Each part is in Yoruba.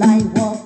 Like what?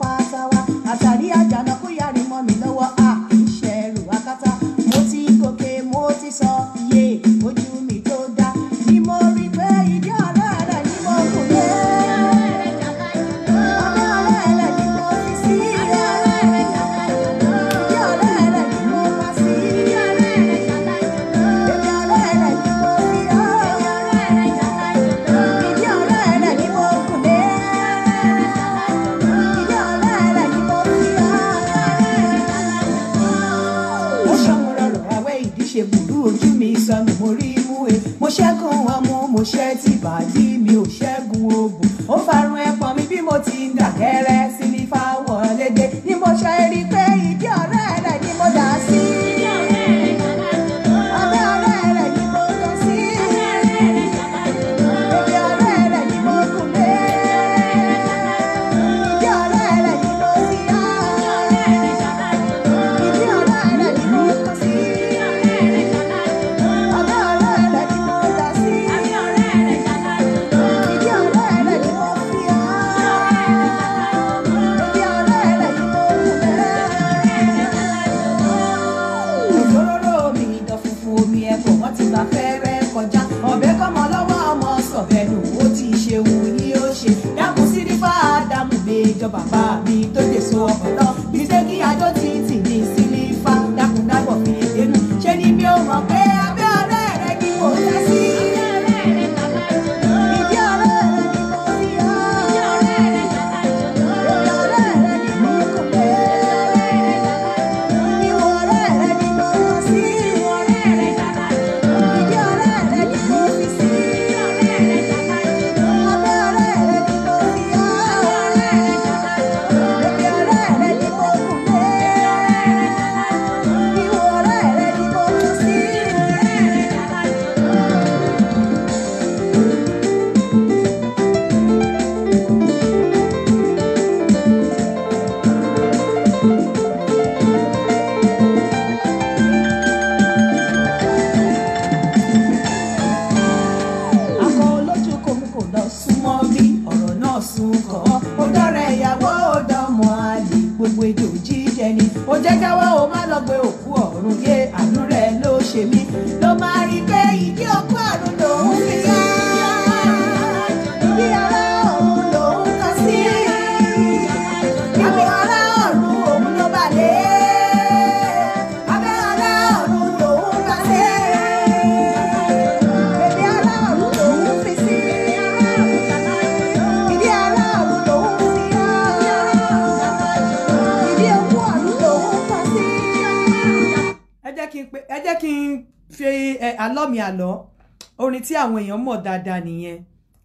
àwọn èèyàn mọ̀ dáadáa nìyẹn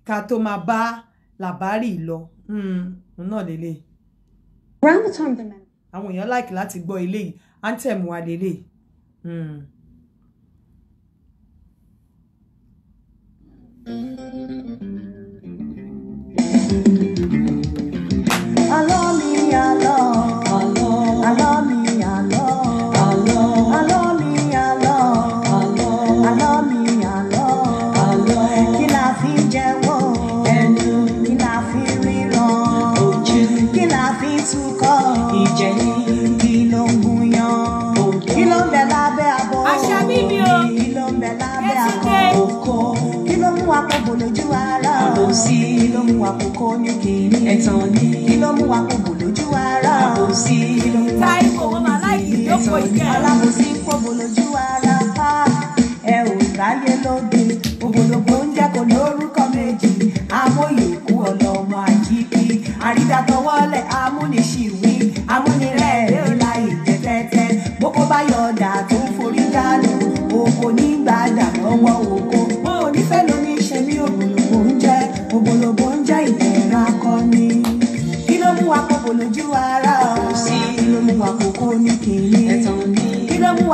ká tó máa bá làbárì lọ hmm, òun náà lélẹ̀. àwọn èèyàn láìkì láti gbọ́ eléyìí anthem wa lélẹ̀. Mm. Alọ́ mi, alọ́, alọ́ mi. mú àkókò ní kìíní ẹ̀tàn ní kí ló mú àkókò lójú ara àbòsí ló mú àkókò ní ẹ̀tàn ní alábòsí kòbò lójú ara ẹ ò ráyè lóde ògbólógbò ń jẹ́ lórúkọ méjì amóyè kú ọlọ́mọ àjíbí àrídàtọ̀wọ́lẹ̀ àwọn.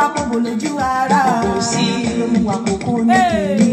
wa kò bò lójú ara. Kò sí ló wa kò kó ní kiri.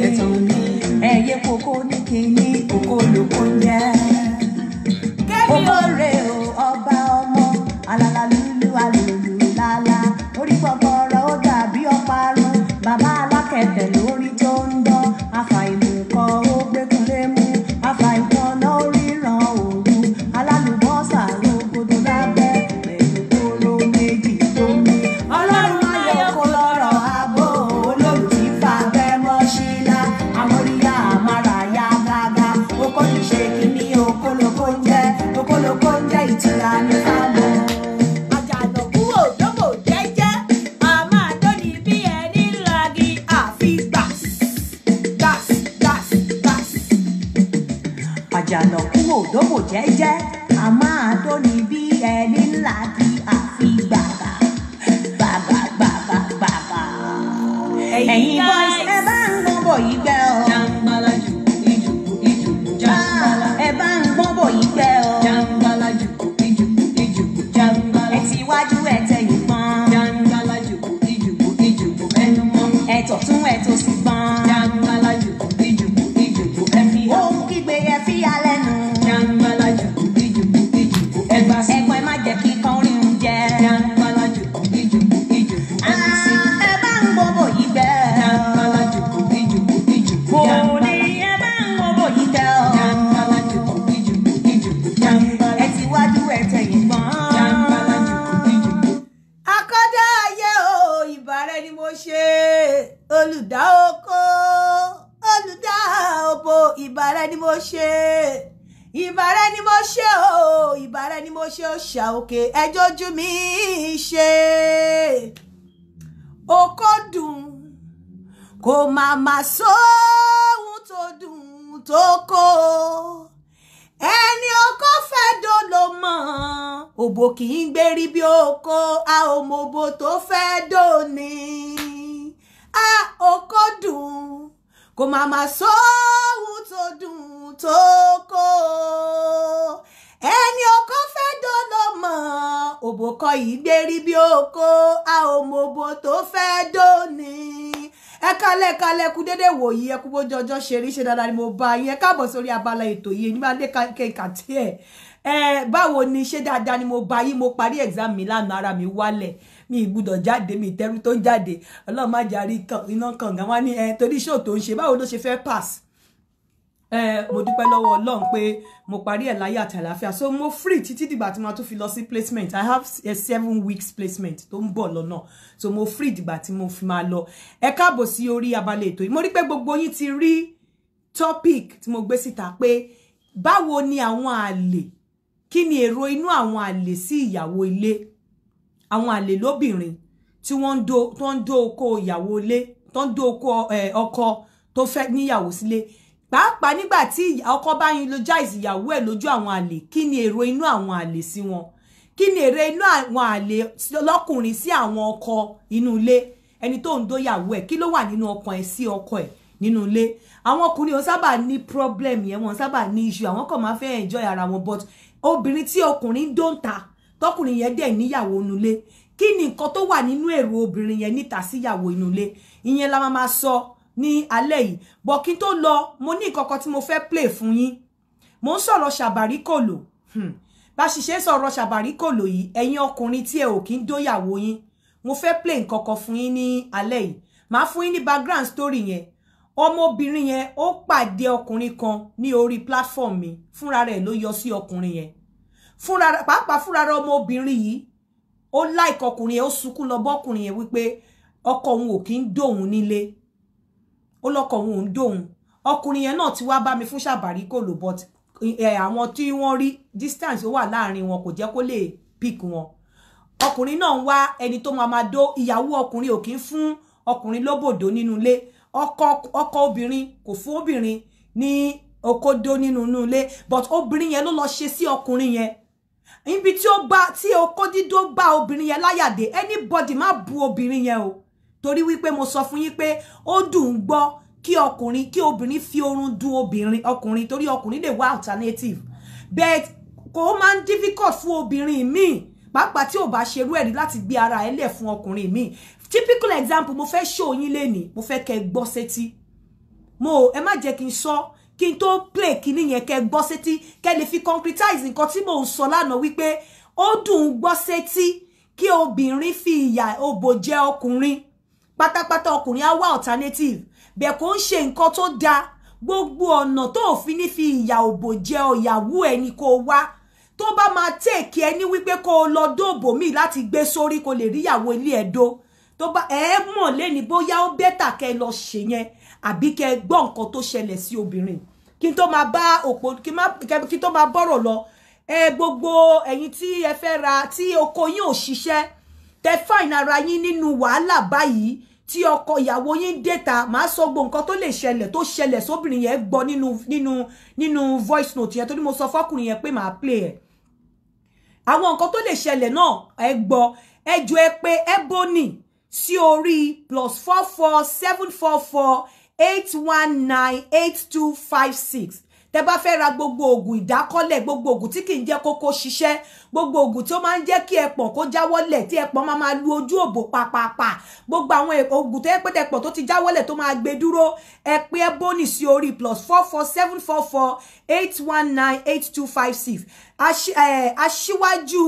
jọjọ́ ṣe rí ṣe dáadáa ni mo bá yín ẹ káàbọ̀ sórí abala ètò yìí nígbà dé kẹkà tí ẹ ẹ báwo ni ṣe dáadáa ni mo bá yín mo parí exam mi lánàá ara mi wálẹ̀ mi ìgbúdọ̀ jáde mi ìtẹ́rú tó ń jáde ọlọ́run má jàrí iná kànga wá ní ẹ torí ṣó tó ń ṣe báwo ló ṣe fẹ́ pass mo dúpẹ́ lọ́wọ́ ọlọ́run pé mo parí ẹ̀ láyé àti àlàáfíà so mo free títí dìgbà tí màá tún fi lọ sí placement i have a eh, seven weeks placement tó ń bọ̀ lọ́nà so mo free dìgbà tí mo fi máa lọ ẹ káàbọ̀ sí orí abalẹ̀ ètò yìí mo rí pé gbogbo yín ti rí topic tí mo gbé síta pé báwo ni àwọn àlè kí ni èrò inú àwọn àlè sí ìyàwó ilé àwọn àlè lóbìnrin tí wọ́n ń do oko ìyàwó ilé tó ń do oko eh, ọkọ tó fẹ́ níyàwó sílé pàápàá nígbà tí ọkọ bá yin lo jáìsì ìyàwó ẹ̀ lójú àwọn àlè kí ni èrò inú àwọn àlè sí wọn kí ni èrè inú àwọn àlè lọ́kùnrin sí àwọn ọkọ inú ilé ẹni tó ń dóyàwó ẹ̀ kí ló wà nínú ọkàn ẹ̀ sí ọkọ ẹ̀ nínú ilé àwọn ọkùnrin wọn sábà ní problem yẹn wọn sábà ní issue àwọn kan máa fẹ́ enjoy ara wọn but obìnrin tí ọkùnrin dóńtà tọkùnrin yẹn dẹ̀ níyàwó inú ilé kí ni nǹkan tó wà nínú èrò obìnrin yẹn níta síyàwó inú ilé ìyẹn la máa sọ Ni alẹ́ yìí bọ̀ kí n tó lọ mo ní ìkọ̀kọ̀ tí mo fẹ́ play fún yín mo ń sọ̀rọ̀ ba kòlò hmm. bá ṣiṣẹ́ sọ̀rọ̀ ṣàbàrí kòlò yìí ẹ̀yin ọkùnrin tí ẹ ò kí ń dóyàwó yín mo fẹ́ play nǹkankan fún yín ní alẹ́ yìí màá fún yín ní background story yẹn ọmọbìnrin yẹn ó pàdé ọkùnrin kan ni ori platform mi fúnra rẹ̀ ló yọ sí ọkùnrin yẹn fúnra pàápàá fúnra rẹ̀ ọmọbìnrin yìí ó like ọkùnrin yẹn ó sunkún lọ bọ́kùnrin yẹn wípé ọkọ òun ò kí ń dóhun nílé ó lọ́kọ òun ń dóhun ọkùnrin yẹn náà ti wá bá mi fún ṣàbàrí kò lò but àwọn tí wọ́n rí distance ó wà láàrin wọn kò jẹ́ kó lè pick wọn ọkùnrin náà ń wá ẹni tó máa máa dó ìyàwó ọkùnrin ò kí ń fún ọkùnrin lóbòdó nínú ilé ọkọ ọkọ obìnrin kò fún obìnrin ní okodo nínú ilé but obìnrin yẹn ló lọ ṣe sí ọkùnrin yẹn níbi tí ó bá tí okó dídó bá obìnrin yẹn láyàdé anybody má bu obìnrin yẹn o torí wípé mo sọ fún yín pé ó dùn ún gbọ́ kí ọkùnrin kí obìnrin fi oorun dun obìnrin ọkùnrin torí ọkùnrin lè wá alternative but kò máa ń difficult fún obìnrin míì pàápàá tí ò bá ṣerú ẹ̀rí láti gbé ara ẹ̀ lẹ̀ fún ọkùnrin míì typical example mo fẹ́ show yín lénìí mo fẹ́ kẹ́ gbọ́ sétí mo ẹ má jẹ́ kí n sọ kí n tó play kíní yẹn kẹ́ gbọ́ sétí kẹ́ lè fi concretize nǹkan tí mò ń sọ lánàá wípé ó dùn ún gbọ́ sétí kí obìnrin fi ìyà òbò jẹ ọkùnrin pátápátá ọkùnrin á wá alternative be kò ń ṣe nǹkan tó dáa gbogbo ọ̀nà tó òfin ní fi ìyà òbò jẹ ọ̀yàwó ẹni kó wá tó bá máa tèèkì ẹni wípé kó o lọ dóòbò míì láti gbé sórí kó lè ríyàwó ilé ẹ̀dọ́ tó bá ẹ mọ̀ lẹ́ni bóyá ó bẹ́tà kẹ lọ ṣe yẹn àbí kẹ gbọ́ nǹkan tó ṣẹlẹ̀ sí obìnrin kí n tó máa bá òpó kí n tó máa bọ́rọ̀ lọ ẹ gbogbo ẹ̀yin tí ẹ fẹ́ ra tí oko yín ò ṣiṣẹ́ tẹ fáìn ara yín nínú wàhálà báyìí tí ọkọ ìyàwó yín déta màá sọ gbogbo nǹkan tó lè ṣẹlẹ̀ tó ṣẹlẹ̀ sóbìnrin yẹn gbọ́ nínú nínú nínú voice note yẹn torí mo sọ fọ́kùnrin yẹn pé màá play ẹ̀ àwọn nǹkan tó lè ṣẹlẹ̀ náà ẹ gbọ́ ẹ jọ ẹ pé Ebony sí orí plus four four seven four four eight one nine eight two five six tẹ́ bá fẹ́ ra gbogbo oògùn ìdákọ́lẹ̀ gbogbo oògùn tí kì í jẹ́ kókó ṣiṣẹ́ gbogbo oògùn tí ó máa ń jẹ́ kí ẹpọ̀n kó jáwọ́lẹ̀ tí ẹpọ̀n máa máa lu ojú òbò pàpàpà gbogbo àwọn oògùn e, tó yẹ pé tẹpọ̀ tó ti jáwọ́lẹ̀ tó máa gbé dúró ẹ pé ẹ bónì sí plus four four seven four four eight one nine eight two five six aṣíwájú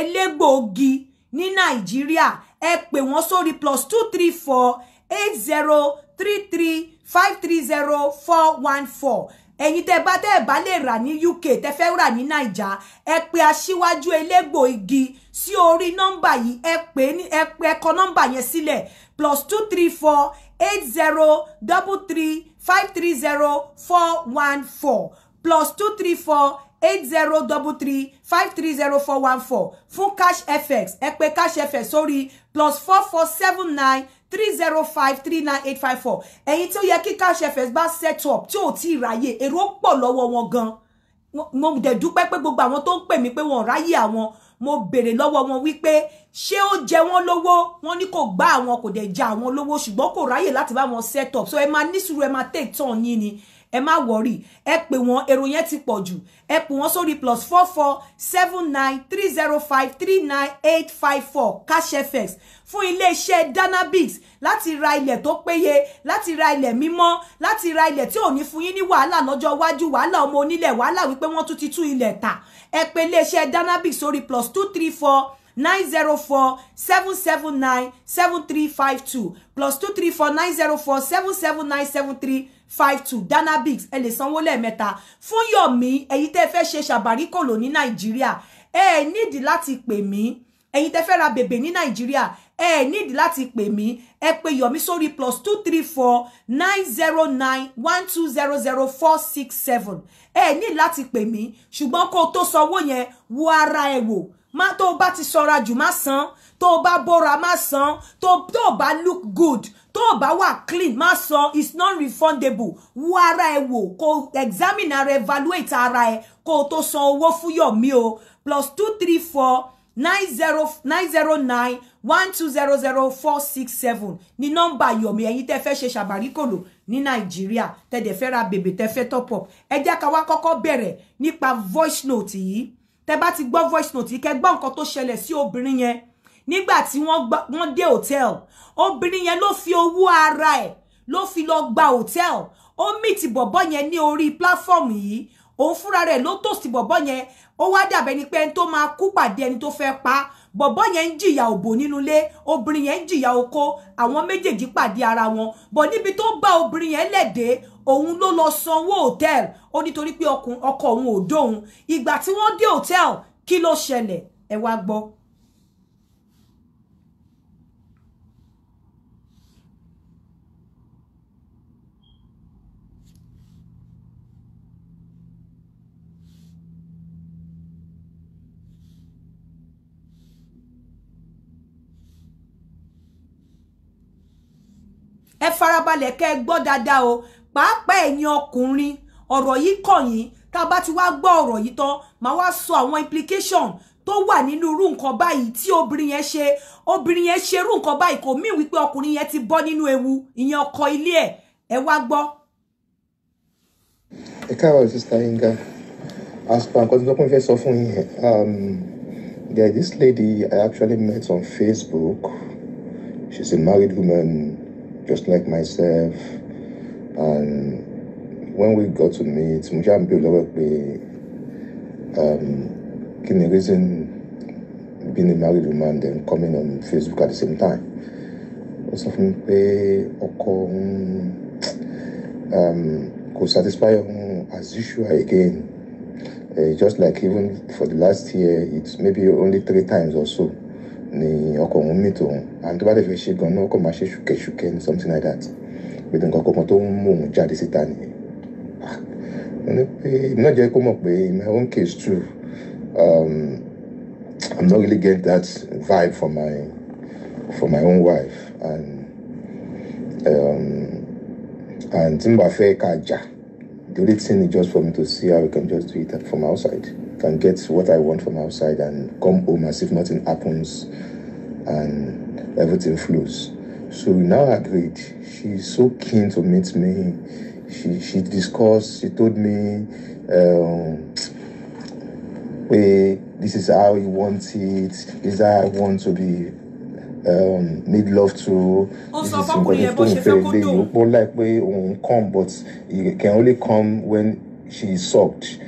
elégbòogi ní nàìjíríà ẹ pè wọ́n sórí plus two three four eight zero three three five three zero four one four ẹ̀yin tẹ́ bá tẹ́ bá lè rà ní UK tẹ́ fẹ́ rà ní naija ẹ pè aṣíwájú elégbò igi sí orí nọ́mbà yìí ẹ pè ní ẹ pè ẹ kọ yẹn sílẹ̀ plus two three four eight zero double three five three zero four one four plus two three four eight zero double three five three zero four one four fún cash fx ẹ pè cash fx sórí plus four four seven nine three zero five three nine eight five four ẹ̀yin tí ó yẹ kí cash fs bá set up tí ò tí ì ráyè èrò pọ̀ lọ́wọ́ wọn gan mo dẹ̀ dúpẹ́ pé gbogbo àwọn tó ń pè mí pé wọ́n ráyè àwọn mo béèrè lọ́wọ́ wọn wípé ṣé ó jẹ wọ́n lówó wọ́n ní kò gbá àwọn kò dẹ̀ já àwọn lówó ṣùgbọ́n kò ráyè láti bá wọn set up so ẹ máa ní sùúrù ẹ máa take turn yín ni ẹ má wọrí ẹ pè wọ́n èrò yẹn ti pọ̀ jù ẹ pè wọ́n sórí plus four four seven nine three zero five three nine eight five four cashfx fún iléeṣẹ́ danabix láti ra ilẹ̀ tó péye láti ra ilẹ̀ mímọ́ láti ra ilẹ̀ tí ò ní fún yín ní wàhálà lọ́jọ́ iwájú wàhálà ọmọ onílẹ̀ wàhálà wípé wọ́n tún ti tú ilẹ̀ tà ẹ pè iléeṣẹ́ danabix sórí plus two three four nine zero four seven seven nine seven three five two plus two three four nine zero four seven seven nine seven three five two danabix ẹ lè sanwó lẹ́ẹ̀mẹ́ta fún yọ̀mí èyí tẹ́ fẹ́ ṣe ṣàbáríkòlò ní nàìjíríà ẹ ẹ nídìí láti pè mí èyí tẹ́ fẹ́ ra bèbè ní nàìjíríà ẹ ẹ nídìí láti pè mí ẹ pè yọ̀mí sórí plus two three four nine zero nine one two zero zero four six seven ẹ ẹ nídìí láti pè mí ṣùgbọ́n kó o tó sanwó yẹn wo ara ẹ wò má tó o bá ti sọra jù má san tó o bá bóra má san tó o bá look good tó o bá clean má san it's non refundable wo ara ẹ wò kó examine ara evaluate ara ẹ kó o tó san owó fún yọ̀mí o plus two three four nine zero nine zero nine one two zero zero four six seven ní nọ́mbà yọ̀mí ẹ̀yin tẹ́ fẹ́ ṣe ṣàbàríkòlò ní nàìjíríà tẹ́ dẹ̀ fẹ́ ra bèbè tẹ́ fẹ́ top up ẹ jẹ́ ká wá kọ́kọ́ bẹ̀rẹ̀ nípa voice note yìí tẹ ba ti gbọ́ voice note ke kẹ gbọ́ nǹkan tó ṣẹlẹ̀ sí obìnrin yẹn nígbà tí wọ́n dé hotel obìnrin yẹn ló fi owó ara ẹ̀ ló fi lọ gba hotel ó mìtì bọ̀bọ̀ yẹn ní orí platform yìí òun fúnra rẹ̀ ló tòsí bọ̀bọ̀ yẹn ó wá dàbẹ́ ni pé ẹni tó máa kú pàdé ẹni tó fẹ́ pa bọ̀bọ̀ yẹn ń jìyà òbò nínú ilé obìnrin yẹn ń oko àwọn méjèèjì pàdé ara wọn bọ̀ níbi tó bá obìnrin yẹn lẹ̀dẹ́ òun ló lọ sanwó hòtẹ́ẹ̀l ó nítorí pé ọkọ òun ò dóhun ìgbà tí wọ́n dé hòtẹ́ẹ̀l kí ló ṣẹlẹ̀ ẹ wá gbọ́. ẹ farabalẹ̀ kẹ́ ẹ gbọ́ dáadáa o pàápàá ẹ̀yin ọkùnrin ọ̀rọ̀ yìí kàn tá a bá ti wá gbọ́ ọ̀rọ̀ yìí tán màá wá sọ àwọn implication tó wà nínú irú nǹkan báyìí tí obìnrin yẹn ṣe obìnrin yẹn ṣe irú nǹkan báyìí kò mí wípé ọkùnrin yẹn ti bọ́ nínú ewu ìyẹn ọkọ ilé ẹ̀ ẹ wá gbọ́. ẹ káàárọ̀ sista Yinka as per nǹkan tí mo fẹ́ sọ fún yín um, there is this lady I actually met on Facebook she's a married woman just like myself and when we got to meet mo ṣáà ń bèrè lọ́wọ́ pé um, kí ni reason being a married woman then coming on Facebook at the same time ó sọ fún mi pé ọkọ um, kò satisfy um as usual again uh, just like even for the last year it's maybe only three times or so ni ọkọ òun meet òun and tó bá lè fẹ́ ṣe gan-an ó máa ṣe ṣùkẹ́ṣùkẹ́ ni something like that pé nǹkan kankan tó ń mú òun jáde síta nìyẹn ah, mo ní pé náà jẹ́ kó mọ̀ pé in my own case too um, I'm not really get that vibe for my for my own wife and um, and tí mo bá fẹ́ ká jà the only thing is just for me to see how we can just do it from outside can get what I want from outside and come home as if nothing happens and everything flows. So now agreed. she's so keen to meet me. She she discussed, she told me um, hey, this is how you want it, this is how I want to be um, made love to. This is fọkùnrin yẹn bó ṣe fẹ́ kó dùn. like pé on come but you can only come when she is sucked.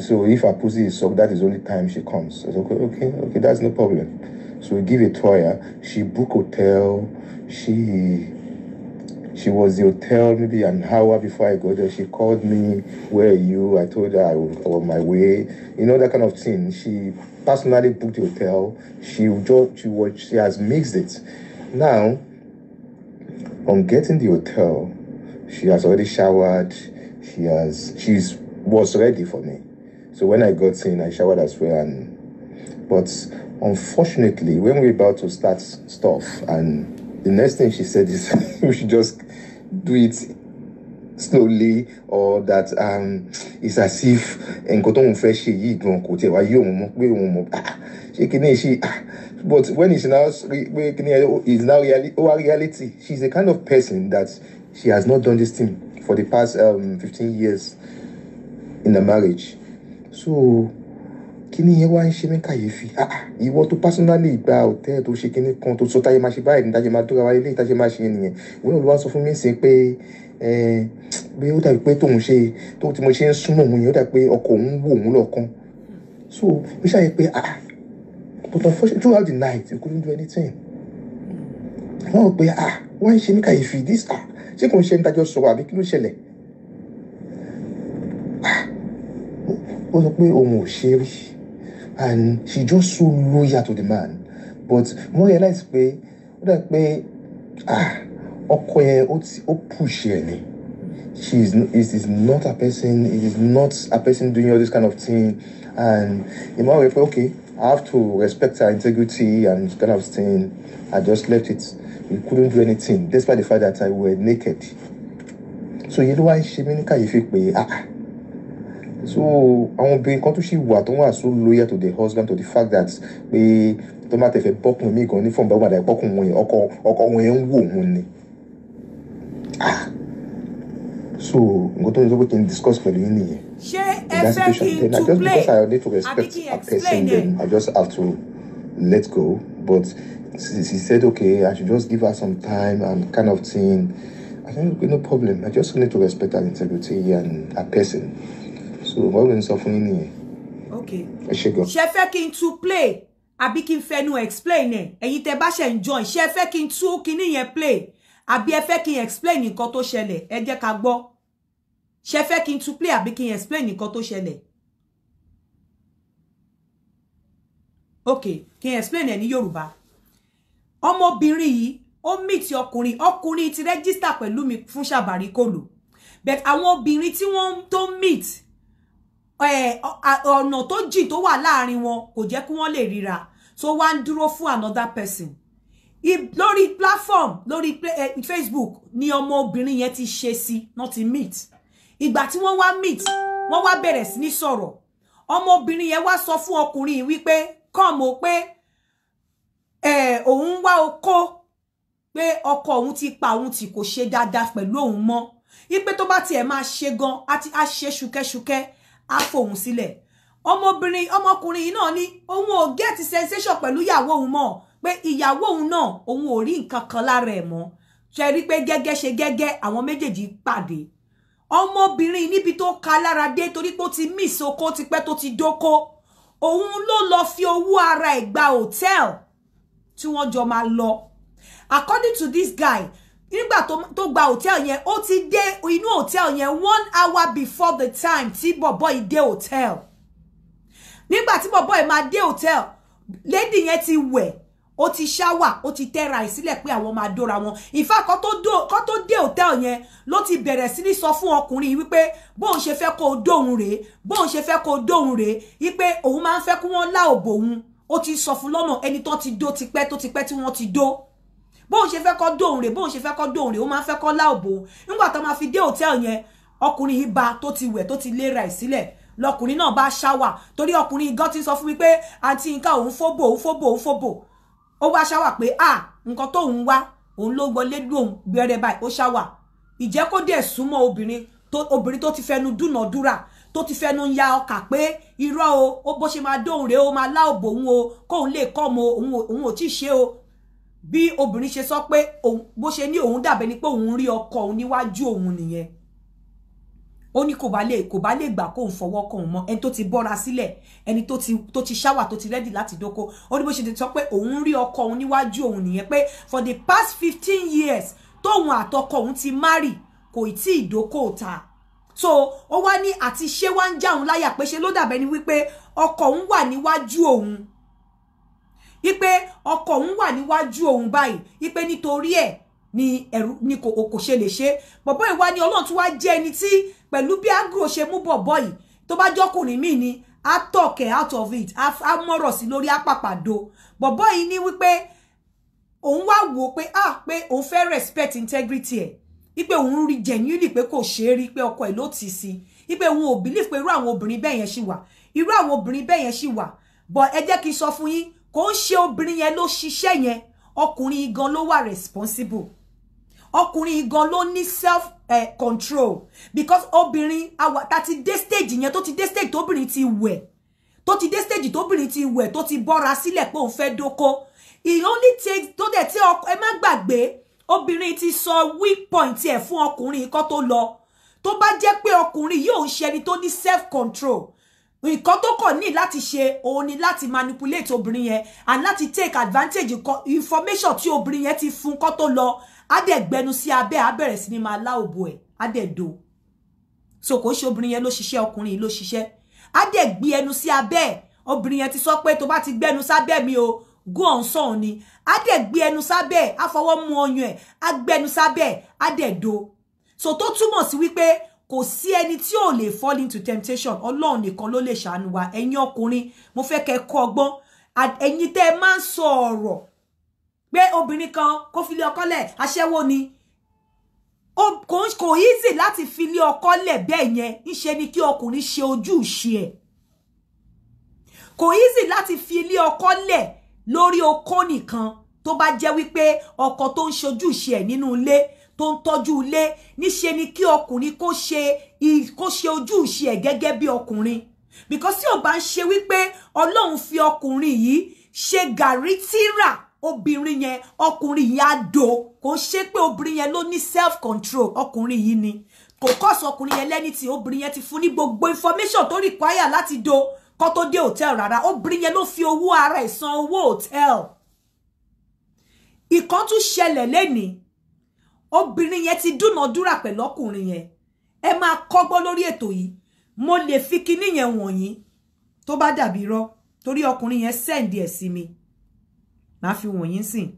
So if her pussy is sucked, that is only time she comes. I said, okay, okay, okay, that's no problem. So we give it to her. She book hotel she she was the hotel maybe an hour before I got there. She called me, "Where are you?" I told her I was on my way. You know that kind of thing. She personally booked the hotel. She just she was she has mixed it. Now, on getting the hotel, she has already showered. She has she's was ready for me. So when I got in, I showered as well. And but unfortunately, when we are about to start stuff and The next thing she said is we should just do it slowly or that um, it's as if nǹkan tó ṣe yìí gan kò tiẹ̀ wá yí òun mọ́ pé òun mọ̀ ah, ṣé kíní ṣe ah, but when it's now pé kíní is now reality, over reality she's the kind of person that she has not done this thing for the past um, 15 years in the marriage so kíní yẹn wá ń ṣe mí kàyéfì ah, ah, ìwọ tó pásínálì gba òtẹ́ẹ̀ tó ṣe kíní kan tó sọ táyé máa ṣe báyìí níta máa dúra wáyé léyìí tá máa ṣe nìyẹn òun ló wá sọ fún mi sí pé bí ó dàbí pé tóun ṣe tó ti mo ṣe ń súnmọ́ òun yẹn ó dàbí pé ọkọ òun wò òun lọ́ọ̀kan so ó ṣàyẹ pé ah, ah but unfortunately throughout the night you couldn't do anything wọ́n rò pé ah wọ́n ń ṣe mí kàyéfì this ah ṣé kò ń ṣe ń dájọ́ sọ̀rọ̀ àbí kí ló ṣẹlẹ̀ ó sọ pé òun ò ṣe rí and she just so loyal to the man but mo realize pé ó dà pé ah ọkọ yẹn ó ti ó push yẹn ni she is it is not her person it is not her person doing all this kind of thing and ìmọ̀ àwọn ẹ̀fọ́ okay I have to respect her integrity and kind of thing I just left it we couldn't do anything despite the fact that I were naked so yìí ló wá ń ṣe mí ní kàyéfì pé ah ah so àwọn obìnrin kan tó ṣì wà tó wà so loyal to the husband to the fact that pé tó má tẹ̀fẹ̀ bọ́kùn mi gan ní fún ọ̀bá gbàdá ìpọ́kùn wọn yẹn ọkọ ọkọ wọn yẹn ń wò wọn ni ah so nǹkan tó ń sọ pé kí n discuss pẹ̀lú yín nìyẹn ṣé ẹ fẹ́ kí n tún play àbí kí n explain it. I just have to let go but she, she said okay I should just give her some time and kind of thing. I said, okay, no problem. I just need to respect her integrity and her person so wọ́n ń sọ fún yín okay ẹ ṣe gan. ṣe fẹ́ kí n play àbí kí n fẹnu explain ẹ̀ ẹ̀yin tẹ́ bá ṣe ń join ṣe fẹ́ kí n tún play àbí ẹ fẹ́ kí explain nǹkan tó ṣẹlẹ̀ ẹ jẹ́ ká gbọ́ ṣe fẹ́ kí n play àbí kí explain nǹkan tó ṣẹlẹ̀. okay kí n explain ẹ̀ ní yorùbá ọmọbìnrin yìí ó meet ọkùnrin ọkùnrin ti register pẹ̀lú mi fún ṣàbàrí kò but àwọn obìnrin tí wọ́n tó meet ọ̀nà tó jìn tó wà láàrin wọn kò jẹ́ kí wọ́n lè ríra so wá ń dúró fún another person lórí platform lórí eh, Facebook ni ọmọ obìnrin yẹn ti ṣe sí náà ti meet ìgbà tí wọ́n wá meet wọ́n wá bẹ̀rẹ̀ sí ní sọ̀rọ̀ ọmọbìnrin yẹn wá sọ fún ọkùnrin wípé kàn mọ̀ pé òun wá okó pé ọkọ òun ti pa òun tí kò ṣe dáadáa pẹ̀lú òun mọ́ wípé tó bá tiẹ̀ máa ṣe gan á ṣe ṣùkẹ́ṣùkẹ́ á fòun sílẹ̀ ọmọbìnrin ọmọkùnrin yìí náà ní òun ò gẹ́ẹ̀tì sensation pẹ̀lú ìyàwó òun mọ́ pé ìyàwó òun náà òun ò rí nǹkan kan lára ẹ̀ mọ́ ṣẹ́rí pé gẹ́gẹ́ ṣe gẹ́gẹ́ àwọn méjèèjì pàdé ọmọbìnrin níbi tó ka lára dé torí pé ó ti mí ìsoko tipẹ́ tó ti dóko òun ló lọ fi owó ara ẹ̀ gba hòtẹ́ẹ̀lì tí wọ́n jọ máa lọ according to this guy nígbà tó gba hòtẹ́ẹ̀lì yẹn ó ti dé inú hòtẹ́ẹ̀lì yẹn one hour before the time tí bọ̀bọ̀ yìí dé hòtẹ́ẹ̀lì nígbà tí bọ̀bọ̀ yìí máa dé hòtẹ́ẹ̀lì lady yẹn ti wẹ̀ ó ti ṣáwà ó ti tẹ́ra ẹ̀ sílẹ̀ pé àwọn máa dóra wọn ìfà kan tó dé hòtẹ́ẹ̀lì yẹn ló ti bẹ̀rẹ̀ sí ní sọ fún ọkùnrin yìí wípé bóun ṣe fẹ́ kó o dóhun rèé bóun ṣe fẹ́ kó o dóhun rèé wípé òun máa ń fẹ́ kí wọ́n lá òun ó ti sọ fún lọ́nà ẹni tó ti dó tipẹ́ tó tipẹ́ tí wọ́n ti dó bóun ṣe fẹ́ kọ́ dóhùn rè bóun ṣe fẹ́ kọ́ dóhùn rè ó máa fẹ́ kọ́ láòbò nígbà tó máa fi dé hòtẹ́ẹ̀lì yẹn ọkùnrin yìí ba tó ti wẹ̀ tó ti léra ẹ̀ sílẹ̀ lọkùnrin náà bá ṣáwà torí ọkùnrin gan ti sọ fún mi pé àǹtí nǹkan òun fóbò òun fóbò òun fóbò ó wá ṣáwà pé à nǹkan tóun wá òun ló wọlé lóun gbẹrẹ báyìí ó ṣáwà ìjẹ́ kó dẹ̀ súnmọ́ obìnrin tó obìnrin tó ti fẹnu dúnàdúrà tó ti fẹnu ń ya ọkà pé irọ́ o ó bó ṣe máa dóhùn rèé o máa lá òbò òun o kóun lè kọ́ ọmọ òun ò tí ì ṣe o bí obìnrin ṣe sọ pé bó ṣe ní òun dàbẹ ni pé òun rí ọkọ òun níwájú òun nìyẹn ó ní kò bá lè kò bá lè gbà kóun fọwọ́ kóun mọ́ ẹni tó ti bọ́ra sílẹ̀ ẹni tó ti ṣáwà tó ti rẹ́dì láti dóko ó ní bó ṣe ti sọ pé òun rí ọkọ òun níwájú òun nìyẹn pé for the past fifteen years tóun àtọkọ òun ti marry kò tí ì dóko ta so ó wá ní àti ṣé wá ń já òun láyà pé ṣe ló dàbẹ́ ni wípé ọkọ òun wà níwájú òun wípé ọkọ òun wà níwájú òun báyìí wípé nítorí ẹ̀ ni ẹ̀rù ni kò kò ṣe lè ṣe bọ̀bọ̀ ìwà ni Ọlọ́run tún wá jẹ́ ẹni tí pẹ̀lú bí agro ṣe mú bọ̀bọ̀ yìí tó bá jọ́kùnrin míì ni á tọ̀kẹ̀ out of it á mọ̀rọ̀ sí lórí apàpàdo bọ̀bọ̀ yìí ni wípé òun wá wò ó pé ah pé òun fẹ́ respect integrity ẹ̀ wípé òun rí genuinely pé kò ṣeé rí pé ọkọ ẹ̀ ló ti sí wípé òun ò believe pé irú àwọn obìnrin bẹ́ẹ̀ yẹn ṣì wà irú àwọn obìnrin bẹ́ẹ̀ yẹn ṣì wà but ẹ jẹ́ kí n sọ fún yín kò ń ṣe obìnrin yẹn ló ṣiṣẹ́ yẹn ọkùnrin gan ló wà responsible ọkùnrin gan ló ní self eh, control because obìnrin àwa ta ti dé stage yẹn tó ti dé stage tóbìnrin ti wẹ̀ tó ti dé stage tóbìnrin ti wẹ̀ tó ti bọ́ra sílẹ̀ pé òun fẹ́ dóko it only takes tó dẹ̀ tí ẹ má gbàgbé obìnrin ti sọ weak point ẹ̀ fún ọkùnrin kan tó lọ tó bá jẹ́ pé ọkùnrin yóò ń ṣẹni tó ní self control nǹkan tó kọ̀ ní láti ṣe òun ni láti manipulate obìnrin yẹn and láti take advantage information tí obìnrin yẹn ti fún kó tó lọ á dẹ̀ gbẹnu sí abẹ́ á sí ni máa lá òbò ẹ̀ á do so kò ṣe obìnrin yẹn ló ṣiṣẹ́ ọkùnrin yìí ló ṣiṣẹ́ á ẹnu sí abẹ́ obìnrin yẹn ti sọ pé tó bá ti gbẹnu sábẹ́ mi o go on sọ̀hún ni á dẹ̀ gbé ẹnu sábẹ́ ẹ̀ á fọwọ́ mú ọyàn ẹ̀ á sábẹ́ ẹ̀ do so tó túmọ̀ sí wípé kò sí ẹni tí ò lè fall into temptation ọlọ́run nìkan ló lè ṣàánú wa ẹ̀yin ọkùnrin mo fẹ́ kẹ́ kọ́ ọgbọ́n ẹ̀yin tẹ́ ẹ máa ń sọ ọ̀rọ̀ pé obìnrin kan kó fi lé ọkọ lẹ̀ aṣẹ́wó ni kò easy láti fi lé ọkọ lẹ̀ bẹ́ẹ̀ yẹn ńṣe ni kí ọkùnrin ṣe ojú ìṣe ẹ̀ kò easy láti fi lé ọkọ lẹ̀ lórí okó nìkan tó bá jẹ́ wípé ọkọ tó ń ṣojú ẹ̀ nínú ilé tó ń tọ́jú ilé níṣe ni kí ọkùnrin kó ṣe kó ṣe ojú ìṣe ẹ̀ gẹ́gẹ́ bí ọkùnrin because tí ò bá ń ṣe wípé ọlọ́run fi ọkùnrin yìí ṣe gàrí tíra obìnrin yẹn ọkùnrin yìí á do kò ń ṣe pé obìnrin yẹn ló ní self control ọkùnrin yìí ni kò kọ́sọ ọkùnrin yẹn lẹ́ni tí obìnrin yẹn ti fún ní gbogbo information tó require láti do kó tó dé hotel rárá obìnrin yẹn ló fi owó ara ẹ̀ san owó hotel ìkan tún ṣẹlẹ̀ lẹ́nìí obìnrin yẹn ti dúnàádúrà pẹ̀lú ọkùnrin yẹn ẹ máa kọ́gbọ́n lórí ètò yìí mo lè fi kinní yẹn wọ̀nyí tó bá dàbí irọ́ torí ọkùnrin yẹn sẹ́ǹdì ẹ̀ sí mi màá fi wọ̀nyí sìn.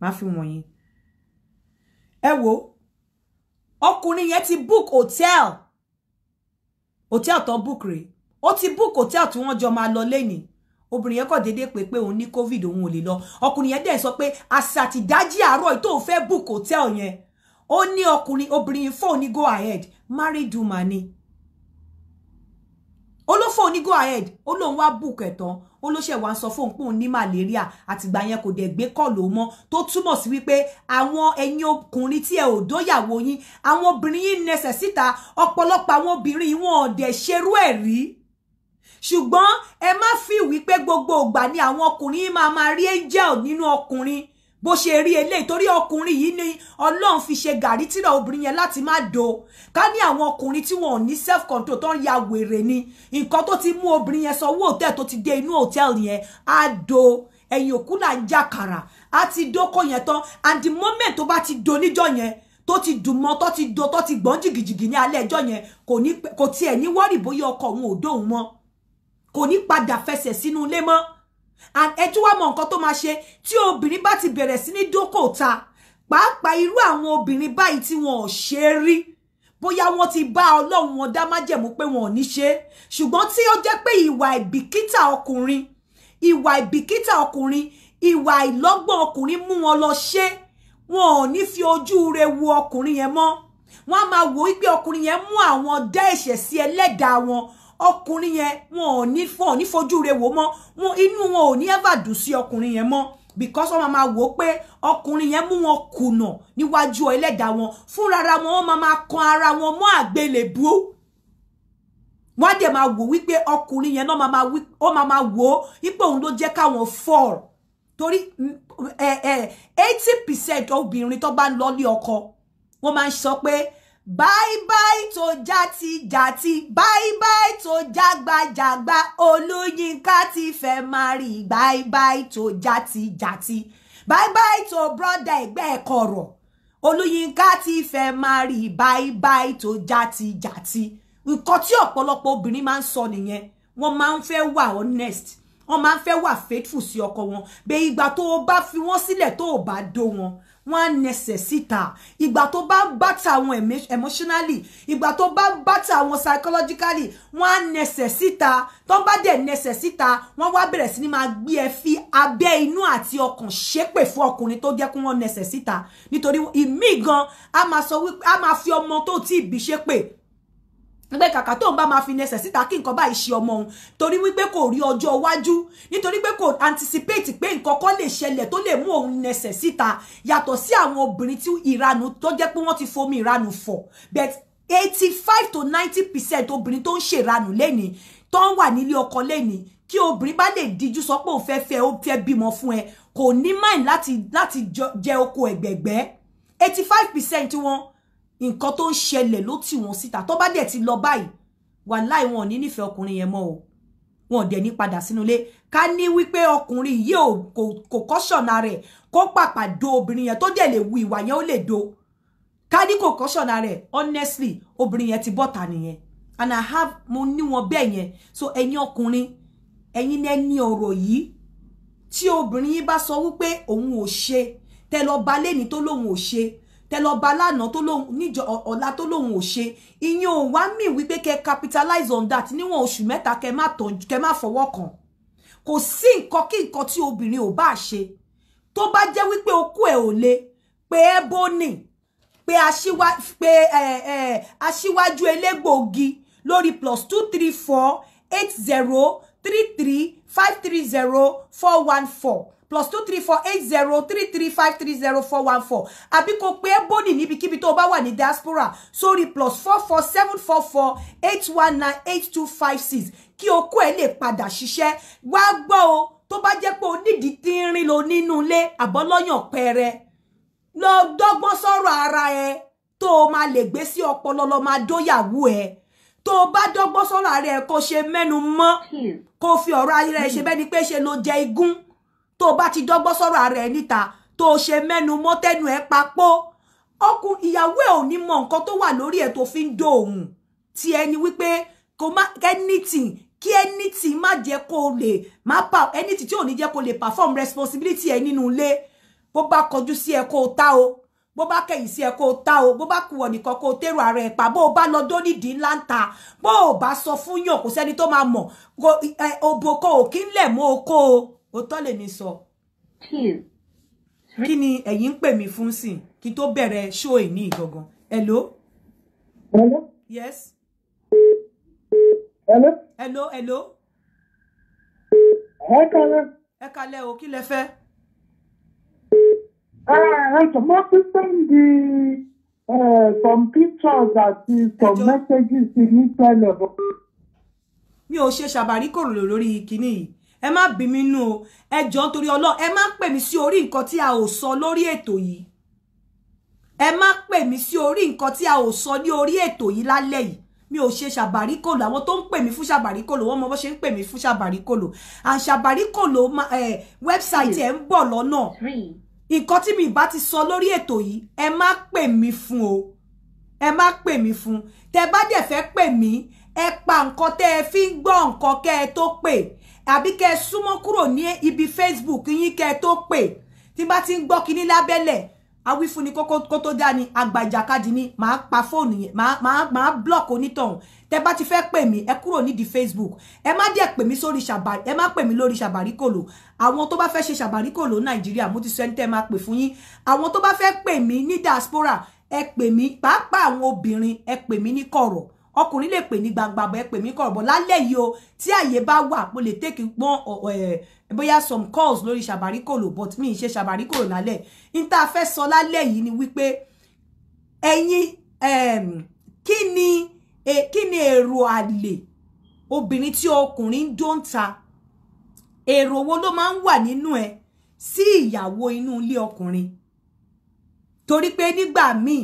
màá fi wọ̀nyí ẹ wo ọkùnrin yẹn ti book hotel hotel tó book rèé ó ti book hotel tí wọ́n jọ máa lọ lẹ́nìí obìnrin yẹn kọ̀ déédéé pé pé òun ní covid òun ò lè lọ ọkùnrin yẹn dẹ̀ sọ pé àsàtìdájí àárọ̀ tó fẹ́ book hotel yẹn ó ní ọkùnrin obìnrin fóònù go ahead married woman ni olófò ní go ahead ó lóun wá book ẹ̀ tán ó ló ṣẹ̀ wá ń sọ fóun pé òun ní malaria àtìgbà yẹn kò dẹ̀ gbé kọ́ọ̀lù mọ́ tó túmọ̀ sí wípé àwọn ẹ̀yin ọkùnrin tí ẹ ò dóyàwó yín àwọn obìnrin yín nẹsẹ̀ síta ọ̀pọ̀lọpọ̀ àwọn obìnrin wọn ò ṣerú ẹ̀ rí ṣùgbọ́n ẹ má fi wípé gbogbo ìgbà ni àwọn ọkùnrin yìí máa máa rí angel nínú ọkùnrin bó ṣe rí eléyìí torí ọkùnrin yìí ni ọlọ́run fi ṣe gàrí tíra obìnrin yẹn láti má do ká ní àwọn ọkùnrin tí wọn ò ní self control tó ń ya wèrè ni nǹkan tó ti mú obìnrin yẹn sanwó hòtẹ́ẹ̀lì tó ti dé inú hòtẹ́ẹ̀lì yẹn á do ẹ̀yìn òkú là ń jàkàrà á ti dókò yẹn tán and the moment tó bá ti do níjọ́ yẹn tó ti dùn mọ́ tó ti do tó ti gbọ́n jìgìjìgì ní alẹ́ ẹjọ́ yẹn kò tiẹ̀ ní wọ́rì bóyá ọkọ òun ò dóhùn mọ́ kò ní padà fẹsẹ̀ sínú ilé mọ́ and ẹ tún wá mọ nǹkan tó máa ṣe tí obìnrin bá ti bẹ̀rẹ̀ sí ní dókò ta pàápàá irú àwọn obìnrin báyìí tí wọn ò ṣe rí bóyá wọn ti bá ọlọ́run wọn dá májẹ̀mú pé wọn ò ní ṣe ṣùgbọ́n tí ó jẹ́ pé ìwà ìbìkítà ọkùnrin ìwà ìbìkítà ọkùnrin ìwà ìlọ́gbọ̀n ọkùnrin mú wọn lọ ṣe wọn ò ní fi ojú re wo ọkùnrin yẹn mọ́ wọn á máa wò wípé ọkùnrin yẹn mú àwọn dá si sí ẹlẹ́dàá wọn ọkùnrin yẹn wọn ò ní fọ ní fojú rẹ̀ wò mọ́ wọn inú wọn ò ní ever dùn sí ọkùnrin yẹn mọ́ because wọn máa wò ó pé ọkùnrin yẹn mú wọn kùnà níwájú ẹlẹ́dàá wọn fúnrara wọn wọn máa kan ara wọn mọ́ àgbélébú wọ́n á dẹ̀ máa wò wípé ọkùnrin yẹn náà ó máa máa wò ó wípé òun ló jẹ́ káwọn fall torí eighty percent obìnrin tó bá ń lọ ní ọkọ wọ́n máa ń sọ pé bye bye tó játijàti bye bye tó jágbajàgba olúyinká ti fẹ́ máa rí bye bye tó játijàti bye bye tó brọ́dà ẹgbẹ́ ẹ̀kọ̀rọ̀ olúyinká ti fẹ́ máa rí bye bye tó játijàti nǹkan tí ọ̀pọ̀lọpọ̀ obìnrin máa ń sọ nìyẹn wọ́n máa ń fẹ́ wà honest wọ́n máa ń fẹ́ wà faithful sí ọkọ wọn bẹ́ẹ̀ ìgbà tó o bá fi wọ́n sílẹ̀ tó o bá dó wọn wọ́n á nẹsẹ̀ síta ìgbà tó bá ń bàtà wọn emotionally ìgbà tó bá ń bàtà wọn psychologically wọ́n á nẹsẹ̀ síta tó bá dẹ̀ nẹsẹ̀ síta wọ́n wá bẹ̀rẹ̀ sí ni máa gbé ẹ fi abẹ́ inú àti ọkàn ṣépè fún ọkùnrin tó jẹ́ kí wọ́n nẹsẹ̀ síta nítorí ìmíì gan a máa sọ wípé a máa fi ọmọ tó tí ì ṣépè pé kàkà tóun bá máa fi nẹsẹ̀ síta kí nǹkan báyìí ṣe ọmọ òun torí wípé kò rí ọjọ́ iwájú nítorí pé kò anticipate pé nǹkan kan lè ṣẹlẹ̀ tó lè mú òun nẹsẹ̀ síta yàtọ̀ sí àwọn obìnrin tí ìranù tó jẹ́ pé wọ́n ti fomi ìranù fọ̀ but eighty five to ninety percent obìnrin tó ń ṣèranù lẹ́ni tó ń wà nílé ọkọ lẹ́ni kí obìnrin bá lè díjú sọ pé òun fẹ́ fẹ́ ó fẹ́ bímọ fún ẹ kò ní mind láti láti jẹ oko ẹ̀gbẹ̀gbẹ́ eighty five percent wọn nǹkan tó ń ṣẹlẹ̀ ló tì wọ́n síta tó bá dẹ̀ ti lọ báyìí wàláì wọn ò ní nífẹ̀ẹ́ ọkùnrin yẹn mọ́ o wọn ò dẹ̀ ní padà sínú ilé ká ní wípé ọkùnrin yìí ò kò kọ́ṣọ̀nà rẹ̀ kó pàpà do obìnrin yẹn tó dẹ̀ lè wu ìwà yẹn ó lè do ká ní kò kọ́ṣọ̀nà rẹ̀ honestly obìnrin yẹn ti bọ́ta nìyẹn and i have mo ní wọn bẹ́ẹ̀ yẹn so ẹ̀yin ọkùnrin ẹ̀yin lẹ ní ọ̀rọ̀ yìí tí obìnrin yìí bá sọ wípé òun ò ṣe tẹ lọ balẹ̀ ní tó lóun ò ṣe tẹlọba lánàá tó lóhun níjọ ọ̀la tó lóhun ò ṣe ìyẹn ò wá mí wípé kẹ capitalize on that níwọ̀n oṣù mẹ́ta kẹ má tàn kẹ má fọwọ́ kàn kò sí nǹkan kí nǹkan tí obìnrin ò bá ṣe tó bá jẹ́ wípé okú ẹ̀ ò le pé ẹ bó nì pé aṣíwájú elégbòogi lórí plus two three four eight zero three three five three zero four one four plus two three four eight zero three three five three zero four one four àbí kò pé bóni níbikíbi tó o bá wà ní diaspora sórí plus four four seven four four eight one nine eight two five six kí okó ẹ lè padà ṣiṣẹ́ wá gbọ́ o tó bá jẹ́ pé onídìí tí ń rìn lọ nínú ilé àbọ́lọ́yàn pẹrẹ lọ dọ́gbọ́n sọ̀rọ̀ ara ẹ tó o máa lè gbé sí ọpọlọ lọ máa dóyàwó ẹ tó o bá dọ́gbọ́n sọ̀rọ̀ ara ẹ kó ṣe mẹ́nu mọ́ hmm. kó o fi ọ̀rọ̀ ayé rẹ ṣe bẹ́ni pé ṣe ló jẹ igún tó bá ti dọ́gbọ́n sọ̀rọ̀ ara ẹ̀ níta tó ṣe mẹ́nu mọ́ tẹ́nu ẹ̀ papó ọkùn ìyàwó ẹ̀ ò ní mọ nǹkan tó wà lórí ẹ̀ tó fi ń dó òun ti ẹni wípé kò má anything kí anything má jẹ́ kó lè má pa anything tí ò ní jẹ́ kó lè perform responsibility ẹ̀ nínú ilé bó bá kọjú sí ẹ kó o tá o bó bá kẹ̀yìn sí ẹ kó o tá o bó bá kùwọ̀ nìkan kó o tẹ̀rù ara ẹ̀ pa bó o bá lọ dónídìí ńlá ń bó o bá sọ fún yàn kò sẹ́ni tó máa mọ̀ òbò kò kí ń lẹ̀ mọ́ oko o òótọ́ lèmi sọ. kí ni ẹ̀yin ń pè mí fún sìn kí tó bẹ̀rẹ̀ ṣó èní ìgangan hello. hello. yes. hello. hello hello. ẹ kalẹ̀. ẹ kalẹ̀ o kí lẹ fẹ́. ẹ jọ̀mọ́ pípẹ́ ń di some pictures àti some messages ní tẹ́lẹ̀. mi ò ṣe ṣàbárí kòrò lórí kinní yìí ẹ má bí mi nú o ẹ jọ nítorí ọlọ́run ẹ má pè mí sí orí nǹkan tí a ò sọ lórí ètò yìí ẹ má pè mí sí orí nǹkan tí a ò sọ ní orí ètò yìí lálẹ́ yìí mi ò ṣe ṣàbàríkòlò àwọn tó ń pè mí fún ṣàbàríkòlò wọn mọ bó ṣe ń pè mí fún ṣàbàríkòlò à ṣàbàríkòlò wẹ́bsáìtì ẹ̀ ń bọ̀ lọ́nà nǹkan tí mi bá ti sọ lórí ètò yìí ẹ má pè mí fún o ẹ má pè mí fún tẹ bá dẹ̀ fẹ́ pè mí ẹ pa nǹkan tẹ́ ẹ fi ń gbọ́ nǹkan kẹ́ ẹ tó pè àbí kẹ́ súnmọ́ kúrò ní ibi Facebook yín kẹ́ tó pè tí bá ti ń gbọ́ kinní lábẹ́lẹ̀ awífún ni kó tó dá ni àgbàjàkadì ni màá pa fóònù yẹn màá block onítọ̀hún tẹ́ bá ti fẹ́ pè mí ẹ kúrò nídìí Facebook ẹ má díẹ̀ pè mí sórí ṣàbàrí ẹ má pè mí lórí ṣàbàríkòlò àwọn tó bá fẹ́ ṣe ṣàbàríkòlò Nàìjíríà mo ti sọ ẹni tẹ́ máa pè fún yín àwọn tó bá fẹ́ pè mí ní diaspora ẹ pè mí pàápàá àwọn obìnrin ẹ pè mí ní kọ̀rọ̀ ọkùnrin lè pè ní gbangba bọ́ ẹ pè mí kọ̀rọ̀bọ̀ lálẹ́ yìí o tí àyè bá wà mo lè tèkì gbọ́n bóyá some calls lórí ṣàbáríkòlò but mi ì ṣe ṣàbáríkòlò lálẹ́ n tá a fẹ́ sọ lálẹ́ yìí ni wípé ẹ̀yin kí ni e, kí ni èrò àlè obìnrin tí ọkùnrin ń dóńta èrò wo ló máa ń wà nínú ẹ sí ìyàwó inú ilé ọkùnrin torí pé nígbà míì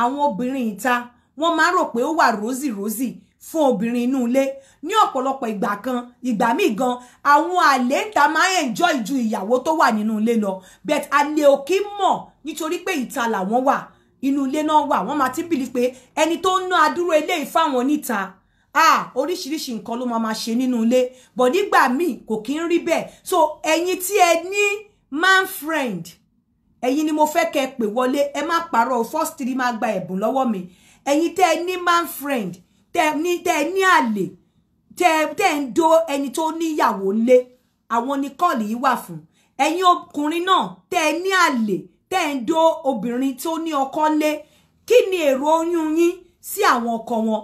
àwọn obìnrin ìta wọ́n máa ń rò pé ó wà rosy rosy fún obìnrin inú ilé ní ọ̀pọ̀lọpọ̀ ìgbà kan ìgbà míì gan àwọn àlè ń ta máa ń enjoy ju ìyàwó tó wà nínú ilé lọ but àlè ò kí mọ̀ nítorí pé ìta làwọn wà inú ilé náà wà wọ́n máa ti bìlí pé ẹni tó ń ná adúró ilé ìfáwọn níta ah oríṣiríṣi nǹkan ló máa máa ṣe nínú ilé but nígbà míì kò kí ń rí bẹ́ẹ̀ so ẹ̀yin tí ẹ ní man friend ẹ̀yin ni mo fẹ́ kẹ́ pè wọlé ẹ má parọ́ first three máa gba ẹ̀bùn lọ́wọ́ mi ẹ̀yin tẹ́ ẹ ní man friend tẹ́ ẹ ní tẹ́ ní àlè tẹ́ ẹ ń do ẹni tó níyàwó lé àwọn ni kọ́ọ̀lì yìí wà fún ẹ̀yin ọkùnrin náà tẹ́ ẹ ní àlè tẹ́ ń do obìnrin tó ní ọkọ lé kí ni èrò oyún yín sí àwọn ọkọ wọn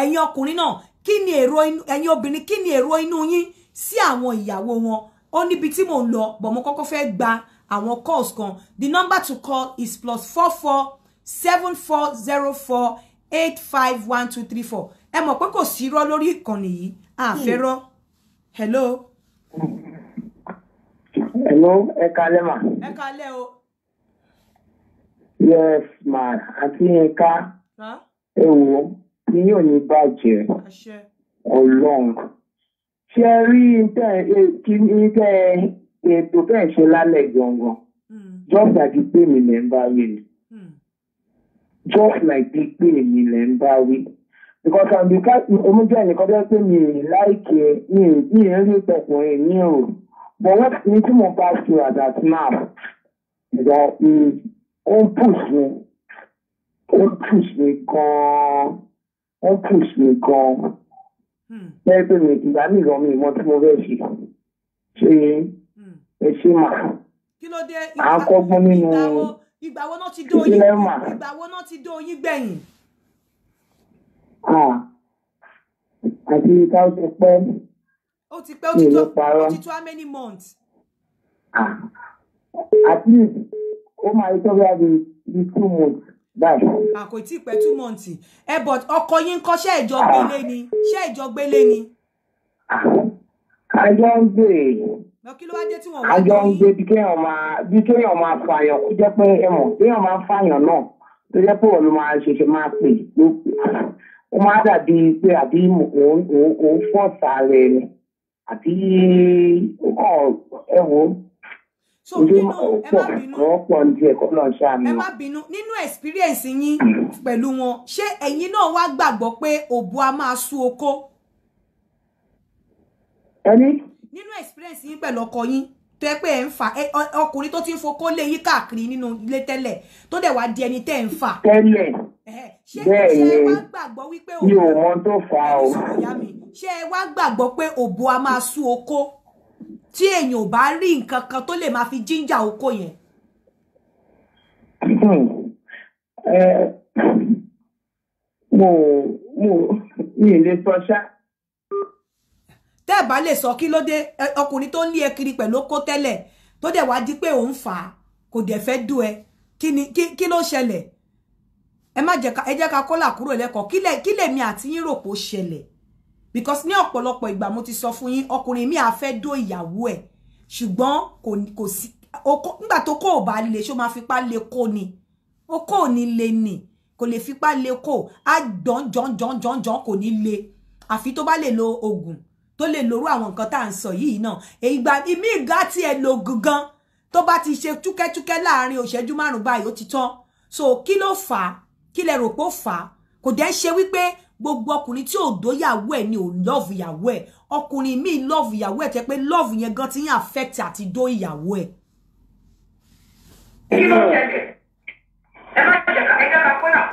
ẹ̀yin ọkùnrin náà kí ni èrò ẹ̀yin obìnrin kí ni èrò inú yín sí àwọn ìyàwó wọn ó níbi tí mò ń lọ bọ̀ mo kọ́kọ́ fẹ́ gba àwọn calls kan the number to call is plus four four seven four zero four eight five one two three four ẹ mọ̀ pé kò sí irọ́ lórí ìkànnì yìí àfẹ́rọ́ hmm. hello. hello ẹ kalẹ́ ma. ẹ kalẹ́ o. yes ma àti nǹka ẹ wò ni yóò ní bàjẹ́ ọlọ́run ṣe rí ètò bẹ́ẹ̀ ṣe lálẹ́ gangan jọ́ọ̀dà ti pè mí lẹ́ńbà yìí just like bíi pé èmi lẹ̀ ń bá wí because àmì ká omi jẹ́ ẹnìkan jẹ́ like mi ì láìkì ẹ̀ mi ì mi but what ni tí mo pass at that now ìgbà mi ó ń push me, ó um, push me, come, um, an push me, come. Hmm. bẹ́ẹ̀ pé mi ìgbà mi gan mi ìmọ̀ tí See? fẹ́ ṣe ṣe ẹ ṣe mà á ìgbà wo náà ti dó yín ìgbà wo náà ti dó yín gbẹ̀yìn. Ah. àti ká ó ti pẹ́. ó ti pẹ́ ó ti tó how many months. Ah. at least ó máa tó bí i bí two months báyìí. àkò ah, tí ì pẹ́ two months ẹ eh, but ọkọ yín ń kọ́ ṣé ìjọ gbélé ni ṣé ìjọ gbélé ni. àjọ ń gbèrè àjọ ń gbé bí kéèyàn máa bí kéèyàn máa fààyàn kó jẹ́ pé ẹ mọ̀ kéèyàn máa fààyàn náà tó jẹ́ pé òun ló máa ṣẹ̀ṣẹ̀ máa pè ó máa dàbí pé àbí òun fọ̀ọ̀sà rẹ̀ ni àbí ọkọ̀ ẹ̀wọ̀ so nínú ẹ má bínú ẹ má bínú nínú experience yín pẹ̀lú wọn ṣé ẹ̀yin náà wá gbàgbọ́ pé òbu a máa sú oko. ẹni nínú experience yín pẹ̀lú ọkọ yín tó yẹ pé ẹ̀ ń fà ọkùnrin tó ti ń fokó lé yín káàkiri nínú ilé tẹ́lẹ̀ tó dẹ̀ wá di ẹni tẹ́ ń fà. tẹ́lẹ̀ bẹ́ẹ̀ ni mi ò mọ tó fà o. ṣé ẹ wá gbàgbọ́ pé òbò a máa sú oko tí èèyàn ò bá rí nǹkan kan tó lè máa fi jíńjà oko yẹn. Hmm. mo mo mi ò lè sọ ṣáà tẹ́ ẹ̀ bá lè sọ kí ló dé ọkùnrin tó ń lé ẹ kiri pẹ̀lú kó tẹ́lẹ̀ tó dẹ̀ wá di pé òun fà á kò dẹ̀ fẹ́ dú ẹ kí ló ṣẹlẹ̀ ẹ má jẹ́ ká ẹ jẹ́ ká kọ́là kúrò lẹ́kọ̀ọ́ kí lè mi àti yín rò pé ó ṣẹlẹ̀ because ní ọ̀pọ̀lọpọ̀ ìgbà mo ti sọ fún yín ọkùnrin mi á fẹ́ dó ìyàwó ẹ̀ ṣùgbọ́n kò sí nígbà tó kó ò bá le ṣó máa fipá le kó ni ó kó ò ní le nì kò lè fipá le kó á jọ̀ǹjọ̀ǹjọ̀ǹjọ̀ǹ kò ní le àfi tó bá lè lo oògùn tó lè lórú àwọn nǹkan tá à ń sọ yìí náà ìgbà ìmí ìgá tí ẹ lò gangan tó bá ti ṣe túkẹ́túkẹ́ láàrin òṣẹ́jú márùn báyìí ó ti tán so kí ló fà á kí lẹ rò pé ó fà á kò dẹ́ ṣe wípé gbogbo ọkùnrin tí ò dóyàwó ẹ̀ ni ò lọ́ọ̀fù ìyàwó ẹ̀ ọkùnrin míì lọ́ọ̀fù ìyàwó ẹ̀ tẹ́ pé lọ́ọ̀fù yẹn gan ti ń affect àti dó ìyàwó ẹ̀.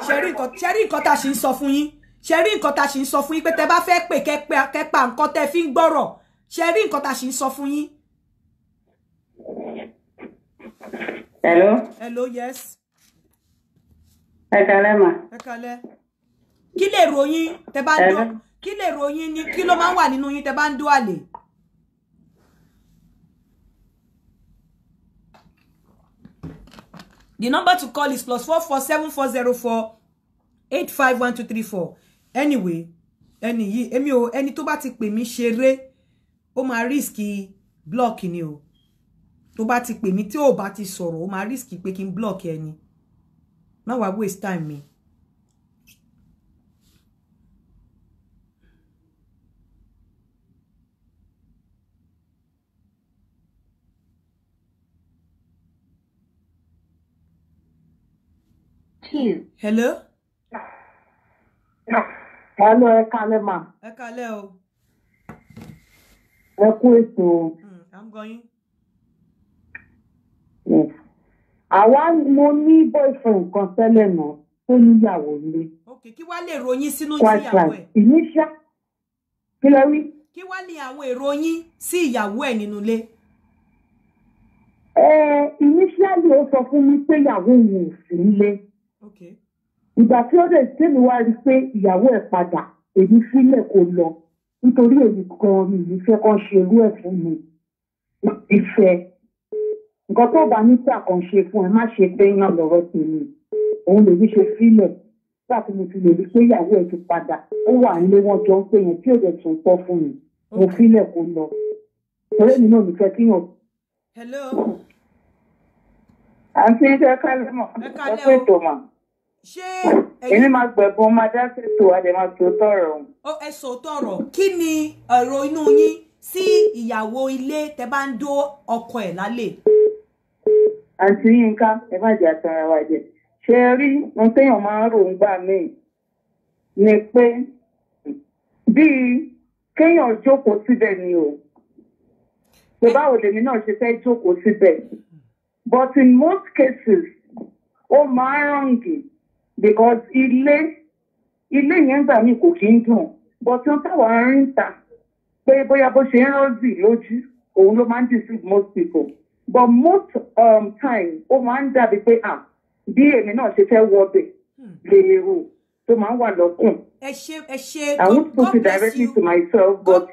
ṣe rí nǹkan tá a ṣe ń sọ fún yín ṣe rí nǹkan tá a ṣì ń sọ fún yín pé tẹ bá fẹ́ pè kẹpa nǹkan tẹ fi ń gbọ́rọ̀ ṣe rí nǹkan tá a ń sọ fún yín. hello. hello yes. ẹ kalẹ́ ma. ẹ kalẹ́. kí lè ròyìn tẹ bá ń dó kí lè ròyìn ni kí ló máa ń wà nínú yín tẹ bá ń dó àlè. The number to call is plus four four seven four zero four eight five one two three four anyway ẹni yìí èmi ò ẹni tó bá ti pè mí ṣeré ó máa risk block ni o tó bá ti pè mí tí ò bá ti sọ̀rọ̀ ó máa risk pé kí n block ẹni má wàá waste time mi. Two. Hello? No. No ẹ lọ ẹ kalẹ ma. ẹ kalẹ o. ẹ kú ètò o. Hmm, à àwa mo ní boyfriend kan tẹ́lẹ̀ náà tó níyàwó ilé. ok kí wàá lè ròyìn sínú ìyàwó ẹ. initial kí lẹ wí. kí wàá ní àwọn èrò yín sí ìyàwó ẹ nínú ilé. ẹ eh, initially ó sọ fún mi pé ìyàwó òun ò sí nílé. okay ìgbà tí ó dẹ̀ tẹ́mi wá rí i pé ìyàwó ẹ̀ padà èmi sílẹ̀ kò lọ nítorí èmi gan mi ìlú fẹ́ kàn ṣe irú ẹ̀ fún mi ìfẹ́ nǹkan tó bá níta kan ṣe fún ẹ má ṣe fẹ́yàn lọ́rọ̀ tèmi òun lèmi ṣe sílẹ̀ nígbà tí mo ti lè rí pé ìyàwó ẹ̀ ti padà ó wà nílé wọn jọ ń pè yẹn tí ò dẹ̀ tún tọ́ fún mi mo sílẹ̀ kò lọ torí èmi náà mi fẹ́ kíyàn. hello. àǹtí ẹ kálẹ̀ mọ̀ ẹ pé tòmọ̀ ṣé. èmi máa gbẹ̀bùn máa dá sètò àdè máa tó tọrọ. ó ẹ sọ tọrọ kí ni ọ̀rọ̀ inú yín sí ìyàwó ilé tẹ bá ń dó ọkọ ẹ̀ lálẹ́. àǹtí yínká ẹ má jẹ́ àtàrà wa jẹ ṣe rí ohun téèyàn máa ń rò ń gbà míì ni pé bíi kéèyàn jókòó síbẹ̀ ni o pé báwo lèmi náà ṣe fẹ́ jókòó síbẹ̀ but in most cases ó máa ń rọ̀ǹgì because ilé ilé yẹn gbà mí kò kí ń dùn but tí wọ́n táwọn arìn ta pé bóyá bó ṣe ń rọ́ọ̀zì lójú òun ló máa ń deceive most people but most um, time ó máa ń dàbí pé ah bí èmi náà ṣe fẹ́ wọbẹ̀ hmm. lèrò tó máa ń wà lọ́kùn. ẹ ṣe ẹ ṣe god bless you i won't put it directly to myself but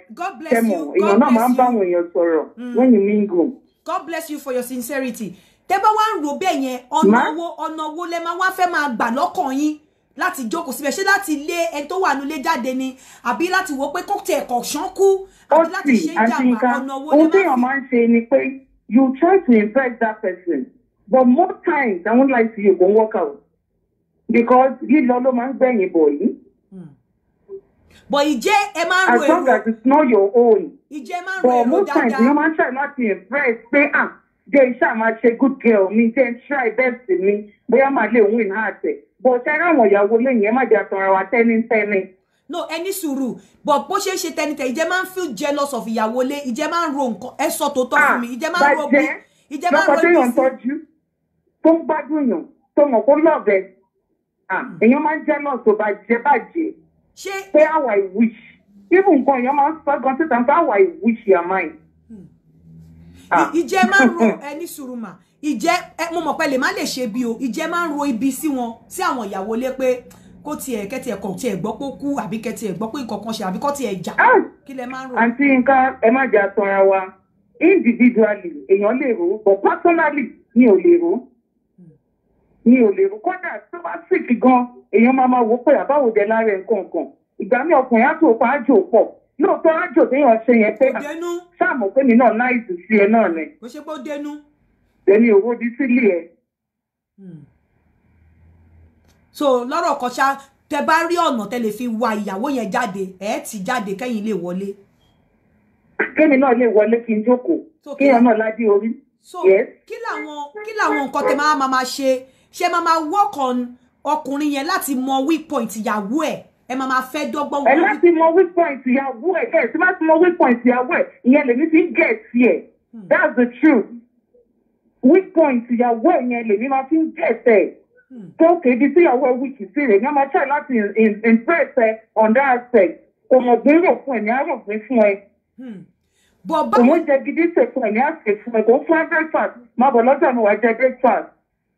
kẹmọ èèyàn náà máa ń bá èèyàn sọ̀rọ̀ hmm. when you mingle. god bless you for your sincerity tẹ́ bá wá ń rò bẹ́ẹ̀ yẹn ọ̀nà wo ọ̀nà wo lẹ máa wá fẹ́ máa gbà lọ́kàn yín láti jókòó síbẹ̀ ṣé láti lé ẹni tó wà nílé jáde ni àbí láti wò pé kókòtì ẹ̀kọ́ ṣánkú àbí láti ṣe ìjàmbá ọ̀nà wo lẹ máa fi. ohun tí èèyàn ṣe ni pé you try to impress that person but most times i won't you go work out because lílọ ló máa ń gbẹ̀yìn bọ̀ yìí. Hmm. bọ̀ ìjẹ́ ẹ máa ń ro èrò as long as it's not your own. ìjẹ́ máa ń ro èrò dáadáa but most times èèyàn máa ń ṣàì láti impress pé ah jẹ́ iṣẹ́ àmà ṣe good girl mi jẹ́ try best mi bóyá màá lè win heart ẹ̀ bọ̀ ṣe ara àwọn ìyàwó lẹ́yìn ẹ má jẹ́ àtọ̀rọ̀ wa tẹ́nítẹ́ni. no ẹni sùúrù bọ̀ bó ṣe é ṣe tẹnitẹ ìjẹ́ máa ń feel jealous of ìyàwó lé ìjẹ́ máa ń ro nǹkan ẹ sọ tòótọ́ fún mi ìjẹ́ máa ń ah, ro bí ìjẹ́ máa ń ro bí sí. lọ́kọ̀ téèyàn tọ́jú tó ń gbádùn yàn tó mọ̀ kó lọ́ọ̀bẹ ah, hmm. èèyàn máa ń jealous tó bá jẹ bàjẹ́ pé àwa ìwúṣì ibù nǹkan èèyàn máa ń sọ gan síta pé àwa ìwúṣì àmáyìn Ah. ìjẹ́ máa ń ro ẹni sùúrù mà ìjẹ́ mo mọ̀ pé lè má lè ṣe bí o ìjẹ́ máa ń ro ibi sí wọn sí àwọn ìyàwó lé pé kó tiẹ̀ kẹ́tì ẹ̀kọ́ tiẹ̀ gbọ́ pé ó kú àbí kẹ́tì ẹ̀ pé nǹkan kan ṣe àbí kọ́ tiẹ̀ jà ah! kí lẹ máa ń ro. àǹtí nǹkan ẹ má jà tanra wa individually èèyàn lè rò ó but personally mi ò lè rò ó mi ò lè rò kódà tó bá sick gan èèyàn máa máa wò ó pé àbáwò jẹ lára ẹ̀ nǹkan kan ìgbà mi ọkùnrin á tó pa ájò pọ̀ lóòótọ́ ájò téèyàn ṣe yẹn pé sáà mọ̀ pé mi náà náìsì sí ẹ náà ni. kò ṣe pé ó dénú. èmi ò wóbi sílé ẹ. Hmm. so lọ́rọ̀ kan ṣá tẹ bá rí ọ̀nà tẹ lè fi wa ìyàwó yẹn jáde ẹ ti jáde kẹ́yìn lè wọlé. kémi náà lè wọlé kí n jókòó kí ẹ náà lájú orí. so kí làwọn kí làwọn nǹkan tẹ máa máa ṣe ṣe máa máa work on ọkùnrin yẹn láti mọ weak point ìyàwó ẹ̀ ẹ máa máa fẹ́ dọ́gbọ́n wọlé. ẹ má ti mọ weak point ìyàwó ẹ ẹ ti má ti mọ weak point ìyàwó ẹ ìyẹn lèmi fi ń gẹ̀ sí ẹ hmm. that's the truth weak point ìyàwó ẹ yẹn lèmi máa fi ń gẹ̀ sẹ̀ hmm. tó kébi tí ìyàwó ẹ wíìkì sí rẹ̀ ní ọmọ try láti impress ẹ on that aspect kò mọ̀ gbé rò fún ẹ ní àrò gbé fún ẹ. Hmm. bọ̀ bá òun jẹ gidi ṣe fún ẹ ní àṣẹ fún ẹ kò fún ẹ breakfast má bọ̀ lọ́jọ́ mi wá jẹ breakfast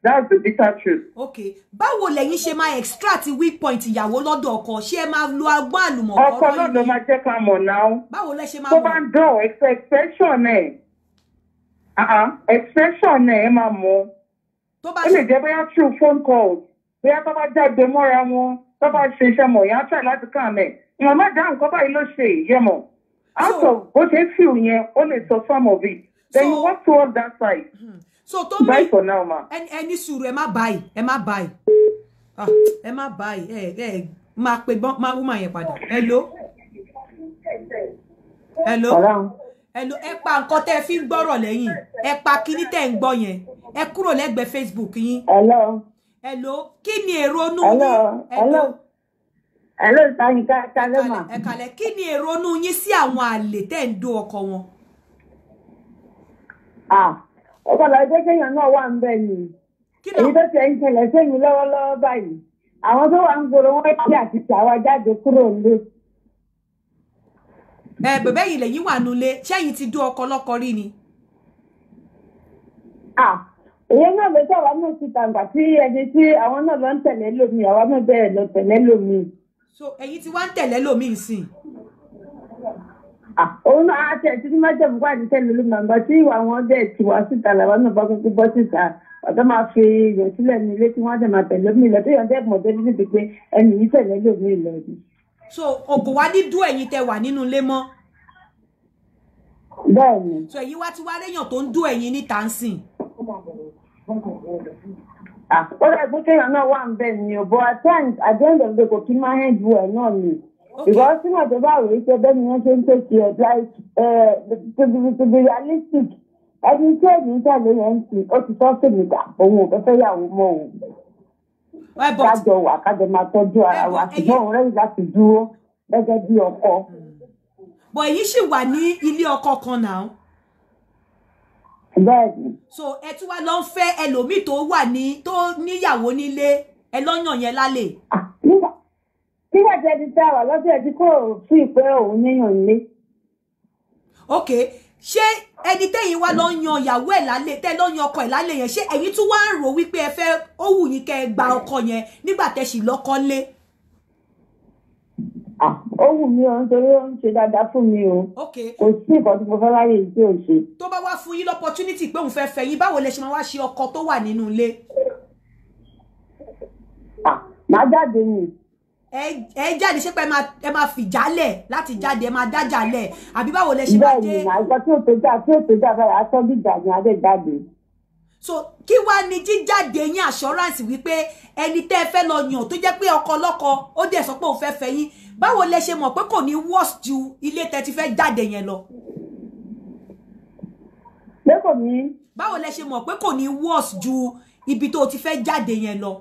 that's the bitter truth. okay báwo lẹ́yìn ṣe máa extract weak point ìyàwó lọ́dọ̀ ọkọ ṣé ẹ máa lo agbọ́n àlùmọ̀kọ́ ọkọ náà ló máa jẹ́ ká mọ̀ náà. báwo lẹ ṣe máa mọ̀. tó bá ń dán exception ẹ̀ exception ẹ̀ ẹ máa mọ̀ ó lè jẹ́ bóyá through phone calls bóyá tó bá jáde mọ́ra wọn tó bá ṣe iṣẹ́ mọ̀ ìyá tẹ̀ láti kàn mẹ́ ìwọ̀n má dá nǹkan báyìí ló ṣe ìyẹ́mọ̀ out of bó ṣe feel yẹn ó lè sọ some of it then you work towards that side. Mm -hmm so tó mi for now ma ẹni sùúrù ẹ má báyìí ma buy, báyìí ẹ má báyìí ah, ẹ ẹ máa pe gbọ́n máa wúmọ̀ yẹn hello hello hello ẹ pa nǹkan tẹ́ ẹ fi ń gbọ́rọ̀ lẹ́yìn ẹ pa kíní tẹ́ ẹ ń gbọ́ yẹn ẹ facebook yin. hello hello Kini ni èrò inú hello hello Tani ka ka kálẹ́ kí ni èrò inú yín sí si àlè tẹ́ ẹ ń do ọkọ wọn. ah ọ̀padà ẹgbẹ́ kéèyàn náà wà ń bẹ̀ ni èyí tó ti ẹ̀ ń ṣẹlẹ̀ sẹ́yìn lọ́wọ́lọ́wọ́ báyìí àwọn tó wà ń gbòòrò wọn ti àti tàwa jáde kúrò lé. ẹ bẹ̀bẹ̀ yìí lẹ́yìn wà nulẹ̀ sẹ́yìn ti dún ọkọ lọ́kọ rí ni. ìyẹn náà ló sọ̀rọ̀ mọ̀ sí tàǹgbà tí ẹni tí àwọn náà lọ ń tẹ̀lé lómi àwa náà bẹ̀rẹ̀ lọ tẹ̀lé lómi. so ẹ̀yin ti wá ń tẹ̀lé lómi nsìn òun náà àti ẹtí tí májèmú wà ní tẹ́lẹ̀ ló máa tí ìwà wọn dẹ̀ ti wá síta làwọn náà bá kúkú bọ́ síta ọ̀dọ́ máa fi èèyàn sílẹ̀ ní ilé tí wọ́n á máa tẹ̀lé omi ìlọ tó yàn dẹ́ mọ̀ débi níbi pé ẹni yìí tẹ̀lé lómi ìlọ ni. so ògùn wa ní dú ẹ̀yin tẹ́ wà nínú ilé mọ́. bẹ́ẹ̀ni. so èyí wá ti wá léèyàn tó ń dú ẹ̀yin ní tansin. ó rẹ̀ pé kéèyàn náà wà ń bẹ̀ ni ò because tí màtó bá wòye ṣe bẹ́ẹ̀ ni wọ́n ṣe ń tẹ̀sí ẹ̀ like to be realistic ẹni tí èmi ń tẹ̀lé yẹn ń sìn ó ti sọ sí mi dà òun ò fẹ́ fẹ́ yàwó mọ́ òun. kájọ wà kájọ máa tọ́jú ara wa ṣùgbọ́n òun rẹ́yìn láti dúró gẹ́gẹ́ bí ọkọ. bọ̀ èyí sì wà ní ilé ọkọ kan náà. bẹ́ẹ̀ni. so ẹ tún wá lọ ń fẹ́ ẹlòmíì tó wà ní tó níyàwó nílé ẹ lọ́yàn yẹn lálẹ́. ah nígbà tí ẹ ti tẹ wà lọ́sẹ̀ ẹ ti kó fún ìpẹ́ òun níyàn nílé. ok ṣé ẹni tẹ́yìn wá lọ yan ìyàwó ẹ̀ lálẹ́ tẹ́ lọ yan ọkọ ẹ̀ lálẹ́ yẹn ṣé ẹ̀yin tún wá ń rò wípé ẹ fẹ́ ó wù yín kẹ́ ẹ gba ọkọ yẹn nígbà tẹ́ sì lọ́kọ lé. ó wù mí o nítorí ó ń ṣe dáadáa fún mi o kò sí nǹkan tí mo fẹ́ láyé tí ò ṣe. tó bá wá fún yín lọ́pọ̀túnítì pé òun fẹ́ fẹ́ yín báwo lẹ ṣe máa wá ṣe ọkọ tó wà nínú ilé. màá jáde nìyí ẹ jáde ṣé pé ẹ máa fìjálẹ̀ láti jáde ẹ máa dájàlẹ̀ àbí báwo lẹ ṣe máa dé. bẹ́ẹ̀ni àgbà tí òtò jà tí òtò jà báyìí aṣọ gíga ni adé jáde. so kí wàá ní jíjáde yín assurance wípé ẹni tẹ́ ẹ fẹ́ lọ yàn tó jẹ́ pé ọkọ lọ́kọ ó dẹ̀ sọ pé òun fẹ́ fẹ́ yín báwo lẹ ṣe mọ̀ pé kò ní worse ju ilé tẹ́ ti fẹ́ jáde yẹn lọ. lẹ́kọ̀ọ́ mi. báwo lẹ ṣe mọ̀ pé kò ní worse ju ibi tó ti fẹ́ jáde yẹn lọ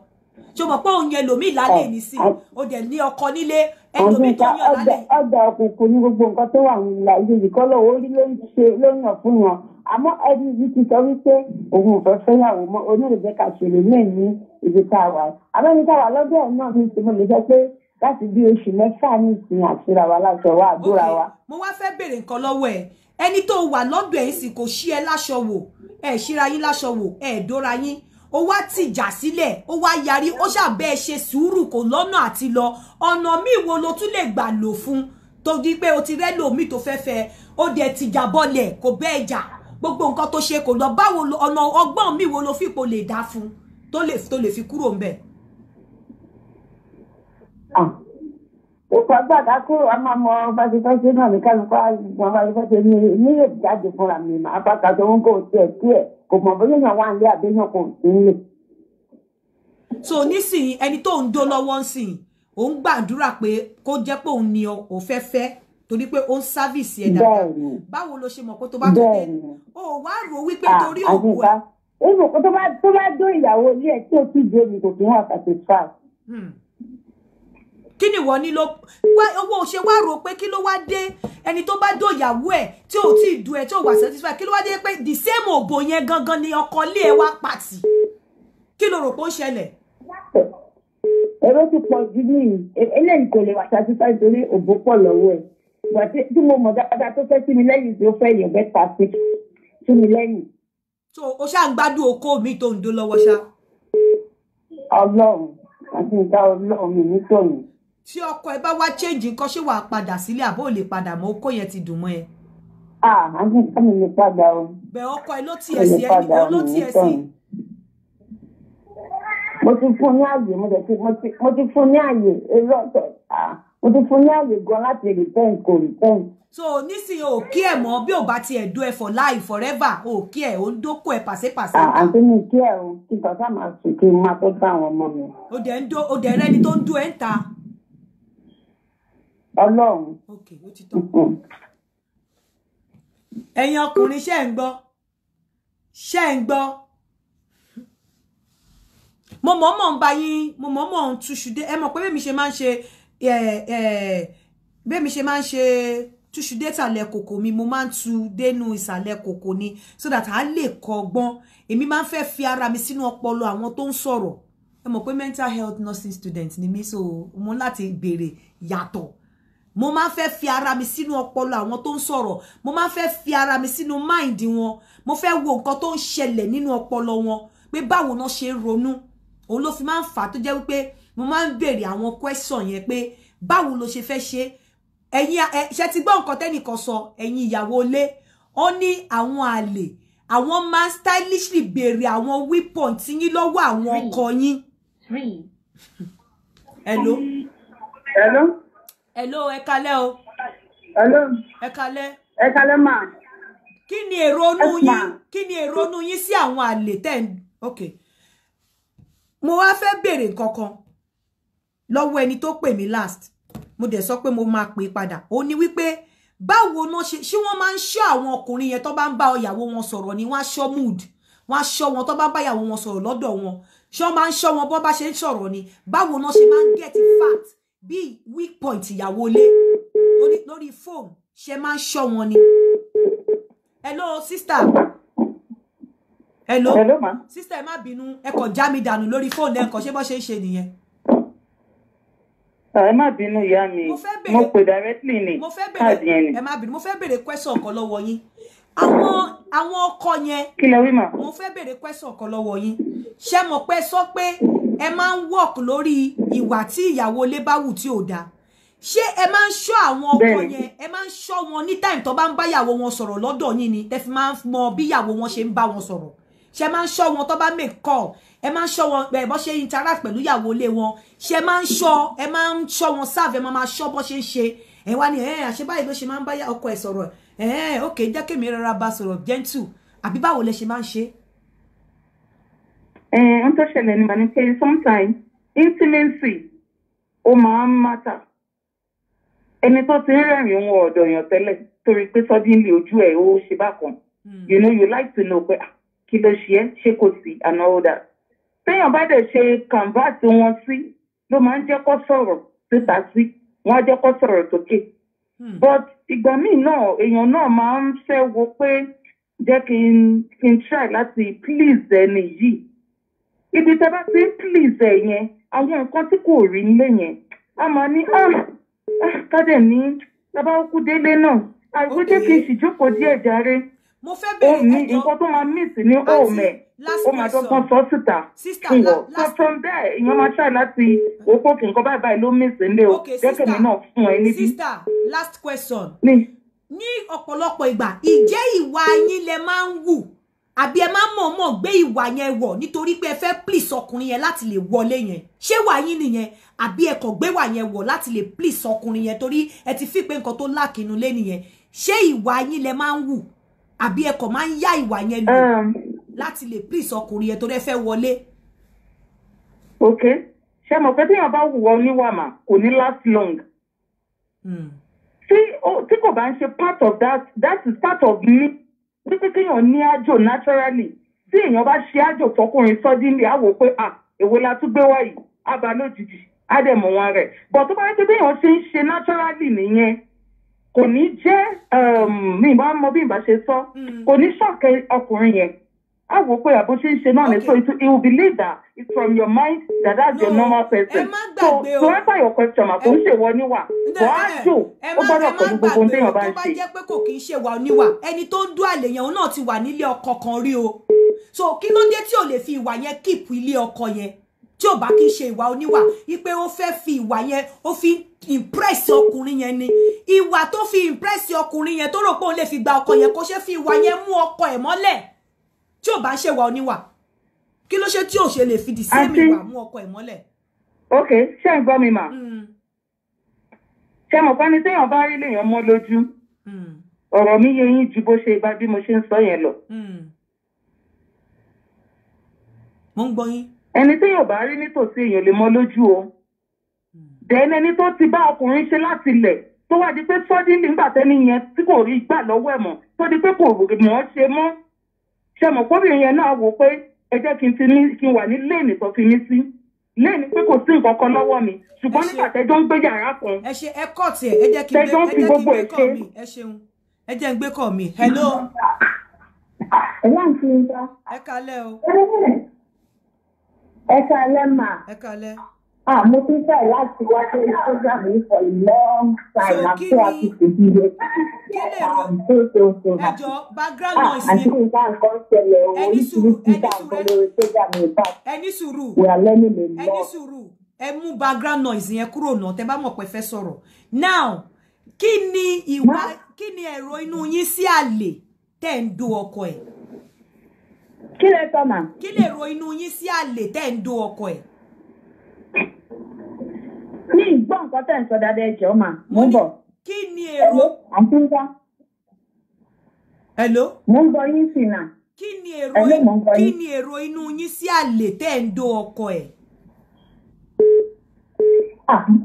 ṣe mọ̀ pé òun yẹn lòmíì lálẹ́ ní sí ah, ah. o dẹ̀ ní ọkọ nílé ẹlòmíì tó yàn lálẹ́. ọgbà òkùnkùn ní gbogbo nǹkan tó wà nílà yìí kọ́ lọ́wọ́ orí ló ń ṣe ló ń yàn fún wọn àmọ́ ẹni yìí ti sọ wípé òun ò fẹ́ fẹ́yàwó mọ́ onírèbẹ́ kà ṣèlè náà ní ibi tá a wà àmọ́ ibi tá a wà lọ́dọ̀ náà ní ti mo lè jẹ́ pé láti bí oṣù mẹ́fà ní ìsìn àṣírà wa láṣọ wa àdúrà wa. mo wá fẹ́ béèrè nǹkan lọ́wọ́ ẹ̀ ẹni tó wà lọ́dọ̀ ẹ̀ sì kò ṣí ẹ láṣọ wò ẹ̀ ṣíra yín láṣọ wò ẹ̀ dóra yín ó wá tìjà sílẹ̀ ó wá yarí ó ṣàbẹ́ ṣe sùúrù kò lọ́nà àti lọ ọ̀nà míì wo lo tún lè gbà lò fún tó di pé o ti rẹ́ lòmí tó fẹ́ fẹ́ ó dẹ̀ tìjà bọ́lẹ̀ kò bẹ́ẹ̀ jà gbogbo nǹkan tó ṣe kò lọ báwo ọ̀nà ọgbọ́n míì wo lo fipò lè dá fún tó lè fi kúrò ń bẹ̀ èkó àgbàdá kó a máa fásitọ́sí náà ní kálukọ́ àgbọ̀n fásitọ́sí ní ilé ìjáde fúnra mi mà apáta tó ń kó tiẹ̀ tiẹ̀ kò mọ̀ bóyá èèyàn wà nílé àbẹ́yàn kò sí nílé. so nísìnyí ẹni tó ń dó lọ́wọ́ ń sìn òun gbàdúrà pé kó jẹ́ pé òun ni ò fẹ́ fẹ́ torí pé ó ń sáfìsì ẹ̀ dáadáa báwo lo ṣe mọ̀ kó tó bá tó dé o wá rò wípé torí ah, òkú ẹ̀. ìbùkún tó bá tó bá dó ìyàwó ilé ẹ̀ tí ó ti dé mi kí wọ́n satisfy kí ni wọ́n ní ló owó ṣe wá rò pé kí ló wá dé ẹni tó bá dòyàwó ẹ̀ tí ò tí ì du ẹ̀ tí ò wà satisfied kí ló wá dé pé the same òbò yẹn gangan ni ọkọ ilé ẹ wá pàtì kí ló rò pé ó ṣẹlẹ̀. ẹ̀rọ ti pọ̀ jù ní eléyìí kò lè wà satisfied torí òbò pọ̀ lọ́wọ́ ẹ̀ ìgbà tí mo mọ̀ dáadáa tó fẹ́ sí mi lẹ́yìn tí ó fẹ́ yẹ̀ bẹ́ẹ̀ pàṣẹ sí mi lẹ́yìn. so o ṣáà ń gbádùn okó mi tó ń dó lọ́wọ́ ṣá. ọlọ́run àti ìta ọlọ́run mi ní tí ọkọ ẹ bá wá change nǹkan ṣé wàá padà sílé àbó ò lè padà mọ́ okó yẹn ti dùn mọ́ ẹ. ah àǹtí nǹkan mi lè padà o. bẹ ọkọ ẹ ló tiẹ̀ sí ẹ níbo ló tiẹ̀ sí. mo ti fún ní àyè mo ti fún ní àyè eré ọ̀tọ̀ mo ti fún ní àyè gan láti return kò return. so nísìnyí ò kí ẹ mọ bí ò bá tiẹ̀ dó ẹ for life forever ò kí ẹ ò ń dókò ẹ pàṣẹpàṣẹ. àǹtí mi kí ẹ o kí bàbá máa sùn kí n máa tó bá àwọn ọmọ mi. ó dẹ̀ ń dó ó dẹ̀ rẹ́ni tó ń dó ẹ̀ ń ta. Ọlọ́run. Okay, ó ti tán. Ẹ̀yin ọkùnrin ṣe ń gbọ́ ṣe ń gbọ́ mo mọ̀ mọ̀ ń ba mo mọ̀ mọ̀ ń túṣùdé ẹ mọ̀ pé bẹ́ẹ̀ mi ṣe máa ń ṣe bẹ́ẹ̀ mi ṣe máa ń ṣe túṣùdé tàlẹ̀ kòkò mi mo máa ń tu dénú ìsàlẹ̀ kòkò ni so that a lè kọ́gbọ́n èmi máa ń fẹ́ fi ara mi sínú ọpọlọ àwọn tó ń sọ̀rọ̀ ẹ mọ̀ pé mental health nursing student ni mí so mo láti béèrè yàtọ̀ mo máa fẹ́ fi ara mi sínú ọpọlọ àwọn tó ń sọ̀rọ̀ mo máa fẹ́ fi ara mi sínú mind wọn mo fe wo nǹkan tó ń ṣẹlẹ̀ nínú ọpọlọ wọn pé báwo náà ṣe ń ronú òun ló fi máa ń fà á tó mo máa ń béèrè question yẹn pé báwo ló ṣe fẹ́ ṣe ẹ̀yin ṣe ti gbọ́ nǹkan tẹ́nìkan sọ ẹ̀yin ìyàwó ilé ó ní àwọn àlè àwọn máa ń stylishly béèrè àwọn weapon tí yín lọ́wọ́ àwọn ọkọ yín. hello. hello hello ẹ kalẹ́ o. hello. ẹ kalẹ́. ẹ kalẹ́ mà. kí ni èrò inú yín kí ni èrò yín sí àwọn àlè tẹ̀ ń ok mo wá fẹ́ béèrè nǹkan kan lọ́wọ́ ẹni tó pè mí last mo dẹ̀ sọ pé mo máa pè padà ó ní wípé báwo náà ṣe ṣé wọ́n máa ń ṣọ́ àwọn ọkùnrin yẹn tó bá ń bá ìyàwó wọn sọ̀rọ̀ ni wọ́n á ṣọ́ mood wọ́n á ṣọ́ wọn tó bá ń bá ìyàwó wọn sọ̀rọ̀ lọ́dọ̀ wọn ṣé wọ́n máa ń ṣọ́ wọn bó bá ṣe ń sọ̀rọ̀ ni báwo náà ṣe máa ń get fact bí weak point ìyàwó ilé lórí lórí fóònù ṣe máa ń ṣọ́ wọn ni. hello sister hello, hello ma. sister ẹ má bínú ẹ kàn já mi dànù lórí fóònù ẹ kàn ṣé bó ṣe ń ṣe nìyẹn ẹ má bínú ìyá mi mo pè directly ni káàdì yẹn ni. ẹ má bínú mo fẹ́ béèrè question kan lọ́wọ́ yín àwọn àwọn ọkọ yẹn. kí lẹ wí mà. mo fẹ́ béèrè question kan lọ́wọ́ yín ṣé mo pẹ́ sọ pé ẹ máa ń work lórí ìwà tí ìyàwó ilé bá wù tí ò dáa ṣé ẹ máa ń ṣọ́ àwọn ọkọ yẹn ẹ máa ń ṣọ́ wọn ní táìmù tó bá ń bá ìyàwó wọn sọ̀rọ̀ lọ́dọ̀ yín ni tẹ́ fi máa ń mọ bí ìyàwó wọn ṣe ń bá wọn sọ̀rọ̀ ṣe máa ń ṣọ́ wọn tó bá make call ẹ máa ń ṣọ́ wọn bẹ́ẹ̀ bọ́ ṣe interact pẹ̀lú ìyàwó ilé wọn ṣe máa ń ṣọ́ ẹ máa ń ṣọ́ wọn serve ẹ máa máa ṣọ́ bọ́ ṣe ń ṣe ẹ wá ní ẹ̀ẹ́n àṣẹ báyìí ló ṣe máa ń bá ọkọ ẹ̀ sọ̀rọ̀ ẹ̀ẹ́n ok jẹ́ kémi rárá bá sọ̀rọ̀ gentle àbí báwo lẹ ṣe máa ń ṣe ohun tó ṣẹlẹ̀ nígbà ni pé sometimes intimacy ó máa ń matter ẹni tó ti ń rẹ̀rìn ohun ọ̀dọ̀ èèyàn tẹ́lẹ̀ torí pé suddenly ojú ẹ̀ ó ṣe bákan hmm. you know you like to know pé ah, kí ló ṣe é ṣé kò sí and all that téèyàn bá dẹ̀ ṣe canvas wọn sí ló máa ń jẹ́ kó sọ̀rọ̀ síta sí wọ́n á jẹ́ kó sọ̀rọ̀ sókè hmm. but ìgbà míì náà èèyàn náà máa ń fẹ́ wo pé jẹ́ kí n kí n try láti please ẹni yìí ibi tẹ bá ti ń please yẹn àwọn nǹkan tí kò rí nílé yẹn a máa ní ah, ah, kádẹ ní bàbá òkú délé náà àìgbéjẹ kì í sì díẹ̀ mo fẹ́ bẹ̀rẹ̀ ẹjọ́ omi nǹkan tó máa ní ó máa dọ́gbọ́n sọ síta fún bẹ́ẹ̀ láti òkú òkè nǹkan báyìí báyìí o jẹ́kẹ̀ mi náà fún ẹ níbí. sista last question ní ọ̀pọ̀lọpọ̀ ìgbà ìjẹ́ ìwà yín lẹ máa wù àbí ẹ má mọ̀ọ́mọ̀ gbé ìwà yẹn wọ̀ nítorí pé ẹ fẹ́ please ọkùnrin yẹn láti lè wọlé yẹn ṣé wà yín nìyẹn àbí ẹ kàn gbé wà yẹn wọ̀ láti lè please ọkùnrin yẹn torí ẹ ti fi pé nǹkan tó lákìnnú lé nìyẹn ṣé ìwà yín lẹ máa ń wù àbí ẹ kàn máa ń yá ìwà yẹn lò um, láti lè please ọkùnrin yẹn torí ẹ fẹ́ wọlé. ok ṣe mọ̀ pé bí wọn bá wù ọ níwà mà kò ní last long. Mm. tí kò bá ń ṣe part of that that is part of me wípé kéèyàn ní àjò naturally tí èèyàn bá ṣe àjò tọkùnrin sọdínlé á wò pé à ah, èwo la tún gbé wá yìí á ba lójijì á dẹ̀ mọ̀ wọn rẹ̀ bọ̀ tó bá yẹ pé kéèyàn ṣe ń ṣe naturally nìyẹn kò ní jẹ́ ehm, mi ìbá mọ bí ìbá ṣe sọ hmm. kò ní ṣọ̀kẹ́ ọkùnrin yẹn a wò pé àbó ṣe ń ṣe náà ni so it, will be laid it's from your mind that that's your normal person so to answer your question ma kò ń ni wa. kò á jò ó gbọ́dọ̀ pẹ̀lú gbogbo ohun téèyàn bá ń ṣe. tó bá jẹ́ pé kò kì í ṣe wà oníwà ẹni tó ń dún àlè yẹn òun náà ti wà nílé ọkọ kan rí o so kí ló dé tí ò lè fi ìwà yẹn kíìpù ilé ọkọ yẹn tí ò bá kí í ṣe ìwà oníwà wípé ó fẹ́ fi ìwà yẹn ó fi impress ọkùnrin yẹn ni ìwà tó fi impress ọkùnrin yẹn tó rò pé òun lè fi gba ọkọ yẹn kó ṣe fi ìwà yẹn mú ọkọ ẹ̀ mọ́lẹ̀ tí ò bá ṣe wà oníwà kí ló ṣe tí ò ṣe lè fi dìsí èmi wà mú ọkọ ẹ̀ mọ́lẹ̀. ok ṣé ẹ gbọ́ mi mà hmm. ṣe mọ̀ fani téèyàn bá rí lèèyàn mọ́ lójú hmm. ọ̀rọ̀ mi yẹ yín ju bó ṣe bá bí mo ṣe ń sọ yẹn lọ. Hmm. mo ń gbọ́ yín. ẹni téèyàn bá rí nítòsí èèyàn lè mọ́ lójú o dẹ́n ẹni tó ti bá ọkùnrin ṣe láti lẹ̀ tó wá di pé sọ́dí nígbà tẹ́ni yẹn tí kò rí gbà lọ́wọ́ ẹ̀ mọ́ tó di pé kò mọ̀ ọ́ ṣe mọ́. ṣe mọ̀ pọ́bìnrin yẹn náà wò pé ẹ jẹ́ kí n ti kí n wà ní tó fi mí kò sí nǹkan kan lọ́wọ́ mi ṣùgbọ́n nígbà tẹ́jọ́ ń gbé yàrá kan ẹ ṣe ẹ kọ́ ẹ jẹ́ gbé mi ẹ Ah, mo ti fẹ́ láti wá sí program yìí for a long time after a ti Kí lè rò ẹjọ́ background ah, noise yẹn? Àti nígbà nǹkan ṣẹlẹ̀ o, oríṣiríṣi nígbà nǹkan lórí program yìí Ẹni sùúrù. We are learning a lot. Ẹni sùúrù. Ẹ mú background noise yẹn kúrò náà tẹ bá mọ̀ pé fẹ́ sọ̀rọ̀. Now, kí ni ìwà kí ni èrò inú yín sí àlè tẹ̀ ń do ọkọ ẹ̀? Kí lè tọ́ màá? Kí lè èrò inú yín sí àlè tẹ̀ ń do ọkọ ẹ̀? ní ìgbọ́ nǹkan tẹ̀ ń sọ dáadáa ẹ̀jẹ̀ ọ̀ma mo ń bọ̀. kí ni èrò. àti ń bá. hello. mo ń bọ yín sí náà. kí ni èrò kí ni èrò inú yín sí àlè tẹ́ ń do ọkọ ẹ̀.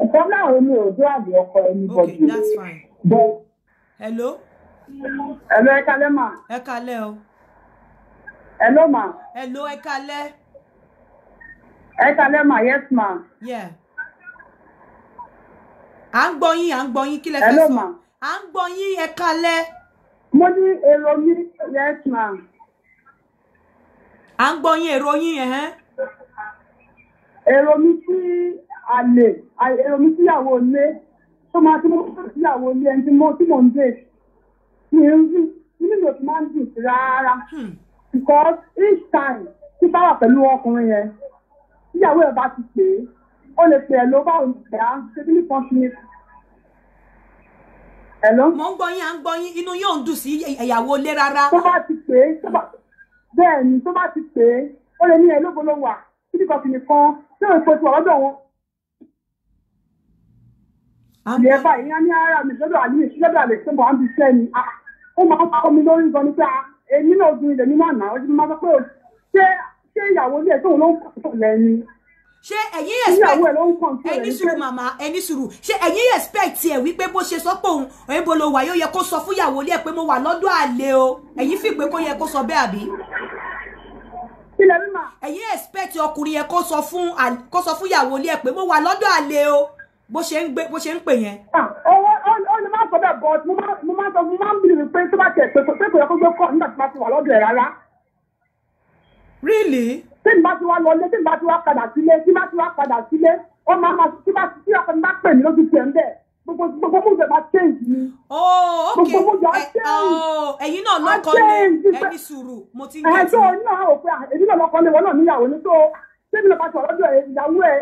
ọ̀sán náà ó ní òjò àbí ọkọ ẹni bọ̀dù. okay that's fine. bọ́. hello. hello ẹ kalẹ́ mà. ẹ kalẹ́ o. hello mà. hello ẹ kalẹ́. ẹ kalẹ́ mà yes ma. yeah à ń gbọ́ yín à ń gbọ́ yín kí lẹ fẹ́ sọ à ń gbọ́ yín ẹ kalẹ̀. mo ní èrò mi yes ma. à ń gbọ́ yín èrò yín ẹ̀hẹ́n. èrò mi sí àlè èrò mi síyàwó ilé tó máa tí mo fẹ́ síyàwó ilé ẹni tí mo tí mo ń dè mi ń rí nínú ìlò tí máa ń dùn sí rárá hmm. because each time tí bá wà pẹ̀lú ọkùnrin yẹn síyàwó ẹ̀ bá ti pè é o lè pè ẹ ló bá òǹtẹ̀ á ṣebí nìkan ṣe ni. mo ń gbọ́ yín à ń gbọ́ yín inú yóò ń dùn sí ẹ̀yàwó lé rárá. tó bá ti pè é bẹ́ẹ̀ ni tó bá ti pè é ó lè ní ẹ lóbo ló wà ṣebí kan ṣe nìkan tí ò ń fojú ọ̀rọ̀dọ̀ wọn. ìyẹn báyìí ní àní ara mi lọ́dọ̀ àlè lọ́dọ̀ àlè tó bọ̀ á ń bi iṣẹ́ ni ó máa ń kọ́ mi lórí gan nípa èmi náà obìnrin lèmi máa nà ó ti máa sọ pé ṣé ìyàwó ilé tóun ló ń kọ́ lẹ́ni ṣé ẹ̀yin expect ẹni suru, mama? ẹni suru? ṣé ẹ̀yin expect ẹ̀ wípé bó ṣe sọ pé òun òyìnbó ló wà yóò yẹ kó sọ fún ìyàwó ilé pé mo wà lọ́dọ̀ àlè o ẹ̀yin fi pé kó yẹ kó sọ bẹ́ẹ̀ àbí. ẹ̀yin expect ọkùnrin yẹ kó sọ fún kó sọ fún ìyàwó pé mo wà lọ́dọ̀ àlè o bó ṣe ń pè yẹn. ọwọ́ ah, ó ní máa sọ bẹ́ẹ̀ but mo máa sọ mo máa ń bìrì pé tó bá tẹ̀ pé kò yẹ kó gbé kọ́ nígbà tó really tí n bá ti wá lọlé tí n bá ti wá padà sílé tí n bá ti wá padà sílé ó máa ma tí bá tí ọkọ mi bá pè mí lójú tiẹ̀ ń bẹ̀ gbogbo gbogbo múdẹ máa change ni. ooo oh, ok gbogbo múdẹ á eh, change. Oh, ẹ̀yin náà lọ́kọ ni ẹni sùúrù mo ti ń gbé tí. náà ò pé èmi náà lọ́kọ ni wọn náà níyàwó ni tó tẹ́mi náà bá ti ọ̀rọ̀ jọ ìyàwó ẹ̀.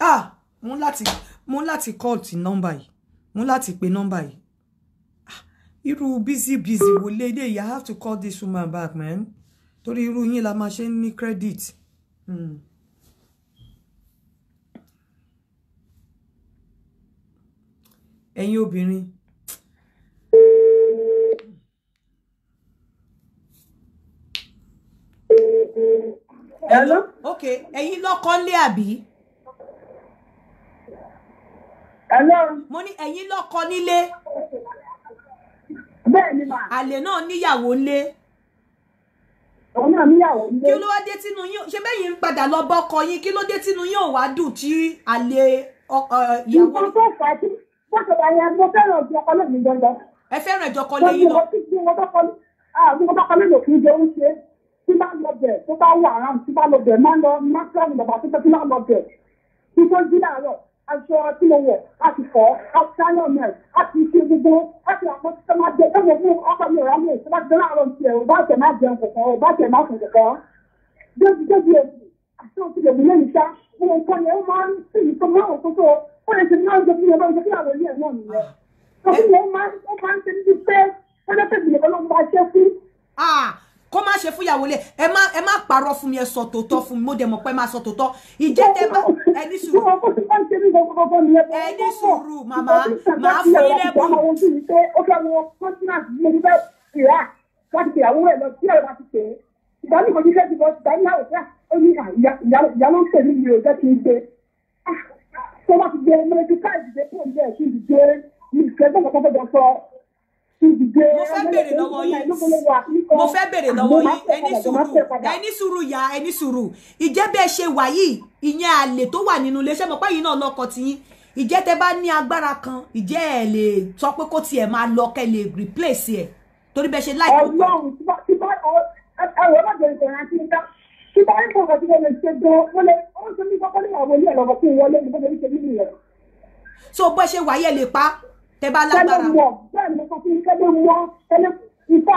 ah mo ń láti mo ń láti call ti nọ́mbà yìí mo ń láti pe nọ́mbà yìí ah, irú busy busy wo lé lé yìí i have to call this woman back man torí irú yín la máa ṣe ń ní credit. Mm. ẹ̀yin obìnrin hello ok ẹ̀yin lọ́kọ ńlé àbí. hello. mo ní ẹ̀yin lọ́kọ nílé. bẹ́ẹ̀ ni mà. àlè náà níyàwó ńlé òun náà níyàwó nílé. kí ló wá dé tínú yín ṣe bẹ́yìn ń padà lọ bọ́kọ yín kí ló dé tínú yín ò wá dùn tí àlè ìyàwó. nǹkan tó fà á tí wọ́n ṣe wà mo fẹ́ràn ìjọ ọkọ lẹ́yìn dandan. ẹ fẹ́ràn ìjọ ọkọ lẹ́yìn lọ. bí wọ́n bá kọ lẹ́yìn òfin jẹ oúnjẹ tí bá lọ bẹ̀ tó bá wà around tí bá lọ bẹ̀ máa ń lọ máa ń lọ bàbá tó fẹ́ tí bá lọ bẹ̀ tí tó jí láàárọ̀ aṣọ tí mo wọ̀ a fọ́ a ti ṣáyọ̀ mẹ́ ṣe gbogbo a àpò tí ma jẹ ẹ̀ mọ̀ fún ọkọ mi ọ̀rá mi ìṣẹ́ bá ti dáná àrùn tiẹ̀ ọba tẹ̀ má jẹun kọ̀kọ́ ọba tẹ̀ má fún kọ̀kọ́. débi débi èsì àti òsì lè múlẹ̀ níta mo ń kọ́ yẹn ó máa ń sì ní tó máa kótó ó lè ṣe máa ń yẹn bá ń jẹ ilé ẹ̀ náà nìyẹn. Ah. ó kó má ṣe fúyàwó lé ẹ má ẹ má parọ́ fún mi ẹ sọ tòótọ́ fún mi mo dẹ̀ mọ̀ pé ẹ má sọ tòótọ́ ìjẹ́ tẹ bá ẹ ní sùúrù ẹ ní sùúrù màmá màá fún yín lẹ́bùn. láti pè àwọn ẹ̀ lọ sí ọ̀rọ̀ láti pè é ìgbà mi kò ní fẹ́ẹ́ ti bọ́ ìgbà mi àwọn ìfẹ́ ó ní ah, ìyá ló ń pè mí mi ò jẹ́ kí n gbé ah, tó bá ti gbé mẹ́rẹ́dúkà ìdíje pọ̀ ní ẹ̀ kí n gbé mi ìfẹ́ gbọ́dọ̀ gbọ́dọ̀ sọ mo fẹ́ bèrè lọ́wọ́ yín mo fẹ́ bèrè lọ́wọ́ yín ẹni sùúrù ẹni sùúrù yá ẹni sùúrù ìjẹ́ bẹ́ẹ̀ ṣe wà yìí ìyẹn àlè tó wà nínú ilé ṣé mo pé yín náà lọ́kọ tiyín ìjẹ́ tẹ bá ní agbára kan ìjẹ́ ẹ̀ lè sọ pé kó tiẹ̀ máa lọ kẹ́ lè replace ẹ̀ torí bẹ́ẹ̀ ṣe láì tó kọ́. ọlọ́run tí bá ẹwọ lọ́jọ́ ìṣẹ̀rẹ̀ àti ìta tí bá ń kọ̀ọ̀kan tí wọ́n lè ṣe gan wọ́n lè ó ń ṣe mí kọ́kọ́ lè wà wọlé ẹ̀ lọ́kọ̀ tí wọ́n lè ní bó ṣe ń ṣe nínú rẹ̀. so bó ṣe wáyé lè pa tẹ bá lágbára. kẹlẹ mọ bẹ́ẹ̀ ni mo fi kẹlẹ mọ kẹlẹ ifá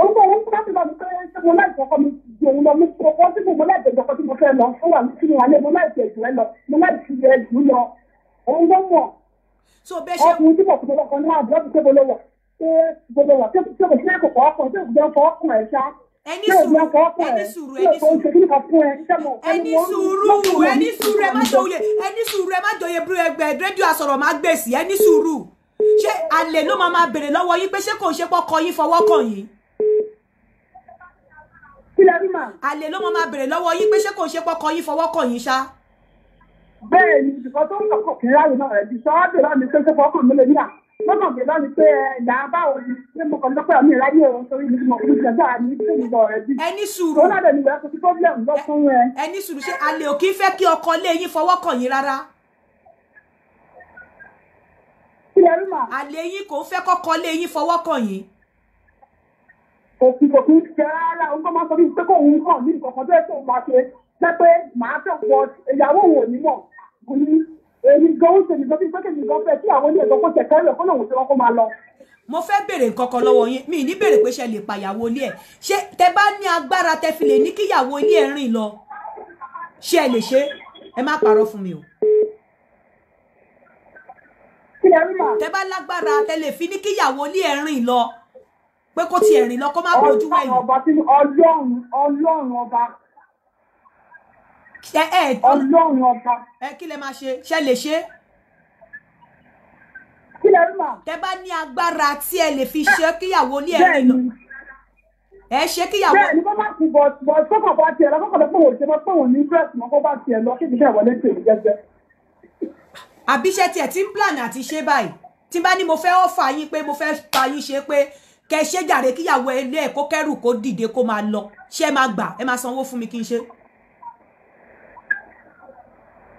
orúkọ òun fún láti lọ sí ṣé mo láì kọkọ mi di òun lọ mo kọ ọ sí mo láì tẹjọ kọ tí mo fẹ́ lọ fún wa kí ni wà lé mo láì tẹ ìjù ẹ lọ mo láì fi ẹ jù lọ òun ló mọ. so bẹ́ẹ̀ ṣe ọkùnrin tí mo fi bọ́ lọ́kọ náà àbúrò ti tẹ́ bọ́ lọ́wọ́ ṣé bọ́ lọ́wọ́ ṣé kò sí ẹ̀kọ́ ọkùnrin tí ò ẹni sùúrù ẹni sùúrù ẹni sùúrù ẹni sùúrù ẹni sùúrù ẹ má jòyè ẹni sùúrù ẹ má jòyè bí ẹgbẹ rédíò àsọ̀rọ̀ má gbèsè ẹni sùúrù ṣé àlè ló máa máa bèrè lọ́wọ́ yín pé ṣé kò ń ṣe pọkọ yín fọwọ́ kàn yín. àlè ló máa máa bèrè lọ́wọ́ yín pé ṣé kò ń ṣe pọkọ yín fọwọ́ kàn yín ṣá. bẹ́ẹ̀ ni ìdìbò tó ń lọ kọkìnrin láyé náà ẹ mama bèbá mi pé ẹ̀dá báwo ni pé mo kàn lọ́pẹ́ mi láyé o torí mi mọ̀ mi kẹ̀kẹ́ àmì tó mi bọ̀ rẹ̀ bí. ẹni sùúrù nígbà tó ti lọ fún ẹ. ẹni sùúrù alẹ́ ọkọ lé yín fọwọ́ kàn yín rárá. alẹ́ yín kò fẹ́ kọ́kọ́ lé yín fọwọ́ kàn yín. òkú kò kí ń ṣe rárá òun máa sọ pé kàn ní ìkọ̀kọ̀ èmi gan ó ṣe nìkan bí pẹ́kẹ́ nìkan fẹ́ tí àwọn ilé ìdókòó tẹ̀ kẹ́rẹ́ kó lòun ti wọ́n kó máa lọ. mo fẹ́ béèrè nǹkan kan lọ́wọ́ yín mi ní béèrè pé ṣe lè pa ìyàwó ilé ẹ̀ ṣé tẹ bá ní agbára tẹ fi lè ní kí ìyàwó ilé ẹ̀ rìn lọ ṣé ẹ lè ṣe ẹ má parọ́ fún mi o. tẹ bá lágbára tẹ lè fi ní kí ìyàwó ilé ẹ̀ rìn lọ pé kó tiẹ̀ rìn lọ kó má bójú wẹ̀yìn. ọlọ́run ọba ṣe ẹ Ọlọ́run ọba ẹ kí lẹ máa ṣe ṣe lè ṣe. kí lẹ rí màá. tẹ bá ní agbára tí ẹ lè fi ṣe kíyàwó ní ẹ̀rín lọ ẹ ṣe kíyàwó. bẹ́ẹ̀ ni bá bá ti bọ bọ sọkọ bá tiẹ̀ lọ kọkọ pé òun ṣe mọ pé òun ní bírẹsì mọ kó bá tiẹ̀ lọ kí ìdíjà wọlé tèmi jẹjẹ. àbí ṣe tiẹ̀ ti ń plan àti ṣe báyìí tí bá ní mo fẹ́ ọ̀fà yín pé mo fẹ́ fa yín ṣe pé kẹ ṣe jàre kíyàwó ẹ lé ẹ kó kẹrù kó dìde kó máa lọ ṣé máa gbà ẹ máa sanwó fún mi kí n ṣe.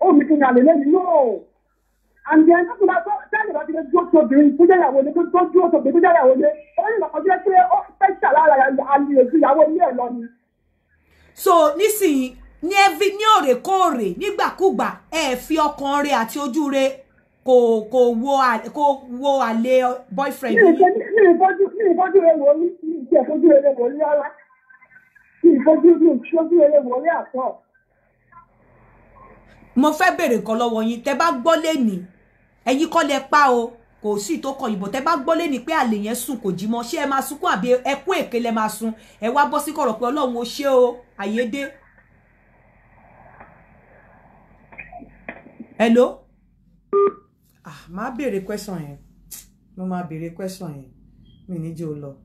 ó mi tún ní àlè lẹ́yìn náà àǹdí ẹni tó bá sẹ́ni bá ti lè dúró tó obìnrin tó jẹ́ ìyàwó ilé tó dúró tó obìnrin tó jẹ́ ìyàwó ilé orí ìlànà jẹ́ pé ó fẹ́ ṣàlàyé àlè ètò ìyàwó ilé ẹ̀ lọ ni. so nísìnyí ní ẹbí ní òrèkóòrè nígbàkúgbà ẹ fi ọkàn rẹ àti ojú rẹ kò kò wo kò wo àlè boyfriend yìí. mi ìfojú mi ìfojú rẹ wò ó ní ìfojú rẹ wò ó ní rárá mi ìfojú mi ìfojú rẹ wò ó ní àtọ mo fẹ́ bèrè nǹkan lọ́wọ́ yín tẹ́ bá gbọ́ ni ẹ̀yin kọ́ lẹ pa o kò sí tó kọ ìbò tẹ́ bá gbọ́ lẹ́nìí pé àlè yẹn sùn kò jí mọ́ ṣé ẹ máa sunkún àbí ẹkún èké lẹ máa sun ẹ wá bọ́ sí kọ̀rọ̀ pé ọlọ́run ó ṣe o àyédè. hello ah ma bèrè question yẹn mo ma bèrè question yẹn mi ní jẹ́ o lọ.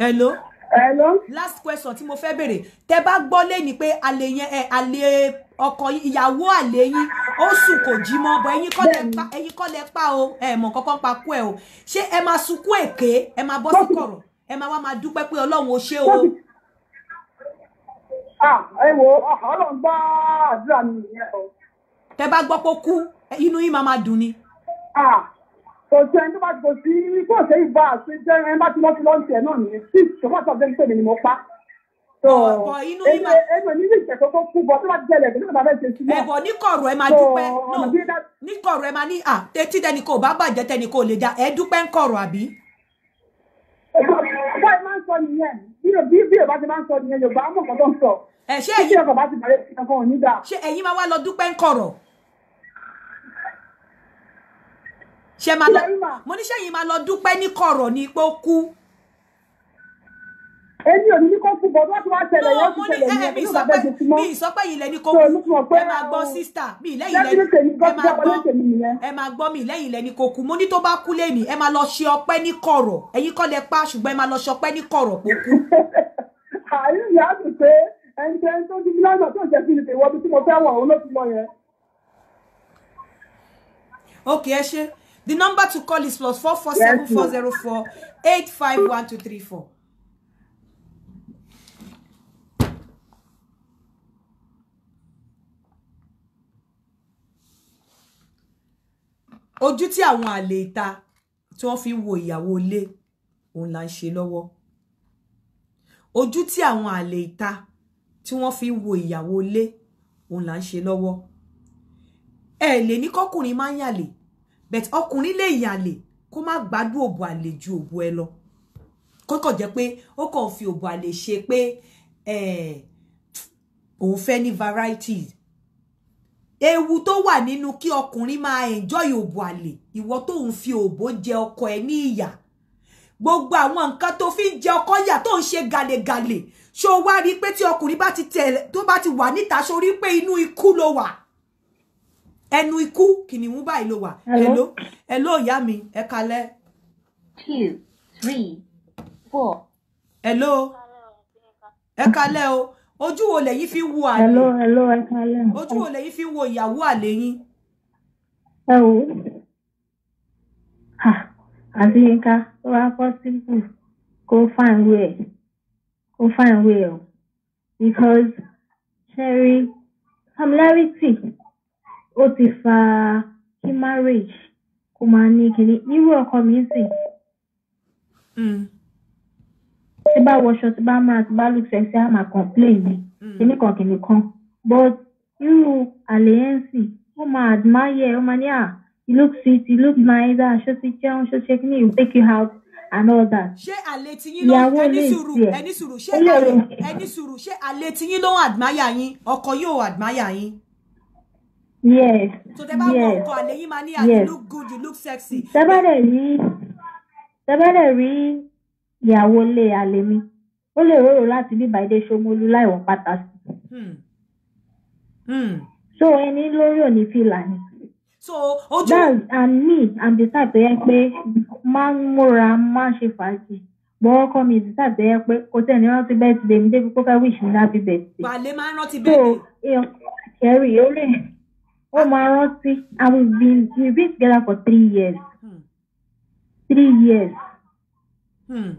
hello. hello. last question tí mo fẹ́ béèrè tẹ́ bá gbọ́ lẹ́ni pé àlè yẹn ẹ àlè ọkọ ìyàwó àlè yín ó sùn kò jí mọ́ bọ́ ẹ̀yin kọ́ lẹ pa ẹ̀yin kọ́ lẹ pa o ẹ mọ̀ kankan pa kú ẹ o ṣé ẹ máa sunkún èké ẹ máa bọ́ sí kọ̀rọ̀ ẹ máa wá máa dúpẹ́ pé ọlọ́run ó ṣe o. ẹ wo ọlọ́run gbọ́ àdúrà mi nìyẹn o. tẹ́ bá gbọ́ pé ó kú inú yín máa máa dùn ni kò sí ẹni tó bá ti kò sí ikú ọ̀sẹ̀ ìbá àti jẹ́ ẹni bá ti lọ́ sí lọ́ọ̀tì ẹ̀ náà nìyẹn tí ṣùgbọ́n àti ọ̀sẹ̀ ìpè mi ni mo pa. ọ̀bọ̀ inú yín máa ẹnu ní ìṣẹ̀ tó kó kú bọ̀ tó bá ti jẹlẹ̀ nígbà tá a fẹ́ ṣe sí ẹ máa dúpẹ́ náà ní ẹ máa ní à tẹ́tí tẹni kò bá bàjẹ́ tẹni kò lè já ẹ dúpẹ́ ń kọ̀rọ̀ àbí. ọ̀gá ẹ máa ń sọ nìyẹn bí bí Yorùbá ti máa ń sọ ṣe máa lọ mo ní sẹ́yìn máa lọ dúpẹ́ ní kọ̀rọ̀ ní pé ó kú. èmi ò ní ní kó kú bọ́ bí wọ́n ti wá tẹ̀lé eh, eh, yẹn ti tẹ̀lé yẹn mi ìsọpẹ́ mi ìsọpẹ́ yìí lẹ́ni kó kú ẹ máa gbọ́ sísítà mi lẹ́yìn lẹ́ni ẹ máa gbọ́ ẹ máa gbọ́ mi lẹ́yìn lẹ́ni kó kú mo ní tó bá kú lẹ́ni ẹ máa lọ ṣe ọpẹ́ ní kọ̀rọ̀ ẹ̀yin kọ́ lẹ pa ṣùgbọ́n ẹ máa lọ ṣe ọpẹ́ ní kọ̀rọ̀ pé kú. àyè ìyá mi pé ẹni tẹ́ ń tó ti fi lánàá tó jẹ́ kí n The number to call is plus four four seven four zero four eight five one two three four. Ojú tí àwọn àlè ìta tí wọ́n fi wo ìyàwó ilé òun là ń ṣe lọ́wọ́. Ojú tí àwọn àlè ìta tí wọ́n fi wo ìyàwó ilé òun là ń ṣe lọ́wọ́. Ẹ lè ní kọ́kùnrin máa ń yàlè but ọkùnrin lè yàlè kó má gbádùn òbò àlè ju òbò ẹ lọ kó kàn jẹ́ pé ó kàn fi òbò àlè ṣe pé eh, òun fẹ́ ní varieties ewu tó wà nínú kí ọkùnrin máa enjoy òbò àlè ìwọ tó ń fi òbò jẹ ọkọ ẹ ní ìyà gbogbo àwọn nǹkan tó fi ń jẹ ọkọ yà tó ń ṣe gàlègàlè ṣó wá rí pé tí ọkùnrin bá ti tẹ̀ tó bá ti wà níta ṣó rí pé inú ikú ló wà ẹnu ikú kìnìún báyìí ló wà hello hello ìyá mi ẹ kalẹ́. two three four. hello ẹ kalẹ́ o ojú wo lẹ̀yin fi wo àlè. hello hello ẹ kalẹ́. ojú wo lẹ̀yin fi wo ìyàwó àlè yín. ẹ wo àti Yinka ó wá possible kó fine way kó fine way o because Sherry familiarity ó ti fa kí marriage kó máa ní kinní nírú ọkọ mi ń sìn. Hmm. tí bá wọṣọ tí bá máa tí bá look sexy á máa complain ni hmm. kinní kan kinní kan but irú àlè ẹ̀ ń sìn ó máa admire ó máa ní à ah, you look sweet you look nice ah ṣó ti jẹun ṣó ṣe kinní you take you out and all that. ṣé àlè tiyín ló ẹni sùúrù ẹni sùúrù ṣé àlè ẹni sùúrù ṣé àlè tiyín ló ń admire yín ọkọ yóò admire yín yes so tẹ bá wọ ọkọ àlẹ yìí máa ní à ah, you look good you look sexy. tẹ bá dẹ̀ rí tẹ bá dẹ̀ rí ìyàwó lé àlè mi ó lè rorò láti bí bàdé Ṣómólú láìwọ̀n pátá sí. Hmm. Hmm. so ẹni lórí òní fìlà ni. so ojú. that and me and the type tó yẹ pé máa ń múra máa ń ṣe fàájì bọ́wọ́ kọ́ mi the type tó yẹ pé kò tẹ̀ ní rántí birthday mi débi kó fẹ́ wish mi happy birthday. wàlẹ́ máa ń rántí birthday. so èèyàn kẹrì ó lè ó máa rántí and we been we've been together for three years hmm. three years. Hmm.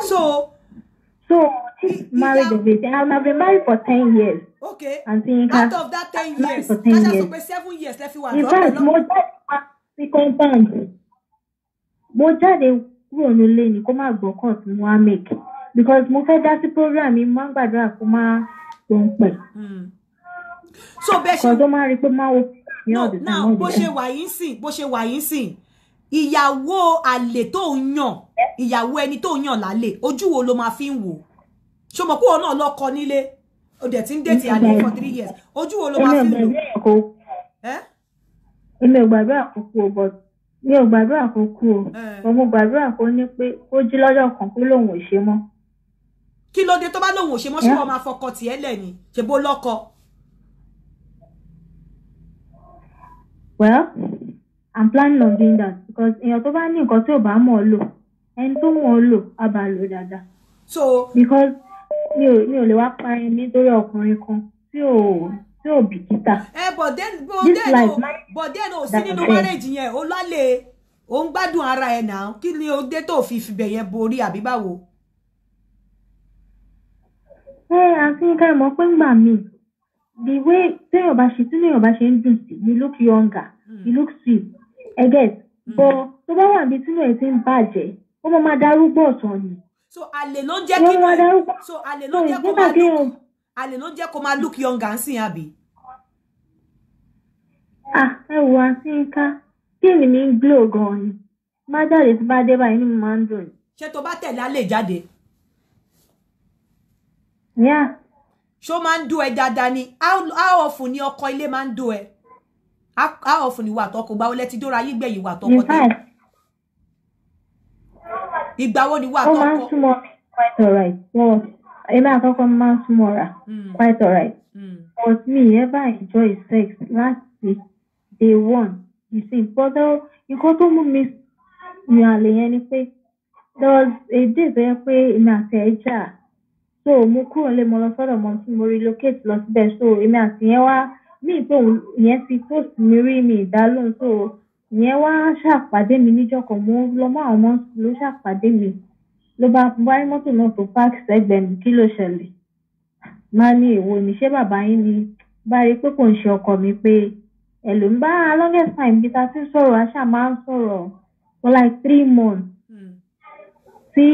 so. so since marriage of eighteen and i been married for ten years. okay and Tinka out of that ten years kasha sọ pé seven years lẹ́fi wà lọ́pọ̀ lọ́pọ̀. in fact most jáde wá sí compound mo jáde kúrò nílé ni kó má gbọ́ cut ni wọ́n á make because mo fẹ́ dá sí program mi máa ń gbàdúrà kó má gbọ́n pẹ̀. Hmm so bẹ́ẹ̀ ṣe. kọ̀ọ̀dọ́ máa rí i pé máa wo ní ọ̀dẹ̀ tí wọ́n jẹ́. bó ṣe wà yín sìn bó ṣe wà yín sìn ìyàwó àlè tó ń yàn ìyàwó ẹni tó ń yàn lálè ojú wo ló máa fi ń wò ṣó mọ̀ kó wọn náà lọ́kọ nílé o dẹ̀ ti ń dẹ̀tì àlè for three years ojú wo ló máa fi ń lò. èmi ò gbàgbé àkókò but mi ò gbàgbé àkókò o eh. mo gbàgbé àkókò ní pé ó jí lọ́jọ́ kan kó lòun ò ṣe mọ́. kí ló dé tó bá lòun ò ṣe mọ́ ṣé eh? wọ́n máa fọkọ tiẹ̀ lẹ̀ ni ṣe bó lọ́kọ. well i'm planning on doing that because èèyàn tó bá ní nǹkan tí ò bá mọ̀ ọ́ lò ẹni tó mọ̀ ọ́ lò á bá lò dáadáa. so because mi ò mi ò lè wá parí nítorí ọkùnrin kan tí ò tí ò bìkítà. ẹ bọ̀ dé bọ̀ dé no bọ̀ dé no sí nínú marriage yẹn o lálẹ́ o ń gbádùn ara ẹ̀ náà kí ni o dé tó fi fìbẹ̀ yẹn borí àbí báwo. ẹ àfihàn ẹ mọ̀ pé ń gbà mí the way téèyàn bá ṣe tí téèyàn bá ṣe ń dùn sí ni ló fi you hmm. look sweet ẹ get hmm. but tó bá wà níbi tí inú ẹ ti ń bàjẹ́ ó máa máa darúgbó ọ̀sán ni. so àlè ló jẹ́ kí máa so àlè ló jẹ́ kó máa look àlè ló jẹ́ kó máa look younger ń sìn àbí. ah ẹ wo àti nǹkan kí èmi ní glow gan-an ni má jáde tí bá dé báyìí inú mi máa ń dùn. ṣé tó bá tẹ̀lé á lè jáde. ṣó máa ń dùn ẹ dáadáa ni how often ni ọkọ ilé máa ń dùn ẹ how often ìwà àtọkọ gbáwó let ti do. yín gbẹ̀yìn ìwà àtọkọ tẹ ìgbà wo ni ìwà àtọkọ. ó máa ń súnmọ́ mi quite alright wọ́n ẹ̀mí àtọkọ talk ń much hmm. more. quite all right. Hmm. but me ever enjoy sex Last week, day one you see brother nǹkan tó mú mi yàn àlè yẹn ni pé there was a day tó yẹ pé èmi àti ẹ̀ jà so mo kúrò lé mo lọ sọ́dọ̀ mo ti mo relocate lọ síbẹ̀ so èmi àti yẹn wá míì tó ìyẹn ti post mi rí mi ìdálóhùn tó ìyẹn wá ṣàpàdé mi níjọ́ kan mo lọ mọ àwọn ọmọ ló ṣàpàdé mi ló bá bá rí mọ́tò náà tó páàkì sẹ́gbẹ̀ẹ́ mi kí ló ṣẹlẹ̀ má ní èwo ni ṣé bàbá yín ni bá rí i pé kò ń ṣe ọkọ mi pé ẹ̀lò ń bá longest time bí ta ti ń sọ̀rọ̀ àṣà máa ń sọ̀rọ̀ for like three months hmm. tí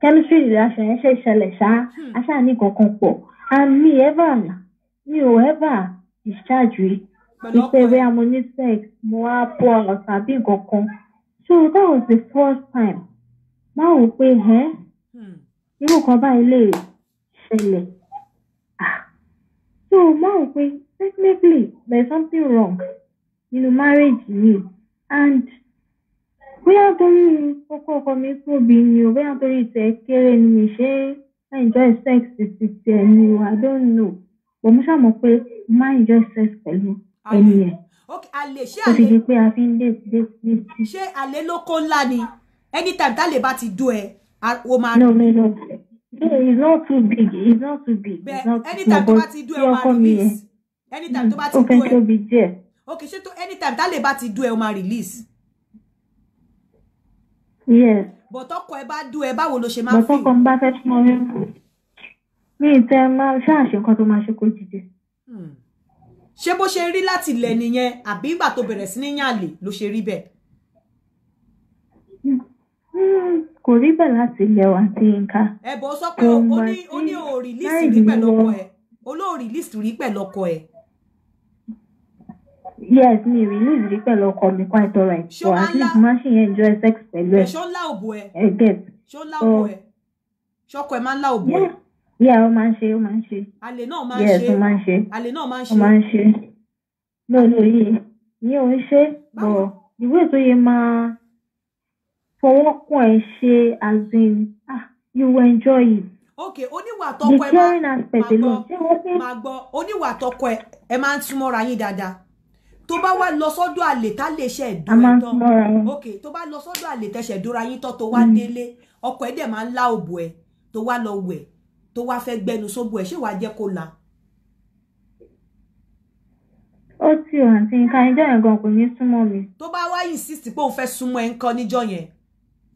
chemistry ìrìnàṣọ yẹn ṣe ṣẹlẹ̀ ṣá àṣà hmm. ní kankan pọ̀ and me ever mi ò ever discharge rí ìpè bóyá mo ní sex mo wá bọ́ ọ̀rọ̀ tàbí nǹkan kan so that was the first time máa wò pé ẹ́ hmm. irú kan báyìí lè ṣẹlẹ̀ ah. so máa wò pé technically there is something wrong nínú marriage yìí and bóyá torí kókó ọkọ mi tóbi ni o bóyá torí tẹ kéré ni mi ṣe enjoy sex títí tẹ ni o i don't know òun ṣáà mọ̀ pé má enjoy sex pẹ̀lú ẹni yẹn ó ti di pé a fi ń dé dé dé. ṣé àlè ló kó ńlá ni anytime tálè bá ti dún ẹ o máa. no no no it's not too big it's not too big. bẹ́ẹ̀ anytime tó bá ti dún ẹ o máa release anytime tó bá ti dún ẹ. ó fẹ́ tóbi díẹ̀. ok ṣé tó anytime tálè bá ti dún ẹ o máa release. yes. bọ̀tọ́kọ̀ ẹ bá dún ẹ báwo ló ṣe máa fi. bọ̀tọ́kọ̀ ń bá fẹ́ fún ọ mi ì tẹ máa ṣáà ṣe nǹkan tó máa ṣe kó dìde. Hmm. ṣé bó ṣe rí láti ilẹ̀ nìyẹn àbí ìgbà tó bẹ̀rẹ̀ sí ní yànlè ló ṣe rí bẹ́ẹ̀. Hmm, kò rí bẹ́ẹ̀ láti ilẹ̀ wa ti nǹka. ẹ̀bùn sọ pé O ní o rìlíìsì rí pẹ̀lú ọkọ ẹ̀ olóò rìlíìsì rí pẹ̀lú ọkọ ẹ̀. yes mi release rí pẹ̀lú ọkọ mi quite alright so at least má ṣì yẹn enjoy sex pẹ̀lú ẹ̀. ṣó òbò ẹ eh, ṣó òbò ẹ ṣọkọ ẹ má ńlá òbò ẹ yíyá ó máa ń ṣe ó máa ń ṣe. àlè náà máa ń ṣe yíyá ó máa ń ṣe. àlè náà máa ń ṣe. ó máa ń ṣe. lóòlù yìí ìyẹn ò ń ṣe bọ̀ ìwé tó yẹ máa fọwọ́ kún ẹ̀ ṣe as ah you enjoy it. ok oníwà tọkọ ẹ máa gbọ́ máa gbọ́ oníwà tọkọ ẹ ẹ máa ń súnmọ́ra yín dáadáa tó bá wá lọ sọ́dọ̀ àlè tá lè ṣe ẹ̀dùn ẹ̀ tán ok tó bá lọ sọ́dọ̀ àlè tẹ̀sẹ̀ dóra yín tán tó wá mm. délé ọkọ ẹ̀ dẹ̀ máa ń lá òbò ẹ̀ tó wá lọ wẹ̀ tó wá fẹ́ gbẹnu sóbù ẹ̀ ṣé wàá jẹ́ kó la. ó ti hàn tí nǹkan ẹjọ́ yẹn gan kò ní súnmọ́ mi. tó bá wá insist pé òun fẹ́ súnmọ́ ẹ̀ ń kọ́ níjọ́ yẹn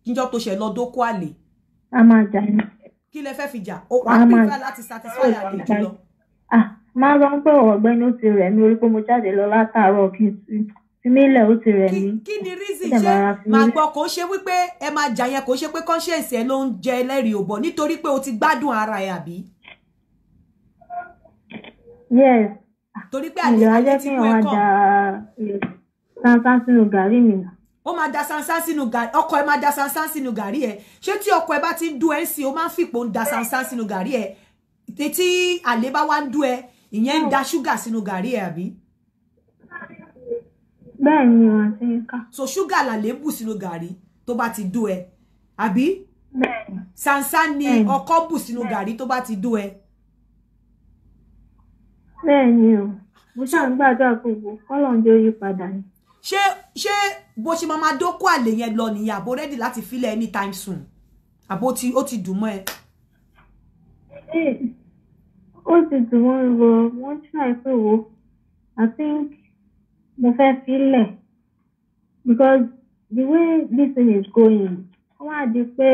níjọ́ tó ṣẹ̀ lọ dókó àlè. a máa jà ní. kí lẹ fẹ́ fi jà ó wàá pín fẹ́ láti satisfy àlejò lọ. Ah, máa rán pé ọ̀gbẹ́ni ó ti rẹ̀ mí orí pé mo jáde lọ látàárọ̀ kí n símílẹ̀ ó ti rẹ̀ mí. kí ni reason ṣe màá gbọ́ kó ṣe wípé ẹ máa jà yẹn kó ṣe pé conscience ẹ ló ń jẹ ẹlẹ́rìí òbọ̀ nítorí pé o ti gbádùn ara ẹ àbí. yes torí pé àlè àlè tí wọ́n kàn. Eh, sánsán sínú gàrí mi. ó máa da sánsán sínú gàrí ọkọ ẹ máa da sánsán sínú gàrí ẹ ṣé tí ọkọ ẹ bá ti ń dún ẹ ń sìn ó máa ń fìpò ń da sánsán sínú gàrí ẹ tí àlè bá wá ń dún ẹ ìyẹn ń da ṣúgà sínú gàrí ẹ àbí bẹ́ẹ̀ ni wọ́n ti ń kà. so ṣúgà làlébù sínú gàrí tó bá ti dó ẹ àbí. bẹ́ẹ̀ni. ṣàǹṣà ni ọkọ bù sínú gàrí tó bá ti dó ẹ. bẹ́ẹ̀ni o mo ṣàǹgbàdúrà gbogbo kọ́lọ́njọ́ yí padà ni ṣé ṣé bó ṣe máa dókó àlè yẹn lọ nìyẹn àbó rẹ́dì láti fílẹ̀ anytime soon àbó ó ti dùn mọ́ ẹ. ó ti dùn mọ́ ẹ wọ́n ṣàìpẹ́ wo I think mo fẹ́ filẹ̀ because the way this thing is going wọ́n á di pé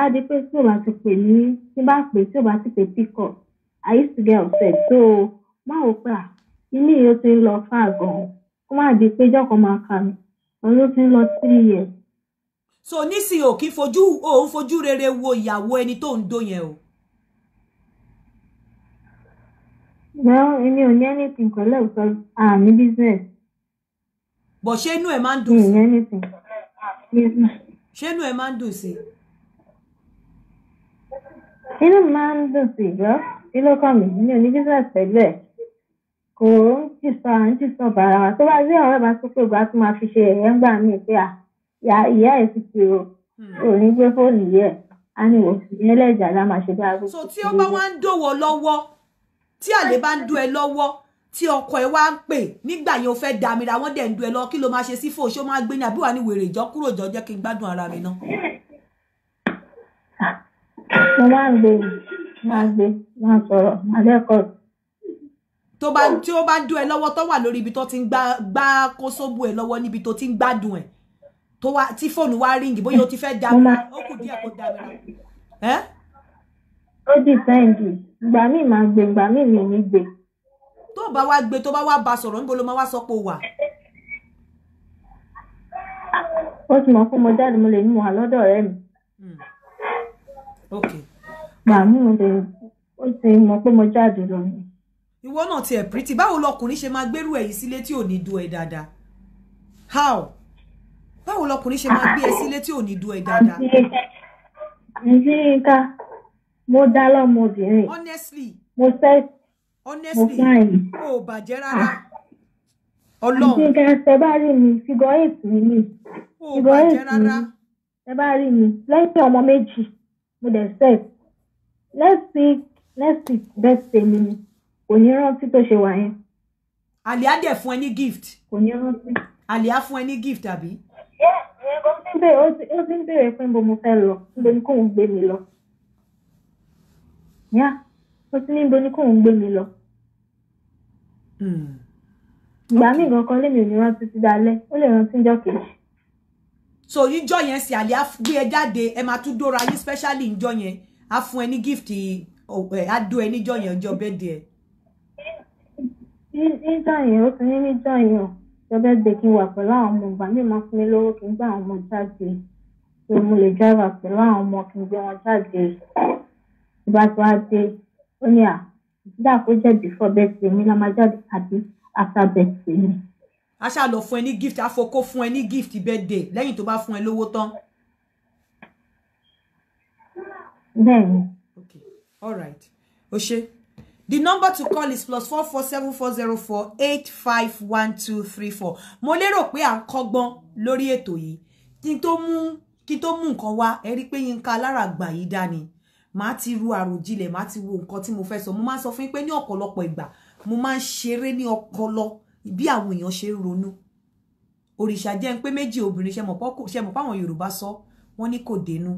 á di pé tí o bá ti pè ní tí bá pè tí o bá ti pè pick I used to get upset so má wò pé à ilé yìí ó ti ń lọ fà gan-an kó má di pé ìjọ́ kan máa kà mí òun ló ti ń lọ three years. so nísìnyí ò kí fojú òun fojú rere wo ìyàwó ẹni tó ń dó yẹn o. well èmi ò ní anything because ẹ̀sọ́ àmì business bọ̀ ṣé inú ẹ̀ máa ń dùn sí mm-hmm. ṣé inú ẹ̀ máa ń dùn sí. inú mi máa ń dùn sí ìjọ ìlọ́kàn mi mi ò ní business tẹ́lẹ̀ kò ń jìsọ à ń jìsọ bàrà wa tó bá rí ọ̀rẹ́ bá tó pé ògbà tó máa fi ṣe ẹ̀yẹ́ ń gbà mí pé ìyá ẹ̀ ti ti o ò hmm. ní gbé fóònù yẹ a ní wò sí ẹlẹ́jà la máa ṣe bí aago. so tí ó bá wá ń dòwò lọ́wọ́ tí àlè bá ń dún ẹ lọ́wọ́ tí ọkọ ẹ wá ń pè nígbà yẹn o fẹ́ da mi ra wọ́n dẹ̀ ń du ẹ lọ kí ló máa ṣe sí fò ṣé ó máa gbé ní àbí wà ní wèrè ìjọ kúrò jọ jẹ́ kí n gbádùn ara mi náà. mo máa ń gbé máa ń gbé máa ń sọ̀rọ̀ máa lẹ́kọ̀ọ́. tó bá tí ó bá dún ẹ lọ́wọ́ tó wà lórí ibi tó ti ń gbá kó sóbù ẹ lọ́wọ́ níbi tó ti ń gbádùn ẹ tí fóònù wá ríǹgì bóyá o ti fẹ́ da mi ó kù díẹ̀ kó da mi ra. ó dì sẹ́ǹdì ìgbà míì máa gbé ìgbà míì mi ní gbé tó bá wá gbé tó bá wá bá sọ̀rọ̀ níbo ló máa wá sọ pé ó wà. ó ti mọ̀ pé mo jáde mo lè mú wa lọ́dọ̀ ọ̀rẹ́ mi. màmú mo lè ó ti mọ̀ pé mo jáde lọ. ìwọ náà tiẹ̀ pírítì báwo lọkùnrin ṣe máa gbérù ẹ̀yìn sílé tí ò ní du ẹ̀ dáadáa how báwo lọkùnrin ṣe máa gbé ẹ sílé tí ò ní du ẹ̀ dáadáa. àǹtí yínká mo dá lọ́mọbìnrin honestly mo fẹ́ honestly o ò bàjẹ́ ah. rárá ọlọ́run. àti nǹkan ṣe bá rí mi fígọ eight mi ni fígọ eight mi ṣe bá rí mi lẹ́yìn ọmọ méjì mo dẹ̀ sex next week next week birthday mi ni kò ní rántí tó ṣe wà yẹn. àlìá dẹ̀ fún ẹ ní gift. kò ní rántí. àlìá fún ẹ ní gift àbí. ó ti ń béèrè pé mo fẹ́ lọ níbo ni kò ń gbé mi lọ. Yeah mo ti níbo ni kóun gbé mi lọ. Hmm. ìgbà míì kankan lèmi ò ní rántí ti dalẹ́ ó lè rántí ìjọ kejì. so ìjọ yẹn sì àlẹ́ á gbé ẹ jáde ẹ máa tún dóra yín specially ìjọ yẹn á fún ẹ ní gift á dó ẹ níjọ yẹn ọjọ́ bẹ́ẹ̀dẹ̀ ẹ. níjọ yẹn ó ti ní níjọ yẹn ọjọ́ bẹ́ẹ̀dẹ̀ kí n wà pẹ̀lú àwọn ọmọ ìgbà míì máa fún mi lówó kí n gbá àwọn ọmọ jáde pé mo lè drive pẹ̀lú àwọn ọmọ kí n gbé wọn jáde ìbá á dé ó ní à ìdá kó jẹ́ before birthday mi la máa jáde àti after birthday mi. a ṣáà lọ fún ẹ ní gift àfọkó fún ẹ ní gift birthday lẹ́yìn tó bá fún ẹ lówó tán. bẹ́ẹ̀ni. okay all right o ṣe. The number to call is plus four four seven four zero four eight five one two three four. Mo lérò pé à ń kọ́gbọ́n lórí ètò yìí. Kí n tó mú kí n tó mú nǹkan wá, ẹ rí i pé Yínká alára àgbà yìí dání màá ti ru àròjinlẹ̀ màá ti wo nǹkan tí mo fẹ́ sọ mo máa ń sọ fún yín pé ní ọ̀pọ̀lọpọ̀ ìgbà mo máa ń ṣeré ní ọpọlọ bí àwọn èèyàn ṣe ń ronú òrìṣà jẹ́ ń pé méjì obìnrin ṣe mọ̀ páwọn Yorùbá sọ wọ́n ní kò dénú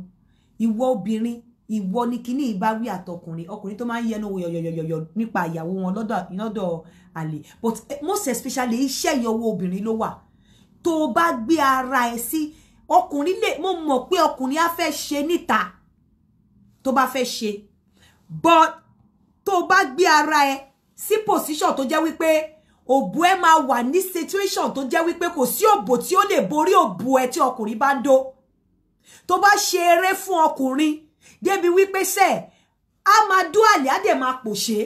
ìwọ obìnrin ìwọ ni kíní ìbáwí àtọkùnrin ọkùnrin tó máa ń yẹnu yọyọyọyọ nípa ìyàwó wọn lọ́dọ̀ àlè but eh, most especially iṣẹ́ ìyọwọ́ obìnrin ló wà tó o bá gbé ara ẹ sí ọkùnrin lè mo mọ̀ pé ọkùnrin á fẹ́ ṣe níta tó bá fẹ́ ṣe but tó bá gbé ara ẹ sí position tó jẹ́ wípé òbò ẹ máa wà ní situation tó jẹ́ wípé kò sí òbò tí ó lè borí òbò ẹ tí ọkùnrin bá ń dó tó bá ṣe eré fún ọkùnrin débi wípé sẹ́ẹ̀ a máa dú àlè á dẹ̀ máa pòṣe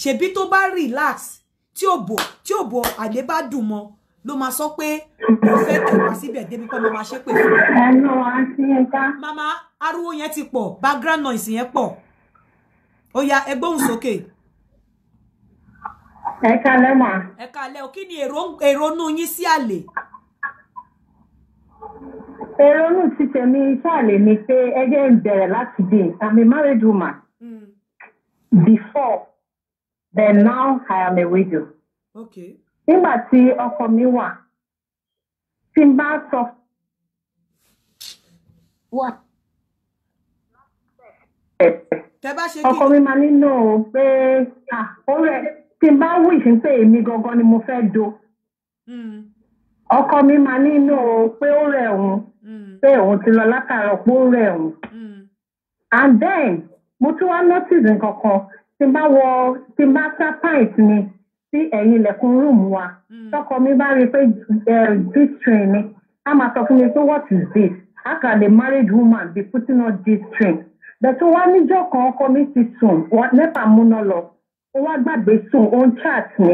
ṣebí tó bá relax tí òbò tí òbò àlè bá dùn ló máa sọ pé kò fẹ́ tẹ̀pá síbẹ̀ débi pé mo máa ṣépè fún un. ẹnu àǹtí ẹja. màmá ariwo yẹn ti pọ̀ background noise yẹn pọ̀ ó ya ẹgbóhùn sókè. ẹ kalẹ̀ mà. ẹ kalẹ̀ o kí ni èrò nù yín sí àlè. èrò nù ti tẹ̀mí iṣẹ́ àlè ni pé ẹgbẹ́ ń bẹ̀rẹ̀ láti dé I'm a married woman. Hmm. before then now I am a widow. okay nígbà tí ọkọ mi wà tí n bá sọ wà ọkọ mi máa nílò pé ó rẹ tí n bá wíṣí pé èmi gangan ni mo fẹ́ do hmm. ọkọ mi máa nílò pé ó rẹ òun hmm. pé òun ti lọ látàárọ̀ pé ó rẹ òun hmm. and then mo tún wá notice nǹkan kan tí n bá wọ tí n bá sápáìtì mi. sí ẹ̀yìn ilẹ̀kùn rúùmù wa mm. tọkọ mi bá rí i pé train ni a máa sọ fún mi what is this how can married woman be putting on this train bẹ̀tún wá níjọ́ kan ọkọ mi ti sùn nípa múná lọ ó wá gbàgbé sùn ó ń chat mi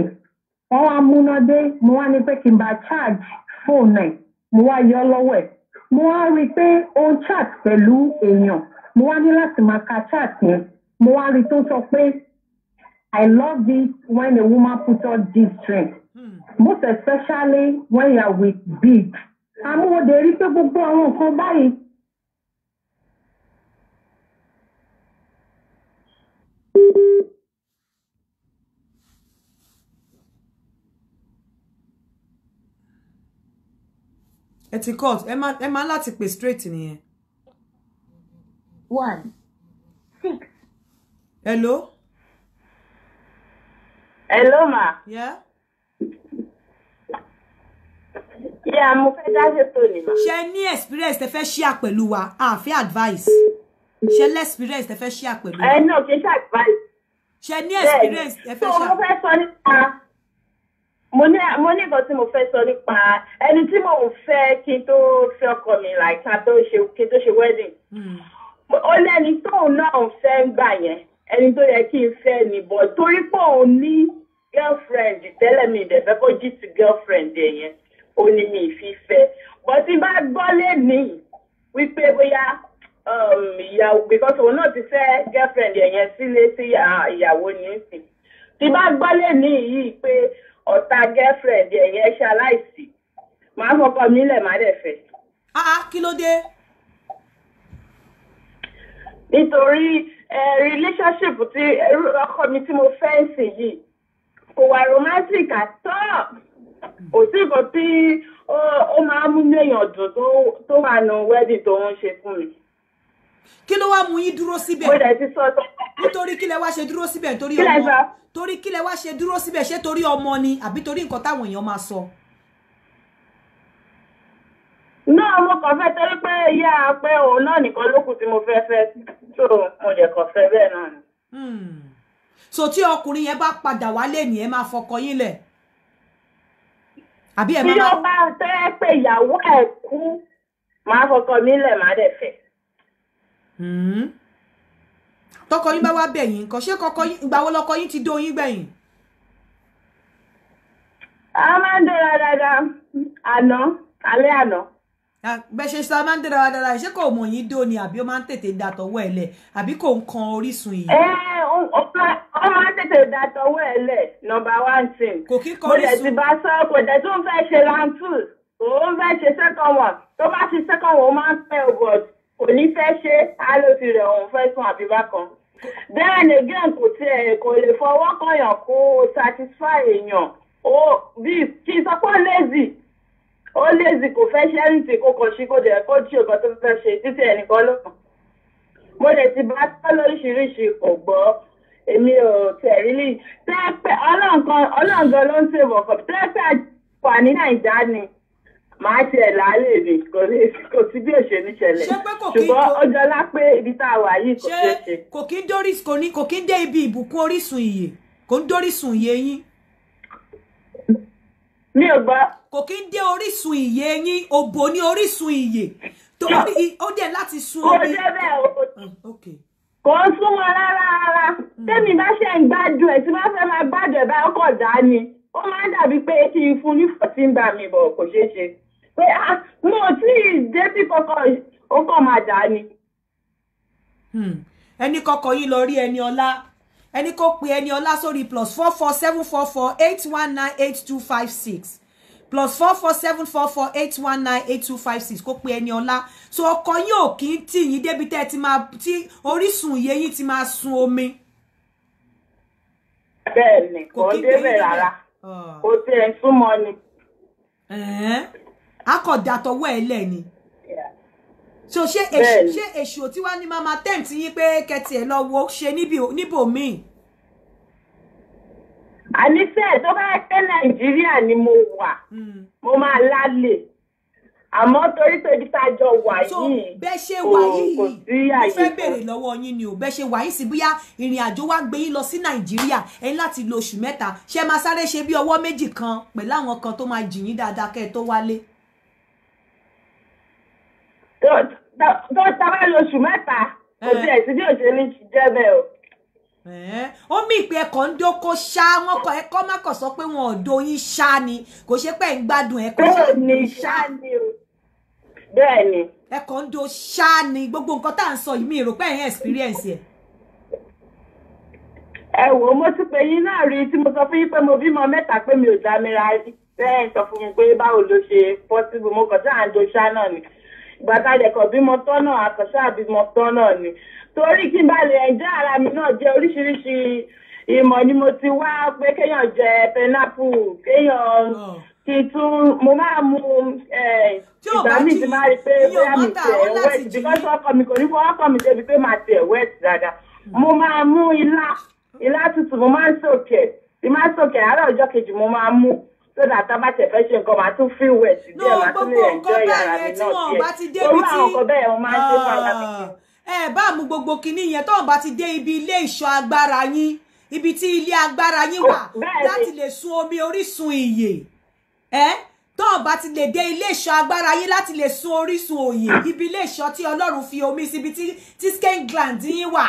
wọ́n wá múná dé mo wá ní pé kí n bá charge fóònù ẹ̀ mo wá yọ lọ́wọ́ ẹ̀ mo wá rí i pé ó ń I love it when a woman puts on this strength. Hmm. Most especially when you are with big. Amóhóde rí pé gbogbo àwọn nǹkan báyìí. Ẹ ti cut, ẹ máa láti pè straight nìyẹn. One, six. Hello. Hello, ma. Yeah. Yeah, mo fẹ́ dá ṣètò ni ma. Ṣé ní experience tẹ fẹ́ share pẹ̀lú wa? Àfi advice. Ṣé less experience tẹ fẹ́ share pẹ̀lú wa? Ẹ eh, náà kì í ṣe advice. Ṣé ní experience tẹ fẹ́ share? So mo fẹ́ sọ nípa mo ní mo ní nǹkan tí mo fẹ́ sọ nípa ẹni tí mo fẹ́ kí n tó fẹ́ mi like ká tó ṣe kí n tó ṣe wedding. Hmm. Ó lẹ́ni tóun náà ń fẹ́ ń gbà yẹn ẹni tó yẹ kí n fẹ́ ni bọ̀ torí pé òun ní girlfriend tẹ́lẹ̀ mi ìdẹ̀fẹ́ kó jí ti girlfriend ẹ̀ yẹn ó ní mi ìfífẹ́ bọ́tí bá gbọ́ lẹ́nìí wípé bóyá um, ìyàwó because òun náà ti fẹ́ girlfriend ẹ̀ yẹn sílé sí ìyàwó nísìn tí bá gbọ́ lẹ́nìí yìí pé ọ̀tá girlfriend ẹ̀ yẹn ṣaláìsí màá fọkọ mi lẹ̀ má dẹ̀ fẹ́. Ah, ah kí ló dé. nítorí eh, relationship tí eh, ọkọ mi tí mo fẹ́ ń yìí kò wà romantic àtọ́ kò sí nǹkan tí ó máa ń múnú èèyàn dùn tó wà nù wedding tó ń ṣe fún mi. kí ló wá mú yín dúró síbẹ̀ nítorí kí lẹ wá ṣe dúró síbẹ̀ torí ọmọ torí kí lẹ wá ṣe dúró síbẹ̀ ṣé torí ọmọ ni àbí torí nǹkan táwọn èèyàn máa sọ. náà mo kàn fẹ́ torí pé ìyá pé òun náà nìkan lókùn tí mo fẹ́ fẹ́ tó mo dẹ̀ kàn fẹ́ bẹ́ẹ̀ náà ni. Hmm so tí ọkùnrin yẹn bá padà wálé ni ẹ máa fọkọ yín lẹ̀ àbí ẹ máa. tí ó bá fẹ́ pé ìyàwó ẹ̀ kú máa mi lẹ̀ má dẹ̀ fẹ́. Hmm. tọkọ yín bá wá bẹ̀ yín nǹkan ṣé kọkọ yín ìgbà wo lọkọ yín ti dó yín gbẹ̀yìn. a máa ń dóra dáadáa àná alẹ́ àná ah, bẹ́ẹ̀ ṣe sọ máa ń dára dára ṣé kò mọ̀ yín dó ni àbí ó máa ń da tọwọ́ ẹ̀ lẹ̀ àbí kò ń kan orísun yìí. ẹ eh, ẹ wọ́n máa ń tètè da tọwọ́ ẹ̀ lẹ̀ nọmba one team. kò kí kọrí sùn. mo dẹ̀ ti bá sọ kò dẹ̀ tún fẹ́ ṣe round òun fẹ́ ṣe second one tó bá ṣe second one ó máa ń fẹ́ but kò ní fẹ́ ṣe á ló fi rẹ̀ òun fẹ́ sún àbíbá kan. bẹ́ẹ̀ ni again kò tiẹ̀ kò lè fọwọ́ kọyàn kó o satisfy èèyàn o bí kì í sọ pé lazy ó lazy kò fẹ́ ṣe anything kó kàn sí kó dẹ̀ kó tí òkan tó fẹ́ ṣe títí ẹnìkan lọ́kàn. mo dẹ̀ ti bá sọ lóríṣiríṣi kò èmi ò tẹ̀ rílì ọla nkan ọla ló ń ṣèwọ̀ kọ̀ tẹ́pẹ́ pa ní nàìjà ni màá tiẹ̀ láàlè mi kò lè kò sí bí òṣèlú ṣẹlẹ̀ ṣùgbọ́n ó pé ibi tá a kò ṣe. kò kí ń dórí kò ní kí ń dé ibi ìbùkún orísun ìyè kò ń dórísun ìyè yín. mi ò gbọ́. kò kí ń dé orísun ìyè yín òbò ní orísun ìyè ó dẹ̀ láti sun omi. Ah, kò sún wọn rárá rárá hmm. tẹ́mi bá ṣe ń gbádùn ẹ̀ tí wọ́n fẹ́ máa gbádùn ẹ̀ bá ọkọ̀ dá ni ó máa ń dàbí pé kí n fún ní fọtí ń bá mi bọ̀ kò ṣeé ṣe pé ah mo tí ì débí kọkọ ó kàn máa dá ni. Hmm. ẹni kọkọ yìí lọ rí ẹni ọlá ẹni kó pe ẹni ọlá sórí plus four four seven four four eight one nine eight two five six plus four four seven four four eight one nine eight two five six kó pe ẹni ọlá so ọkọ yín ò kí ń tì yín débi tẹ́ ti máa tí orísun iye yín ti máa sun omi. bẹ́ẹ̀ ni kò débẹ̀ rárá ah. kò tiẹ̀ ń súnmọ́ ni. akọ̀dàtọ̀wọ́ ẹ̀ lẹ̀ ni so ṣé èṣù tí wàá ní máa máa tẹ̀ ń tí yín pé kẹ́tì ẹ̀ lọ wo ṣe níbòmíì àníṣe tó bá pé nàìjíríà ni mo wà hmm. mo máa lálẹ́ àmọ́ torí pé ibi tá a jọ wà yìí bẹ́ẹ̀ ṣe wà yìí mo fẹ́ béèrè lọ́wọ́ yín ni o bẹ́ẹ̀ ṣe wà yìí sí bóyá ìrìn àjò wa gbé yín lọ sí nàìjíríà ẹ̀yin láti lo oṣù mẹ́ta ṣe máa sáré ṣe bí ọwọ́ méjì kan pẹ̀lú àwọn kan tó máa jì dáadáa kẹ́ ẹ tó wálé. tó tá bá lo oṣù mẹ́ta kò tiẹ̀ eh. sí bí òṣèlú ti jẹ́ bẹ́ẹ̀ o. ó eh? mì pé ẹkọ ń dóko ṣá wọn kọ ẹkọ má kọ sọ pé wọn ò doyin ṣá ni kò ṣe pé ń gbádùn ẹkọ ṣá ni ṣá ni o bẹ́ẹ̀ ni ẹkọ ń do ṣá ni gbogbo nǹkan tá à ń sọ yìí mi rò pé ẹ̀yin experience ẹ̀. ẹ wò ó mo ti pè yín náà rí tí mo sọ fún yín pé mo bímọ mẹ́ta pé mi ò dá mi rí bẹ́ẹ̀ sọ fún mi pé báwo ló ṣe possible mo kàn à ń do ṣá náà ni ìgbà tá a lè kàn bímọ tọ́ náà àkànṣe àbímọ tọ́ náà ni. torí kí n bá lè ẹ̀já ara mi náà jẹ oríṣiríṣi ìmọ̀ ni mo ti wá pé kéèyàn jẹ pẹnápù kéèyàn oh. kí mo máa mu ìgbà míì ti máa rí pé bóyá mi tẹ̀ wẹ́ẹ̀tì bíkọ́sì ọkọ mi kò ní fọwọ́ kọ mi débi pé màá tẹ̀ wẹ́ẹ̀tì dáadáa hmm. mo máa mú ilá ilá tútù mo máa ń sòkè tí máa ń sòkè àárọ̀ ọjọ́ kejì mo máa mú tó dà tá bá tẹ̀ fẹ́ ṣe nǹkan màá tún fi wẹ̀ díẹ̀ màá tún lè ẹ̀jọ́ ìyàrá mi náà díẹ̀ òwúrọ̀ àwọn nǹkan bẹ́ẹ̀ mo máa ń ṣe fún ara mi. Ah ẹ ba mú gbogbo kinní yẹn tó ń bá ti dé ibi ilé ìṣọ́ agbára yín ibi tí ilé agbára yín wà láti lè sun omi orísun ìyè ẹ tó ń bá ti lè dé ilé ìṣọ́ agbára yín láti lè sun orísun òye ibi ilé ìṣọ́ tí Ọlọ́run fi omi síbi tí skin gland yín wà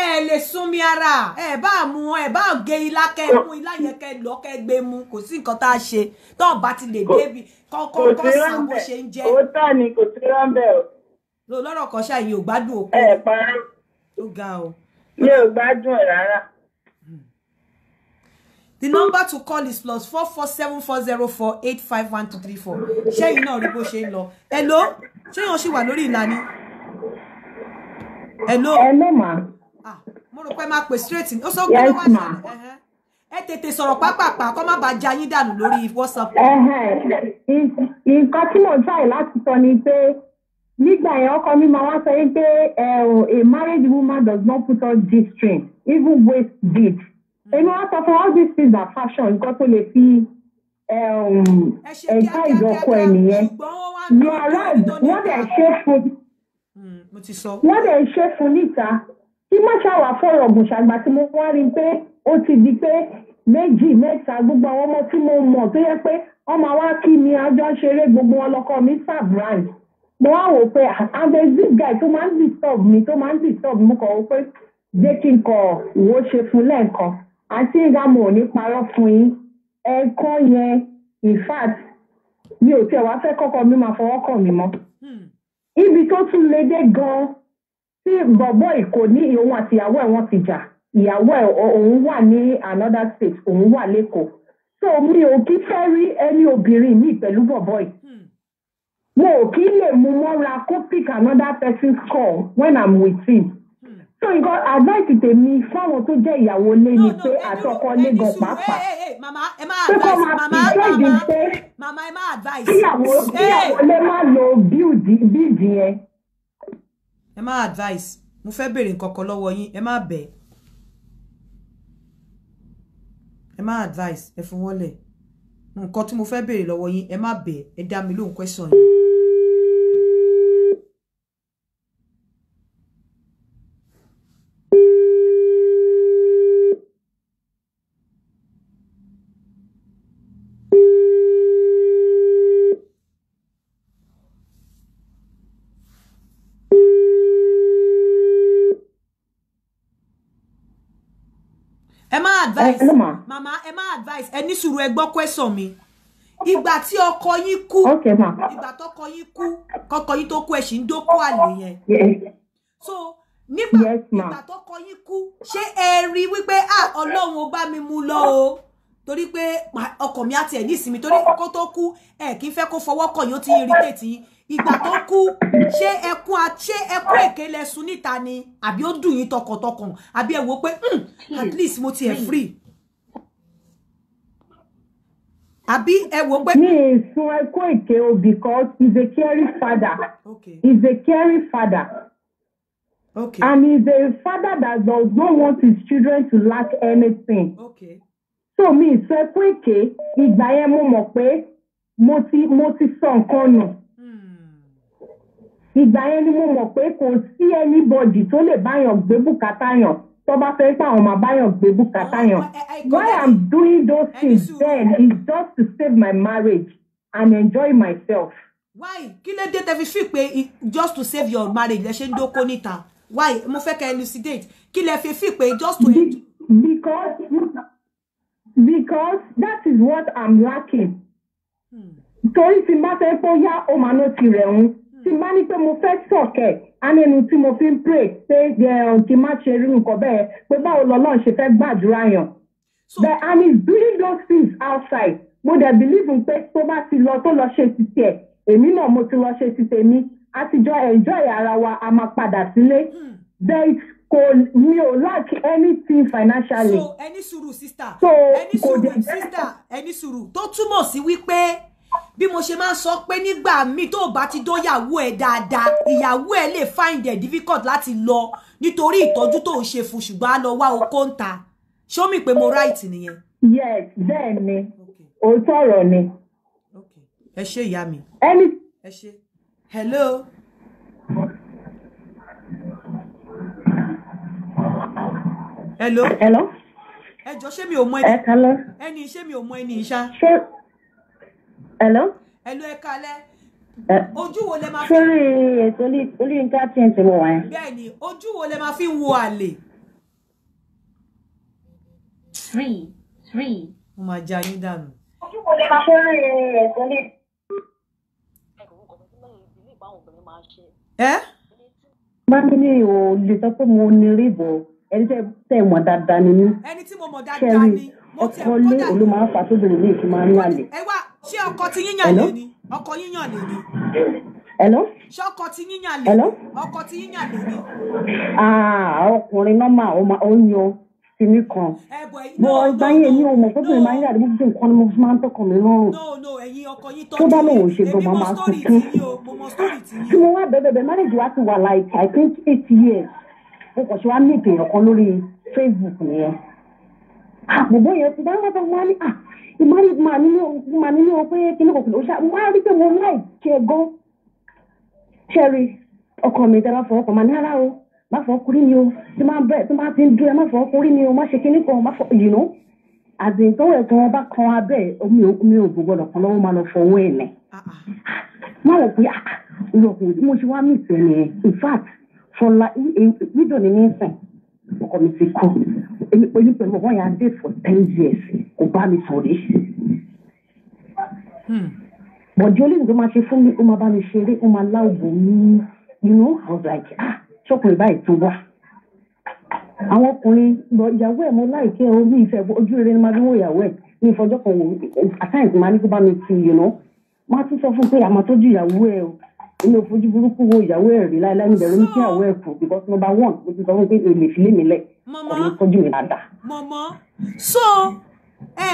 ẹ lè sunmi ara ẹ bá mú ẹ bá gé ilá kẹ mú ilá yẹn kẹ lọ kẹ gbé mú kò sí nǹkan tá a ṣe tó ti lè débi kọkọ kọ sàn bó ṣe ń jẹ. kò o tán ni kò sí ráńbẹ o lọ́rọ̀ kan ṣáà yìí ò gbádùn òkú. ẹ parọ́ ó ga o. mi ò gbádùn ẹ rárá. The number to call is plus four four seven four zero four eight five one two three four. Ṣẹ́yìn náà rí bó ṣe ń lọ. Hello? Ṣẹ́yìn ọ̀ṣì wà lórí ìlànà. Hello? Hello ma. Ah, mo rò pé máa pè straight ní. Ó sọ pé wá sí ẹ. Ẹ tètè sọ̀rọ̀ pápápá kó má bàa já yín dànù lórí WhatsApp. Nǹkan tí mo jáì láti sọ ni pé nígbà yẹn ọkọ mi máa wá sọ yín pé a married woman does not put on g-string even waist bead èmi wá sọ fún all these things are fashion nǹkan tó lè fi ẹ̀ka ìdọ̀kọ ẹ̀ nìyẹn you are right hmm, wọ́n dẹ̀ ṣe fún wọ́n dẹ̀ ṣe fún níta kí má ṣàwà fọ̀rọ̀ ọ̀gùn ṣàgbà tí mo wá rí i pé ó ti di pé méjì mẹ́ta gbogbo àwọn ọmọ tí mo mọ̀ tó yẹ pé ọmọ wa kí mi àjọ ṣeré gbogbo ọlọ́kọ mi sáà mo wá wò pé àgbẹ̀ ah, zip guy tó máa ń disturb mi tó máa ń disturb mi kọ̀ ó pé jẹ́ kí n kọ̀ ìwò ṣe fún lẹ́ẹ̀kan àti ìgbà mo ò ní parọ́ fún yín ẹ̀ẹ̀kan yẹn in fact mi ò tiẹ̀ wá fẹ́ kọ́kọ́ mi máa fọwọ́ kàn mí mọ́ hmm. ibi tó tún le dé gan-an tí bọ̀bọ́ ìkò ní òun àti ìyàwó ẹ̀ wọ́n ti jà ìyàwó ẹ̀ òun wà ní another state òun wà lẹ́kọ̀ọ́ so mi ò kí fẹ́ rí ẹni obìnrin mi pẹ̀lú bọ̀bọ́ yìí hmm mo ò kí lè mú mọ́ra kó pick another person's call when i'm with him so nǹkan advice tèmi fáwọn tó jẹ́ ìyàwó lé ni pé àtọkọ lé gan pàápàá pé kó máa fi ṣéèdì pé kíyàwó kíyàwó lé má lo bíìdì yẹn. ẹ má advice mo fẹ́ béèrè nǹkan kan lọ́wọ́ yín ẹ má bẹ̀ ẹ má advice ẹ fún wọn lẹ̀ nǹkan tí mo fẹ́ béèrè lọ́wọ́ yín ẹ má bẹ̀ ẹ dá mi lóhùn question yìí. advice màmá ẹ má advice Eni ní sùúrù ẹ gbọ́ question mi ìgbà tí ọkọ yín kú ìgbà tọkọ yín kú kọkọ yín tó kú ẹ sì ń dókó àlè yẹn so nígbà ìgbà tọkọ yín kú ṣé ẹ rí wípé à ah, ọlọ́run ó bá mi mú lọ o torí pé ọkọ mi àti ẹ̀ ní ìsinmi torí kó tó kú ẹ kì í fẹ́ kó fọwọ́ kọ̀ ti irritate yín ìgbà tó ṣé ẹkún ṣé ẹkún èké lẹsùn níta ni àbí ó dùn yín tọkàntọkàn àbí ẹ wò pé hmm, at least mo ti ẹ hmm. free àbí ẹ wò pé. mi ì sun ẹkún èké o because he's a caring father okay. he's a caring father okay. and he's a father that does not want his children to lack anything. Okay. so mi ì sun ẹkún èké ìgbà yẹn mo mọ̀ pé mo ti mo ti sọ nǹkan nù. No ìgbà yẹn ni mo mọ̀ pé kò sí anybody tó lè báyàn gbé bùkátà yàn tó bá fẹ́ pé àwọn máa báyàn gbé bùkátà yàn why i'm doing those things then is just to save my marriage and enjoy myself. why kí ló dé tẹ́fi fi pé just to save your marriage lẹ ṣe ń dóko níta why mo fẹ́ kẹ́ elucidate kí lẹ fi fi pé just to. because because that is what i'm lacking. Hmm. torí tí n bá fẹ́ pọ́ yá ó máa ná tirẹ̀ ń tí bá ní pé mo fẹ́ sọ̀kẹ̀ á nínú tí mo fi ń pray pé kí n má ṣe rí nǹkan bẹ́ẹ̀ pé báwo lọ́lọ́run ṣe fẹ́ gbàdúrà yàn. but I he's doing those things outside mo dẹ̀ believe pé tó bá ti lọ tó lọ ṣe ti tiẹ̀ èmi náà mo ti lọ ṣe ti tèmi a ti jọ enjoy ara wa a máa padà sílé hmm. but kò mi ò lack anything financially. so ẹni sùúrù sister ẹni sùúrù sister ẹni sùúrù tó túmọ̀ sí wípé bí mo ṣe máa ń sọ pé nígbà míì tó bá ti dóyàwó ẹ dáadáa ìyàwó ẹ lè find it difficult láti lọ nítorí ìtọ́jú tó ń ṣe fún ṣùgbọ́n á okó ń ta ṣó mi pé mo right nìyẹn. yes bẹ́ẹ̀ ni òótọ́ ọ̀rọ̀ ni. ẹ ṣe ìyá mi. ẹni. ẹ ṣe hello. hello. hello. ẹ jọ ṣé mi ò mọ ẹni. ẹ kálọ. ẹni ṣé mi ò mọ ẹni ìṣá. ṣé hello. hello ẹ kalẹ. ojú wo lẹ máa fi. sórí ètò olóyinka tí ń tìmọ̀ wá. bẹ́ẹ̀ni ojú wo lẹ máa fi wo àlè. three three. mo máa jẹ ayé dànù. ojú wo lẹ máa fi. sórí ètò olóyinka. ẹ. máa ń ní ìwò lè sọ pé mo ní rí ìbò ẹni tẹ́ mọ̀ dáadáa ni mí. ẹni tí mo mọ̀ dáadáa ni. ọkọ lé olú máa ń fa sóbìnrin ní ìfimá ńlá lè. ẹ wá ṣé ọkọ ti yíyàn lè ní ọkọ yíyàn lè ní. ṣé ọkọ ti yíyàn lè ní ọkọ ti yíyàn lè ní. Ah, ọkùnrin nọ́mà oyin o tèmi kan bó gbáyé èmi ò mọ̀ pẹ́pẹ́ máa ń yàrá gbogbo nǹkan ni mo fi máa ń tọkàn mi lọ́rùn tó bá lòun ò ṣe gan màá máa sunkún tí mo wá bẹ́ẹ̀ bẹ́ẹ̀ marriage wa ti wà like I think eight years mo kàn ṣe wá mí ìpèyàn kan lórí Facebook nìyẹn àpòbó ah, yẹn ti bá ń rọ́bọ̀ wọn á ní à ah, ìmọ̀rí màmí ní o pé kíní kò kìlọ̀ ó wá rí pé mo láì jẹ gan ṣẹ́rí ọkọ mi tẹ́ bá fọwọ́ pọ̀ máa ní ara o má fọwọ́ kúrí mi o tí máa bẹ̀ tí máa ti ń dúró ẹ má fọwọ́ kúrí mi o má ṣe kíní kan má fọ yìí nù àdéhùn tó wẹ̀ tí wọ́n bá kan abẹ́ omi òkun mi ò bò gbọ́dọ̀ kan lọ́wọ́ máa lọ fọwọ́ ẹ̀ nẹ̀ ah, ah. má wọ̀ pé ah, ọkùnrin mo ṣe wá mí ìsẹ̀ in fact fọlá nídọ̀ ní ní ìsìn ọkọ mi ti kú èyí pẹ̀lú ọ̀wọ́ yà dé for ten years kò bá mi sọ̀rọ̀ rí. bọ̀dé olóyìn tó máa ṣe fún mi ó máa bá mi ṣeré ó máa láògùn mi you know I was like ah ṣọkùnrin báyìí tó wà. àwọn ọkùnrin ìyàwó ẹ̀ mo láìké ẹ̀ orí ìfẹ́ ojú rere ni máa fi wọ ìyàwó ẹ̀ ní ìfọjọ́ kan wò àtàyè tí máa ní kó bá mi ti you know máa tún sọ fún pé àmọ́ tó ju ìyàwó ẹ̀ o inú fojú burúkú wo ìyàwó ẹ̀ rí láíláí níbẹ̀ lórí kí àwọ̀ ẹ̀ kù because number one mo ti sọ fún pé èmi fi mi lẹ̀ ọ̀nà ìtọ́jú mi dáadáa. mọ̀mọ́ so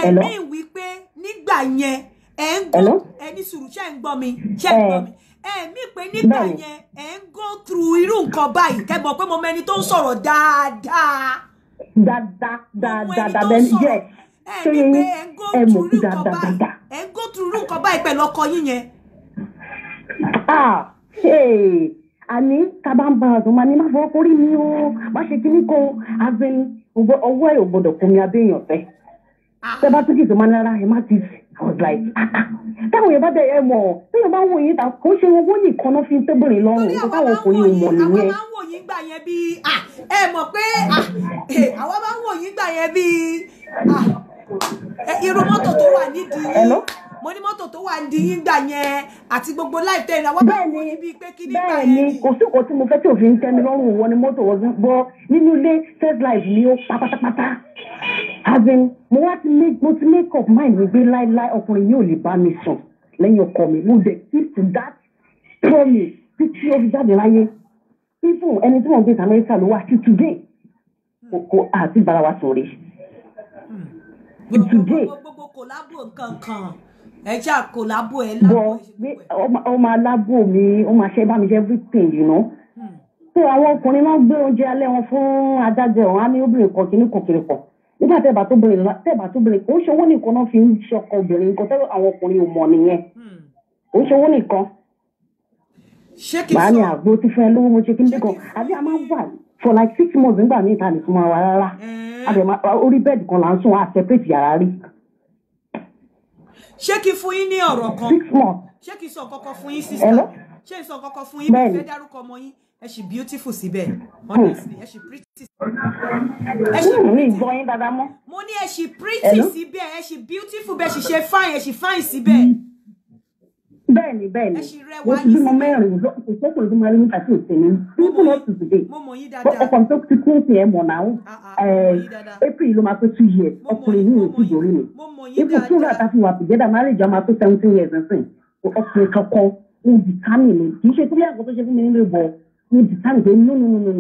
ẹ̀mí wípé nígbà yẹn ẹ̀ ń gbọ́ ẹni sùúrù ṣe ń gbọ́ mi ṣe ń gbọ́ mi eh. ẹ̀mí pé nígbà yẹn ẹ̀ ń go through irú nǹkan báyìí kẹ́ mọ̀ pé mo mẹni tó ń sọ̀rọ̀ dáadáa. dáadáa dáadáa bẹ́ẹ̀ yẹ ẹ̀mí pé ẹ̀ ń go through irú nǹkan through irú nǹkan báyìí pẹ̀lú ọkọ yín yẹn Ah, àní tábà ń bá a dùn máa ní má fọwọ́ kórì mi o má ṣe kíní kan azẹni ọwọ́ ẹ̀ ò gbọ́dọ̀ kún mi abéèyàn fẹ́ ah. tẹ bá tún kì í tó máa nára ẹ má ti sè I was like ah, táwọn yẹn bá bẹ ẹ mọ̀ téèyàn bá ń wò yín ta kò ń ṣe owó nìkan náà fi ń tébìrì lọ́rùn nípa táwọn ọkùnrin ò mọ̀ nìyẹn. àwọn máa ń wò yín gbà yẹn bíi ẹ mọ̀ pé àwọn máa ń wò yín gbà yẹn bíi irú mọ́tò tó wà nídìí mo ní mọ́tò tó wà di yín yẹn àti gbogbo láì tẹ̀ ìnáwó bẹ́ẹ̀ni bẹ́ẹ̀ni kò sí nǹkan tí mo fẹ́ tí òfin ń tẹ́ lọ́rùn wọ ni mọ́tò wọ́n gbọ́ nínú ilé third life ni ó pa pátápátá azin mo wá ti make mo ti make up mind mi gbé láéláé ọkùnrin yóò lè bá mi sùn lẹ́yìn ọkọ mi mo dẹ̀ keep that promise títí ó fi jáde láyé even ẹni tí wọ́n gbé ìtàn ló wá sí today kò àti bára wa sọ̀rẹ́ hmm. today. gbogbo gbogbo kò lábò nǹkan kan. ẹja kò lábò ẹ lábò ẹ. ó máa mi ó máa ṣe bá mi ṣe everything you know. Hmm. so àwọn ọkùnrin máa ń gbé oúnjẹ alẹ́ wọn fún adájọ́ ọ̀hún á ní obìnrin kan kìíní kan kiri kan nígbà tẹ́ẹ̀bà tó bèrè tẹ́ẹ̀bà tó bèrè kò ń nìkan náà fi ń ṣọkọ obìnrin nǹkan àwọn a máa ń ṣé kí fún yín ní ọ̀rọ̀ kan ṣé kí sọ kọ́kọ́ fún yín sísá ṣé sọ kọ́kọ́ fún yín bí fẹ́ dárúkọ ọmọ yín ẹ ṣì beautiful síbẹ̀ hmm. honestly ẹ ṣì pretty ẹ ṣì hmm, pretty mo ní ẹ ṣì pretty síbẹ̀ ẹ ṣì beautiful bẹ́ẹ̀ ṣì ṣe fine ẹ ṣì fine síbẹ̀. Hmm bẹ́ẹ̀ni bẹ́ẹ̀ni mo ti bímọ mẹ́rin ìṣẹ́kùnrin tó máa rí nípa tí ò tẹ̀lé people not to today ọkọ tó ti kún sí ẹ mọ̀ náà ah, ah, eh, april ló máa tó two years ọkùnrin yìí ò sì dòrí mi ipò tí òun àtàfin wà together marriage máa tó seventeen years nsìn ọkùnrin kankan ń dìtámì mi kì í ṣe tó bí àgọ́ tó ṣe fún mi nílé bọ̀ ń dìtámì pé no no no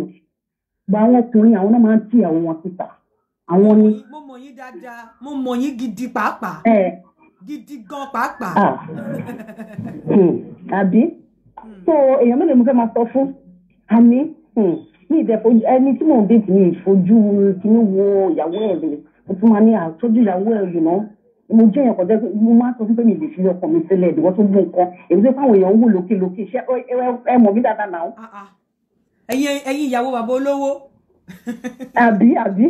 gba àwọn ọkùnrin àwọn náà máa ń tí àwọn wọn síta àwọn ni. mo mọ̀ yín dáadáa mo mọ̀ yín gidi pàápàá. Eh, gidi gan pàápàá. Ah. Hmm. àbí hmm. so èèyàn mélòó mo fẹ́ máa sọ fún àní ní hmm. ìdẹ́fojú ẹni tí mò ń dé tìmí ìfojú kìíní wo ìyàwó ẹ̀ rè mo tún máa ní àtọ́jú ìyàwó ẹ̀ rè náà mo jẹ́ èèyàn kan jẹ́ pé mo máa sọ fún pé mi lè fi ọkọ mi sílẹ̀ ìdíwọ́ tó gbó nǹkan èmi tó fáwọn èèyàn ń wò lókè lókè iṣẹ́ ẹ mọ̀ mí dáadáa náà. Ah, ah. ẹ̀yin ẹ̀yin ìyàwó bàbá olówó. àbí àbí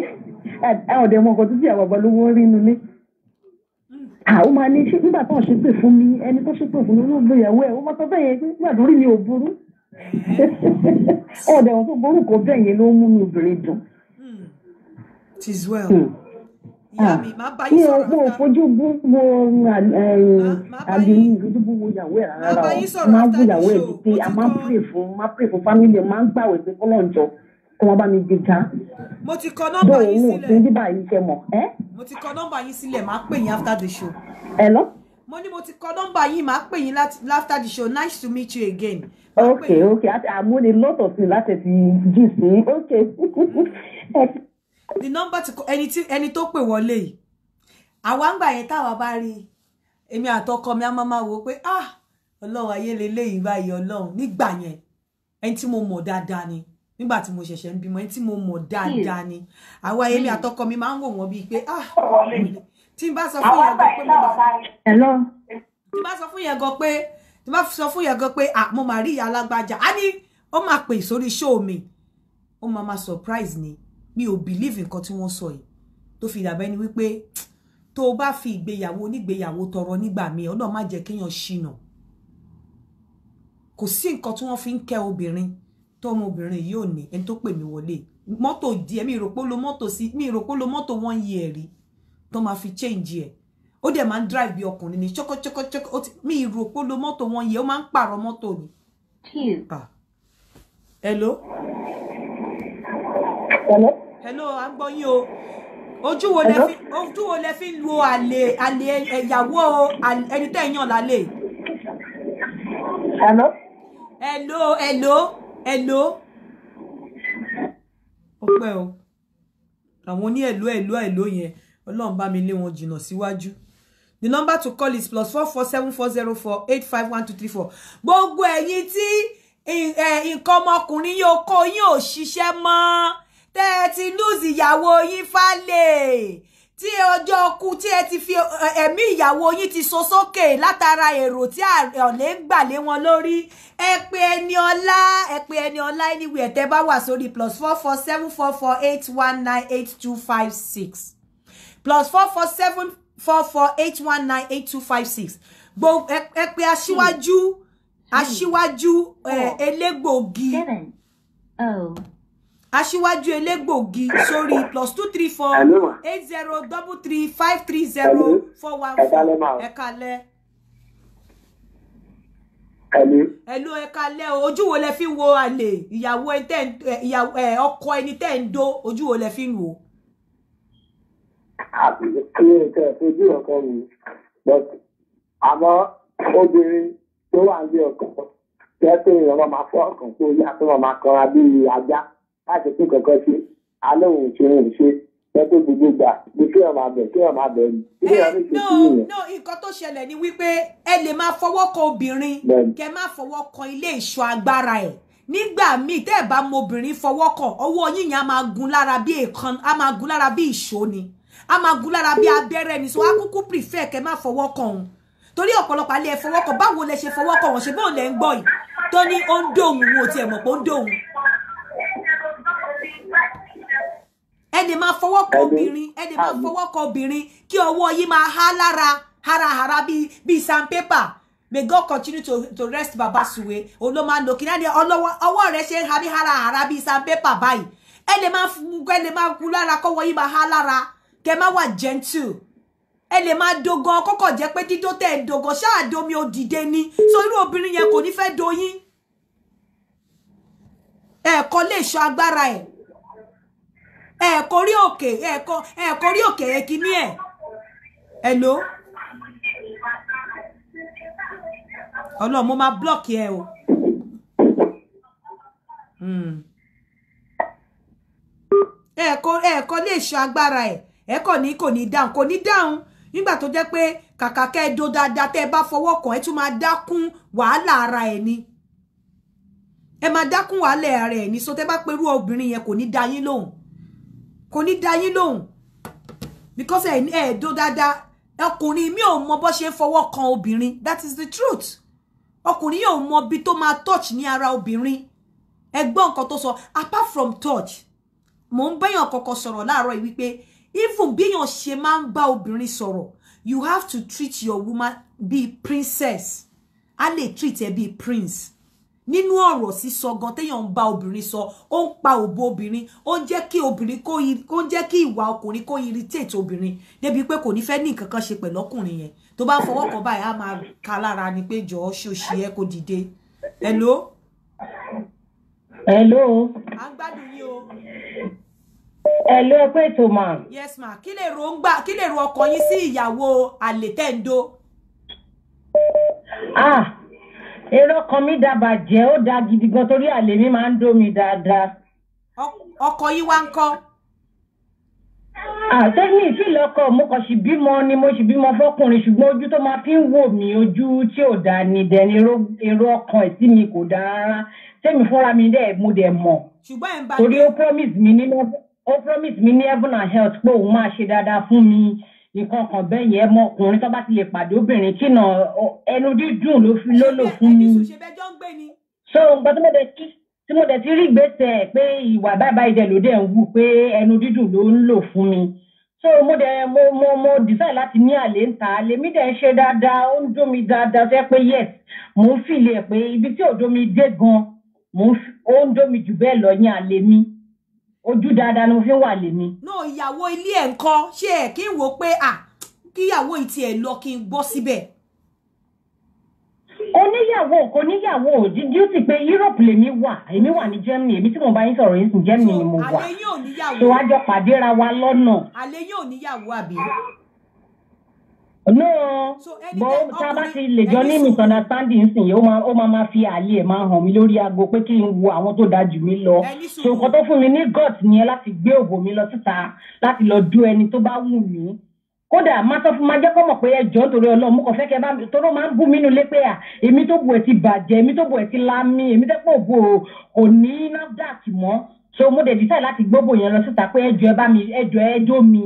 ẹ ọ̀dẹ̀ mọ̀ nǹkan tó ti ìyàwó bàbá olówó rí inú ilé àwọn máa ní ṣé nígbà tó ń ṣe pè fún mi ẹni tó ṣe pè fún mi ló gbé ìyàwó ẹ ó máa tọ́ bẹ́ẹ̀ yẹn pé nígbà tó rí mi ò burú ọ̀dẹ̀ wọn tó borúkọ bẹ́ẹ̀ yẹn ló mú mi obìnrin dùn. Hmm. Hmm. Ah. mo ò fojú bú mo àdéhùn ìdúdú eh, eh, bú wo ìyàwó ẹ rárá o máa bú ìyàwó ẹ bíi pé a máa pray fún máa pray fún family máa ń gbàwé pé kọ́lọ́ọ̀jọ́ wọ́n bá mi dìjà. mo ti kọ nọ́mbà yín sílẹ̀ bọ́ọ̀ mo ti bíbá yín ṣe mọ̀. mo ti kọ nọ́mbà yín sílẹ̀ máa pè yín after the show. hello. mo ní mo ti kọ nọ́mbà yín máa pè yín after the show nice to meet you again. Màá ok ok àmúni lọ́tọ̀ sí láti fi jù sí ok. the number to ẹni tí ẹni tó pè wọlé yìí àwa ń gbà yẹn táwa bá rí èmi àtọkọ mi á máa máa wò pé ah ọlọ́run ayé lélẹ́yìí báyìí ọlọ́run nígbà yẹn ẹni tí mo mọ̀ dáadáa ni nígbà tí mo ṣẹ̀ṣẹ̀ ń bímọ ẹni tí mo mọ̀ dáadáa ni àwa èmi hmm. àtọkọ mi máa ń wò wọ́n bíi pé ah tí n bá sọ fún yẹn gan pé mo máa tí n bá sọ fún yẹn gan pé tí n bá sọ fún yẹn gan pé ah mo máa rí ìyá alágbájá á ní ó máa pè sórí show mi ó máa máa surprise ni mi ò believe nǹkan tí wọ́n sọ yìí tó fi dàbẹ́ ni wípé tó o bá fi ìgbéyàwó onígbéyàwó tọrọ nígbà míì ọlọ́ọ̀ má jẹ́ kéèyàn ṣìnà kò sí nǹkan tí wọ́n fi ń kẹ́ obìnrin tọmọbìnrin yìí ò ní ẹni tó pè mí wọlé mọ́tò díẹ̀ mi rò pé mọ́tò sí mi rò pé ó lo mọ́tò one rí tó máa fi change ẹ̀ ó dẹ̀ máa ń drive bí ọkùnrin ni ṣọ́kọ́ṣọ́kọ́ṣọ́kọ́ mi rò pé ó lo mọ́tò one year ó máa ń pààrọ̀ mọ́tò ni. hello. hello. hello ń gbọ́ yín o ojú wo lẹ fi ojú wo lẹ fi lu àlè àlè ẹ̀yàwó ẹni tẹ́ ẹ̀ yàn lálẹ́. hello. hello hello hello ọpẹ́ o àwọn oní hello hello hello yẹn Ọlọ́run bá mi lé wọn jìnnà síwájú the number to call is plus four four seven four zero four eight five one two three four gbogbo ẹ̀yin tí nǹkan ọmọkùnrin yóò kó yín ò ṣiṣẹ́ mọ́ tẹ́ ẹ ti lùzì ìyàwó yín fálẹ̀ tí ọjọ́ ọkú tí ẹ ti fi ẹ̀mí ìyàwó yín ti so sókè látara èrò tí ọ̀lẹ́ ń gbà lé wọn lórí ẹ pè ẹni ọlá ẹ pè ẹni ọlá anywhere tẹ bá wà sórí plus four four seven four four eight one nine eight two five six plus four four seven four four eight one nine eight two five six gbogbo ẹ pè aṣíwájú hmm. Hmm. aṣíwájú oh. elégbòogi. seven oh aṣíwájú elégbògi sórí plus two three four eight zero double three five three zero four one four ẹ̀kalẹ̀. ẹ̀lú ẹ̀kalẹ̀ ojú wo lẹ fi wo àlè ìyàwó ọkọ ẹni tẹ́ ń do ojú wo lẹ fi ń wò. àbíkílẹ̀ ah, ìtẹ̀ fojú ọkọ mi àmọ́ obìnrin tó wà ní ọkọ̀ tẹ́tù ìrànlọ́mà fún ọkàn tó yá tó wọ́n máa kọ́ra bíi ajá láti tún kankan sí alẹ́ òun ṣe òun ṣe pẹ́pẹ́ gbogbo gbà ní kí ọmọ abẹ kí ọmọ abẹ ni. ẹ no no nǹkan tó ṣẹlẹ̀ ni wípé ẹ lè máa fọwọ́ kan obìnrin kẹ má fọwọ́ kan ilé ìṣọ́ agbára ẹ̀ nígbà míì tẹ́ ẹ̀ bá mọ obìnrin fọwọ́ kan ọwọ́ yín yẹn á máa gun lára bí èèkan á máa gun lára bí ìṣó ni á máa gun lára bí abẹ́rẹ́ ni so á kúkú prefer kẹ má fọwọ́ kan òun torí ọ̀pọ̀lọpọ̀ alẹ́ ẹ fọwọ́ kan báwo lẹ ṣe fọwọ́ kan wọ́n ṣe bóun lẹ́ ń gbọ́ yìí tó ní ó ń dóhun òun ò tiẹ̀ mọ̀ pé ó ń dóhun ẹ lè máa fọwọ́ kọ obìnrin ẹ lè máa fọwọ́ kọ obìnrin kí ọwọ́ yìí máa há lára harahara bíi bíi sandpaper may God continue to to rest baba suwe olóma lòkì náà ni ọwọ́ rẹ̀ ṣe ń ha bí harahara bíi sandpaper báyìí ẹ lè máa ẹ lè máa kú lára kọ́wọ́ yìí máa há lára kẹ má wà gentle ẹ lè máa dogan kọ́kọ́ jẹ́ pé dídó tẹ̀ ń dogan ṣáà domi òdìdé ni so irú obìnrin yẹn kò ní fẹ́ doyin ẹ̀ẹ̀kan lè ṣọ agbára ẹ̀ ẹ̀ẹ̀kọ́ rí òkè ẹ̀ẹ̀kọ́ ẹ̀ẹ̀kọ́ rí òkè ẹ̀kíní ẹ̀ hello ọlọ́run mo máa o. Hmm. ẹ̀ẹ̀kọ́ ẹ̀ẹ̀kọ́ lè ṣe agbára ẹ̀ ẹ̀ẹ̀kọ́ ní kò ní dáhùn kò ní dáhùn nígbà tó jẹ́ pé kàkà kẹ́ ẹ do dáadáa tẹ́ ẹ bá fọwọ́ kàn ẹ tún ara ni ẹ máa ara ni so tẹ́ bá perú obìnrin yẹn kò ní kò ní dá yín lóhùn because ẹ ẹ dó dáadáa ọkùnrin mi ò mọ bó ṣe fọwọ́ kan obìnrin that is the truth ọkùnrin yóò mọ bí tó máa touch ní ara obìnrin ẹ gbọ́ tó sọ apart from touch mò ń bẹ́yàn kọ̀ọ̀kan sọ̀rọ̀ láàárọ̀ yìí wípé even béèyàn ṣe máa ń bá obìnrin sọ̀rọ̀ you have to treat your woman be princess a lè treat ẹ bíi prince nínú ọ̀rọ̀ sísọ gan téèyàn ń bá obìnrin sọ o ń pa òbò obìnrin ó ń jẹ́ kí obìnrin kó ó ń jẹ́ kí ìwà ọkùnrin kó irritate obìnrin debi pé kò ní fẹ́ ní nǹkan kan ṣe pẹ̀lú ọkùnrin yẹn tó bá fọwọ́ kan báyìí á máa ka lára ni pé jọ̀ọ́ ṣòṣì ẹ kò dìde. hello. hello. à ń gbádùn yín o. hello ẹ pé ètò yes ma kí le ro ń gbà kí lè ro ọkọ yín sí ìyàwó àlè tẹ́ ah èrò ọkàn mi dábàá jẹ́ ó dáa gidi gan torí àlè mi máa ń dó mi dáadáa. ọkọ yìí wá ń kọ́. àtẹ́yìn ìfìlẹ̀ ọkọ mo kàn sì bímọ ni mo sì bímọ fọkùnrin ṣùgbọ́n ojú tó máa fi ń wò mí ojú tí ò dáa ni dẹni èrò ọkàn ẹ̀ sí mi kò dáa rárá tẹ́mi fúnra mi dẹ̀ mo dẹ̀ mọ̀ torí ó promise mi ní ó promise mi ní heaven and health pé òun máa ṣe dáadáa fún mi nǹkan kan bẹ́ẹ̀ yẹn mọ ọkùnrin tó bá ti lè pàdé obìnrin kí nà ẹnu dídùn ló fi lólò fún mi. so nǹkan tí mo dẹ̀ kí tí mo dẹ̀ ti rí gbèsè pé ìwà bàbá ìdẹ ló dẹ̀ ń wù pé ẹnu dídùn ló ń lò fún mi so mo dẹ̀ mo mo mo decide láti ní àlè ń ta àlè mi dẹ̀ ń ṣe dáadáa ó ń dún mi dáadáa fẹ́ pé yes mo ń fìlẹ̀ pé ibi tí òdo mi dé gan mo ń ó ń dún mi jù bẹ́ẹ̀ lọ ní àlè mi ojú dáadáa ni mo fi ń wà lèmi. náà ìyàwó ilé ẹ̀ ń kọ́ ṣé ẹ̀ kí n wò pé à kíyàwó ìtì ẹ̀ lọ kí n gbọ́ síbẹ̀. oníyàwó kò níyàwó dídí ó ti pé Europe lèmi wà èmi wà ní Germany èmi tí mo bá yín sọ̀rọ̀ yín sí Germany ni mo wà. àlẹ́ yóò níyàwó. ṣé wàá jọ pàdé ra wa lọ́nà. àlẹ́ yóò níyàwó àbí no bó tá a bá ti lè jọ ní misunderstanding sìn ó máa ó máa máa fi ààyè ẹ̀ máa hàn mí lórí aago pé kí n wo àwọn tó dáa jù mí lọ so nǹkan tó fún mi ní gut nìyẹn láti gbé òbò mi lọ síta láti lọ dú ẹni tó bá wù mí kódà má sọ fún ma jẹ́ kó pé ẹjọ́ torí ọlọ́run kò fẹ́ kẹ́ bá mi tọ́lọ́ máa ń bú mi nínú ilé pé à èmi tó bu ẹ̀ ti bàjẹ́ èmi tó bu ẹ̀ ti lámì èmi tẹ́ pé òbò kò ní NAFDAC mọ́ so mo dẹ̀ decide láti gbóbò yẹn lọ síta pé ẹjọ́ ẹ bá mi ẹjọ́ ẹjọ́ mi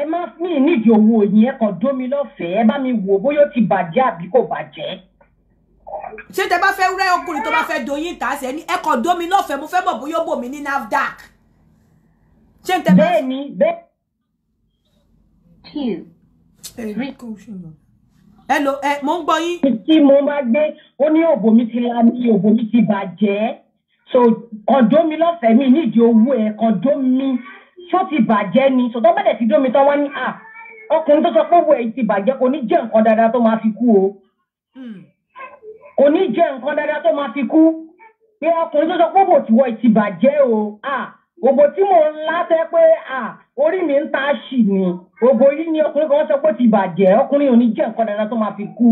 ẹ má mi nídìí owó yìí ẹ kàn dómi lọ́fẹ̀ẹ́ ẹ bá mi wò bóyá ó ti bàjẹ́ àbí kò bàjẹ́. ṣé tẹ bá fẹ́ rẹ́ ọkùnrin tó bá fẹ́ doyin tà á sẹ́ ni ẹ kàn dómi lọ́fẹ̀ẹ́ mo fẹ́ mọ̀ bóyá ó bò mí ní NAFDAC. ṣé tẹ bá. bẹ́ẹ̀ni bẹ́ẹ̀ hello ẹ mo ń gbọ́ yín. tí mo bá gbé ó ní òbò mi ti la ní òbò mi ti bàjẹ́ so ọ̀dọ́ mi lọ́fẹ̀ẹ́ mi nídìí owó ẹ̀ ọ̀dọ́ mi tó ti bàjẹ́ ni sọ̀tọ́ bẹ̀rẹ̀ ti dómi tán wọ́n ní à ọkùnrin tó sọ pé owó ẹ̀ ti bàjẹ́ kò ní jẹ́ nǹkan dáadáa tó máa fi kú o hmm. kò ní jẹ́ nǹkan dáadáa tó máa fi kú pé ọkùnrin tó sọ pé owó tiwọ́ ẹ̀ ti bàjẹ́ o à ògbò tí mò ń lá tẹ́ pé à orí mi ń ta ṣì ni ògbò yìí ni ọkùnrin kan sọ pé ti bàjẹ́ ọkùnrin ò ní jẹ́ nǹkan dáadáa tó máa fi kú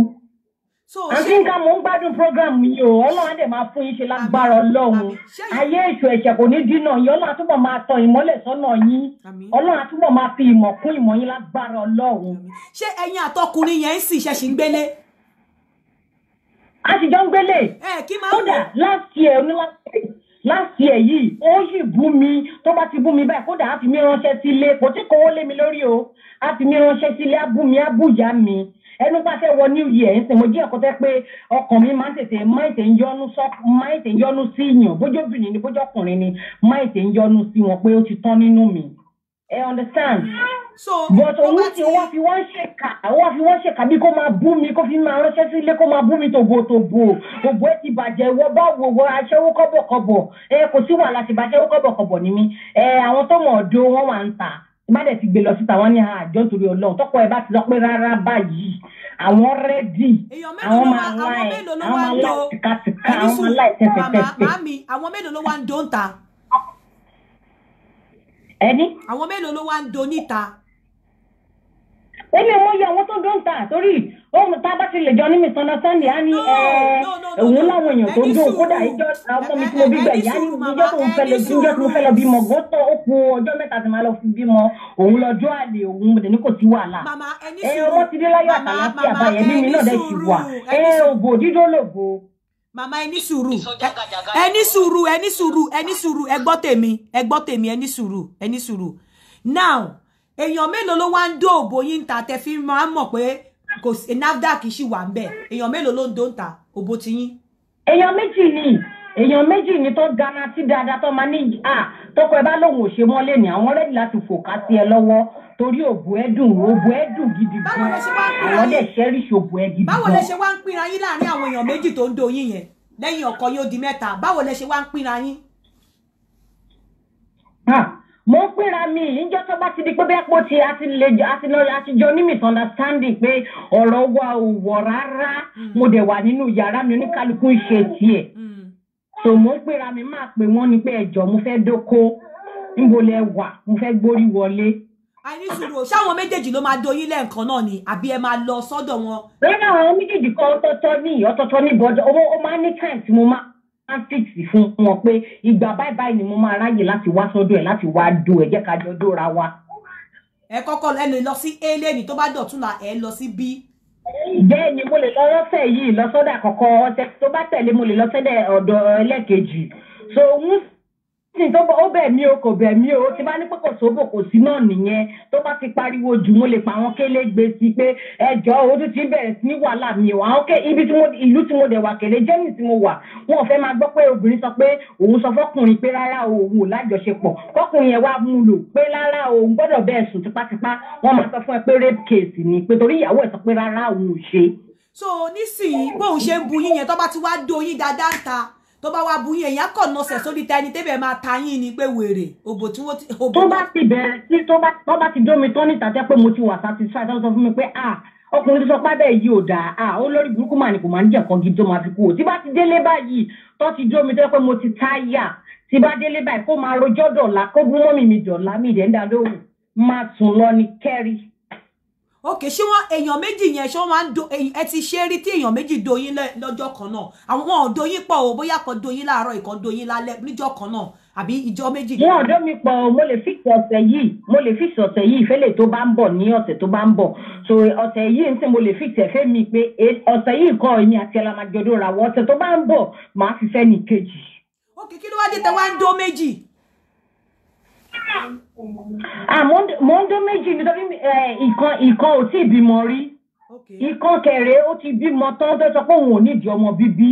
ṣé nǹkan mò ń gbádùn program yìí o ọlọ́run dẹ̀ máa fún yín ṣe lágbára ọlọ́run ayé ètò ẹ̀ṣẹ̀ kò ní dínà yín ọlọ́run àtúbọ̀ máa tọ ìmọ́lẹ̀ sọ́nà yín ọlọ́run àtúbọ̀ máa fi ìmọ̀ kún ìmọ̀ yín lágbára ọlọ́run. ṣé ẹ̀yin àtọkùnrin yẹn ń sì ṣẹ̀ṣì ń gbélé. a ti jọ ń gbélé kódà last year onílá last year yìí ó yìí bú mi tó bá ti bú mi báyìí kódà á fi mi ránṣẹ́ sílé kò tí kò ó lé mi lórí o á fi mi ránṣẹ́ sílé á bú mi á bú ìyá mi ẹnu pàṣẹ wọ new year ẹ̀sìn mo jẹ́ ẹ̀kọ́ tẹ́ pé ọkàn mi máa ń tètè máa ń tè ń yọnu sọ máa ń tè ń yọnu sí yàn bójóbìnrin ni bójọkùnrin ni máa ń tè ń yọnu sí wọn pé ó ti tán nínú mi ẹ understand so but òun ti wọ́n fi wọ́n ṣèkà wọ́n fi wọ́n ṣèkà bí kò máa bú mi kò fi máa ránṣẹ́ sí ilé kò máa bú mi tòbò tòbò òbò ẹ ti bàjẹ́ ìwọ bá wọ aṣẹ́wó kọ́bọ̀kọ́bọ̀ ẹ kò sí wàhálà ti bàjẹ́ ìwọ kọ́bọ̀kọ́bọ̀ ní mi ẹ àwọn tó mọ̀ ọ́dọ̀ wọn wà ń tà bá dẹ̀ ti gbé lọ síta wọ́n ní ah, àjọ torí ọlọ́run tọkọ ẹ bá ti lọ pé rárá báyìí àwọn rẹ́dì àwọn máa láì àwọn máa láì tìkatìka àwọn máa láì tẹ̀tẹ̀tẹ̀tẹ̀. màmí àwọn mélòó ló wá ń do níta. ẹni. àwọn mélòó ló wá ń do níta èmi ò mọyì àwọn tó dùn ta torí ohun tá a bá ti lè jọ ní misunderstanding á ní ẹ òun láwọn èèyàn tó dùn kódà ìjọ ọkọ mi tí mo bí gbà yá ní ìjọ tó ń fẹ́ lọ ìjọ tó ń fẹ́ lọ bímọ gbọtọ ó ku ọjọ́ mẹ́ta tí màá lọ fi bímọ òun lọ́jọ́ àlè òun mọdẹ ní kò sí wàhálà ẹ ọmọ ti dé láyọ̀ àtàlàfíà báyẹn mímí náà dẹ ti wà ẹ ògbò dídó lògbò. màmá ẹ ní sùúrù ẹ ní sùúrù ẹ ní sùúrù ẹ ní sùúrù ẹ gbọ́ tèmi ẹ gbọ́ tèmi ẹ ní sùúrù ẹ ní sùúrù now èèyàn mélòó ló wá ń dó òbò yín ta tẹ fi máa mọ̀ pé kò sí NAFDAC ṣì wà ń bẹ̀ èèyàn mélòó ló ń dó ń ta òbò ti yín. èèyàn méjì ni èèyàn méjì ni tó gana sí dáadáa tó máa ní à tọkọ ẹ bá lòun ò ṣe mọ́lẹ̀ ni àwọn rẹ́dí láti fòkà sí ẹ lọ́wọ́ torí òbò ẹ dùn òbò ẹ dùn gidi gan àwọn dẹ̀ ṣẹ́ríṣ òbò ẹ gidi gan. báwo lẹ ṣe wá ń pínra yín láàrin àwọn èèyàn méjì tó ń dó yín yẹn lẹ́yìn ọkọ yóò di mẹ́ta báwo lẹ ṣe wá ń pínra yín mo ń pínra mi ìyíjọ́ tó bá ti di pé bẹ́ẹ̀ pọ̀ tí a ti lè a ti jọ ní misunderstanding pé ọ̀rọ̀ wa ò wọ̀ rárá hmm. mo dẹ̀ wà nínú yàrá mi oníkálukú ń ṣe tiẹ̀ hmm. so mo ń pínra mi máa pè wọ́n ni pé ẹ̀jọ̀ mo fẹ́ dóko níbo lẹ wà mo fẹ́ gbórí wọlé. a ní sùúrù o ṣáwọn méjèèjì ló máa doyin lẹ́ẹ̀kan náà ni àbí ẹ máa lọ sọ́dọ̀ wọn. lọ́dọ̀ àwọn méjèèjì kan ọ̀tọ̀ọ̀tọ̀ ní ọ̀tọ̀ọ̀tọ̀ ní bọ́dọ̀ ó máa ní time tí mo máa tactics fún wọn pé ìgbà báyìí báyìí ni mo máa ráyè láti wá sọ́dọ̀ ẹ̀ láti wá do ẹ̀ jẹ́ ká jọ dóra wa. ẹ kọ́kọ́ ẹ lọ sí a lẹ́ni tó bá dọ̀túnla ẹ lọ sí b. bẹ́ẹ̀ ni mo lè lọ lọ́sẹ̀ yìí lọ sọ́dọ̀ àkọ́kọ́ ọ̀sẹ̀ tó bá tẹ̀lé mo lè lọ sọ́dọ̀ ọ̀dọ̀ ẹlẹ́kejì so once tó bọ ó bẹ̀ mí o kò bẹ̀ mí o tí bá ní pé kò sóbò kò sí náà nìyẹn tó bá ti pariwo jù mo lè pa àwọn kélé gbé sí pé ẹjọ́ o tún ti bẹ̀rẹ̀ sí wàhálà mi o àwọn ké ibi tí mo ìlú tí mo dẹ̀ wà kéré jẹ́mi tí mo wà wọn ò fẹ́ máa gbọ́ pé obìnrin sọ pé òun sọ fọkùnrin pé rárá òun ò lájọṣepọ̀ kọkùnrin yẹn wá mú lò pé rárá òun gbọ́dọ̀ bẹ́ẹ̀ sùn tipátipá wọ́n máa sọ fún ẹ pé rape case ni pé torí ìyàwó ẹ̀ sọ tó bá wá bu yín èèyàn kọ̀ nọsẹ̀ sórí ta ẹni tẹ́bẹ̀ máa ta yín ni pé wèrè òbò tí wọ́n ti. tó bá ti bẹ̀rẹ̀ sí tó bá tó bá ti dómi tó níta jẹ́ pé mo ti wà satisfied tó sọ fún mi pé ah ọkùnrin tó sọ pé bẹ́ẹ̀ yìí ò dáa ah olórí burúkú mà ní kò máa ń jẹ̀kan gidi tó máa fi kú o tí bá ti délé báyìí tó ti dómi tó yẹ pé mo ti táyà tí bá délé báyìí kó máa rojọ́ dọ̀la kó gún mọ́mì mi dọ̀la mi ìdẹ́ńdà lóhùn máa tún lọ ní kẹ́rì ok ṣé wọn èèyàn méjì yẹn ṣé wọn máa ń do ẹ ti ṣe é rí tí èèyàn méjì doyin lọ́jọ́ kan náà àwọn wọn ò doyin pọ̀ o bóyá kan doyin láàárọ̀ ìkan doyin lálẹ́ níjọ́ kan náà àbí ìjọ méjì. ní ọ̀dọ́ mi pọ̀ mo lè fix ọ̀sẹ̀ yìí mo lè fix ọ̀sẹ̀ yìí ìfẹ́lẹ̀ tó bá ń bọ̀ ní ọ̀sẹ̀ tó bá ń bọ̀ so ọ̀sẹ̀ yìí ntí mo lè fix ẹ̀fẹ́ mi pé e, ọ̀sẹ̀ yìí kọ́ èmi àti ẹlẹ́màjọ́dọ̀ ra wọ́ ọ̀sẹ̀ tó bá ń bọ̀ màá fi fẹ́ ní kejì. ó kì í kí ló wá dé tẹ wá ń dó méjì Ah, mọ́ńdó méjì nítorí eh, ìkan ìkan ò tí ì bímọ rí ìkan kẹrẹ ó ti bímọ tán fẹ́ sọ pé òun ò ní ìdí ọmọ bíbí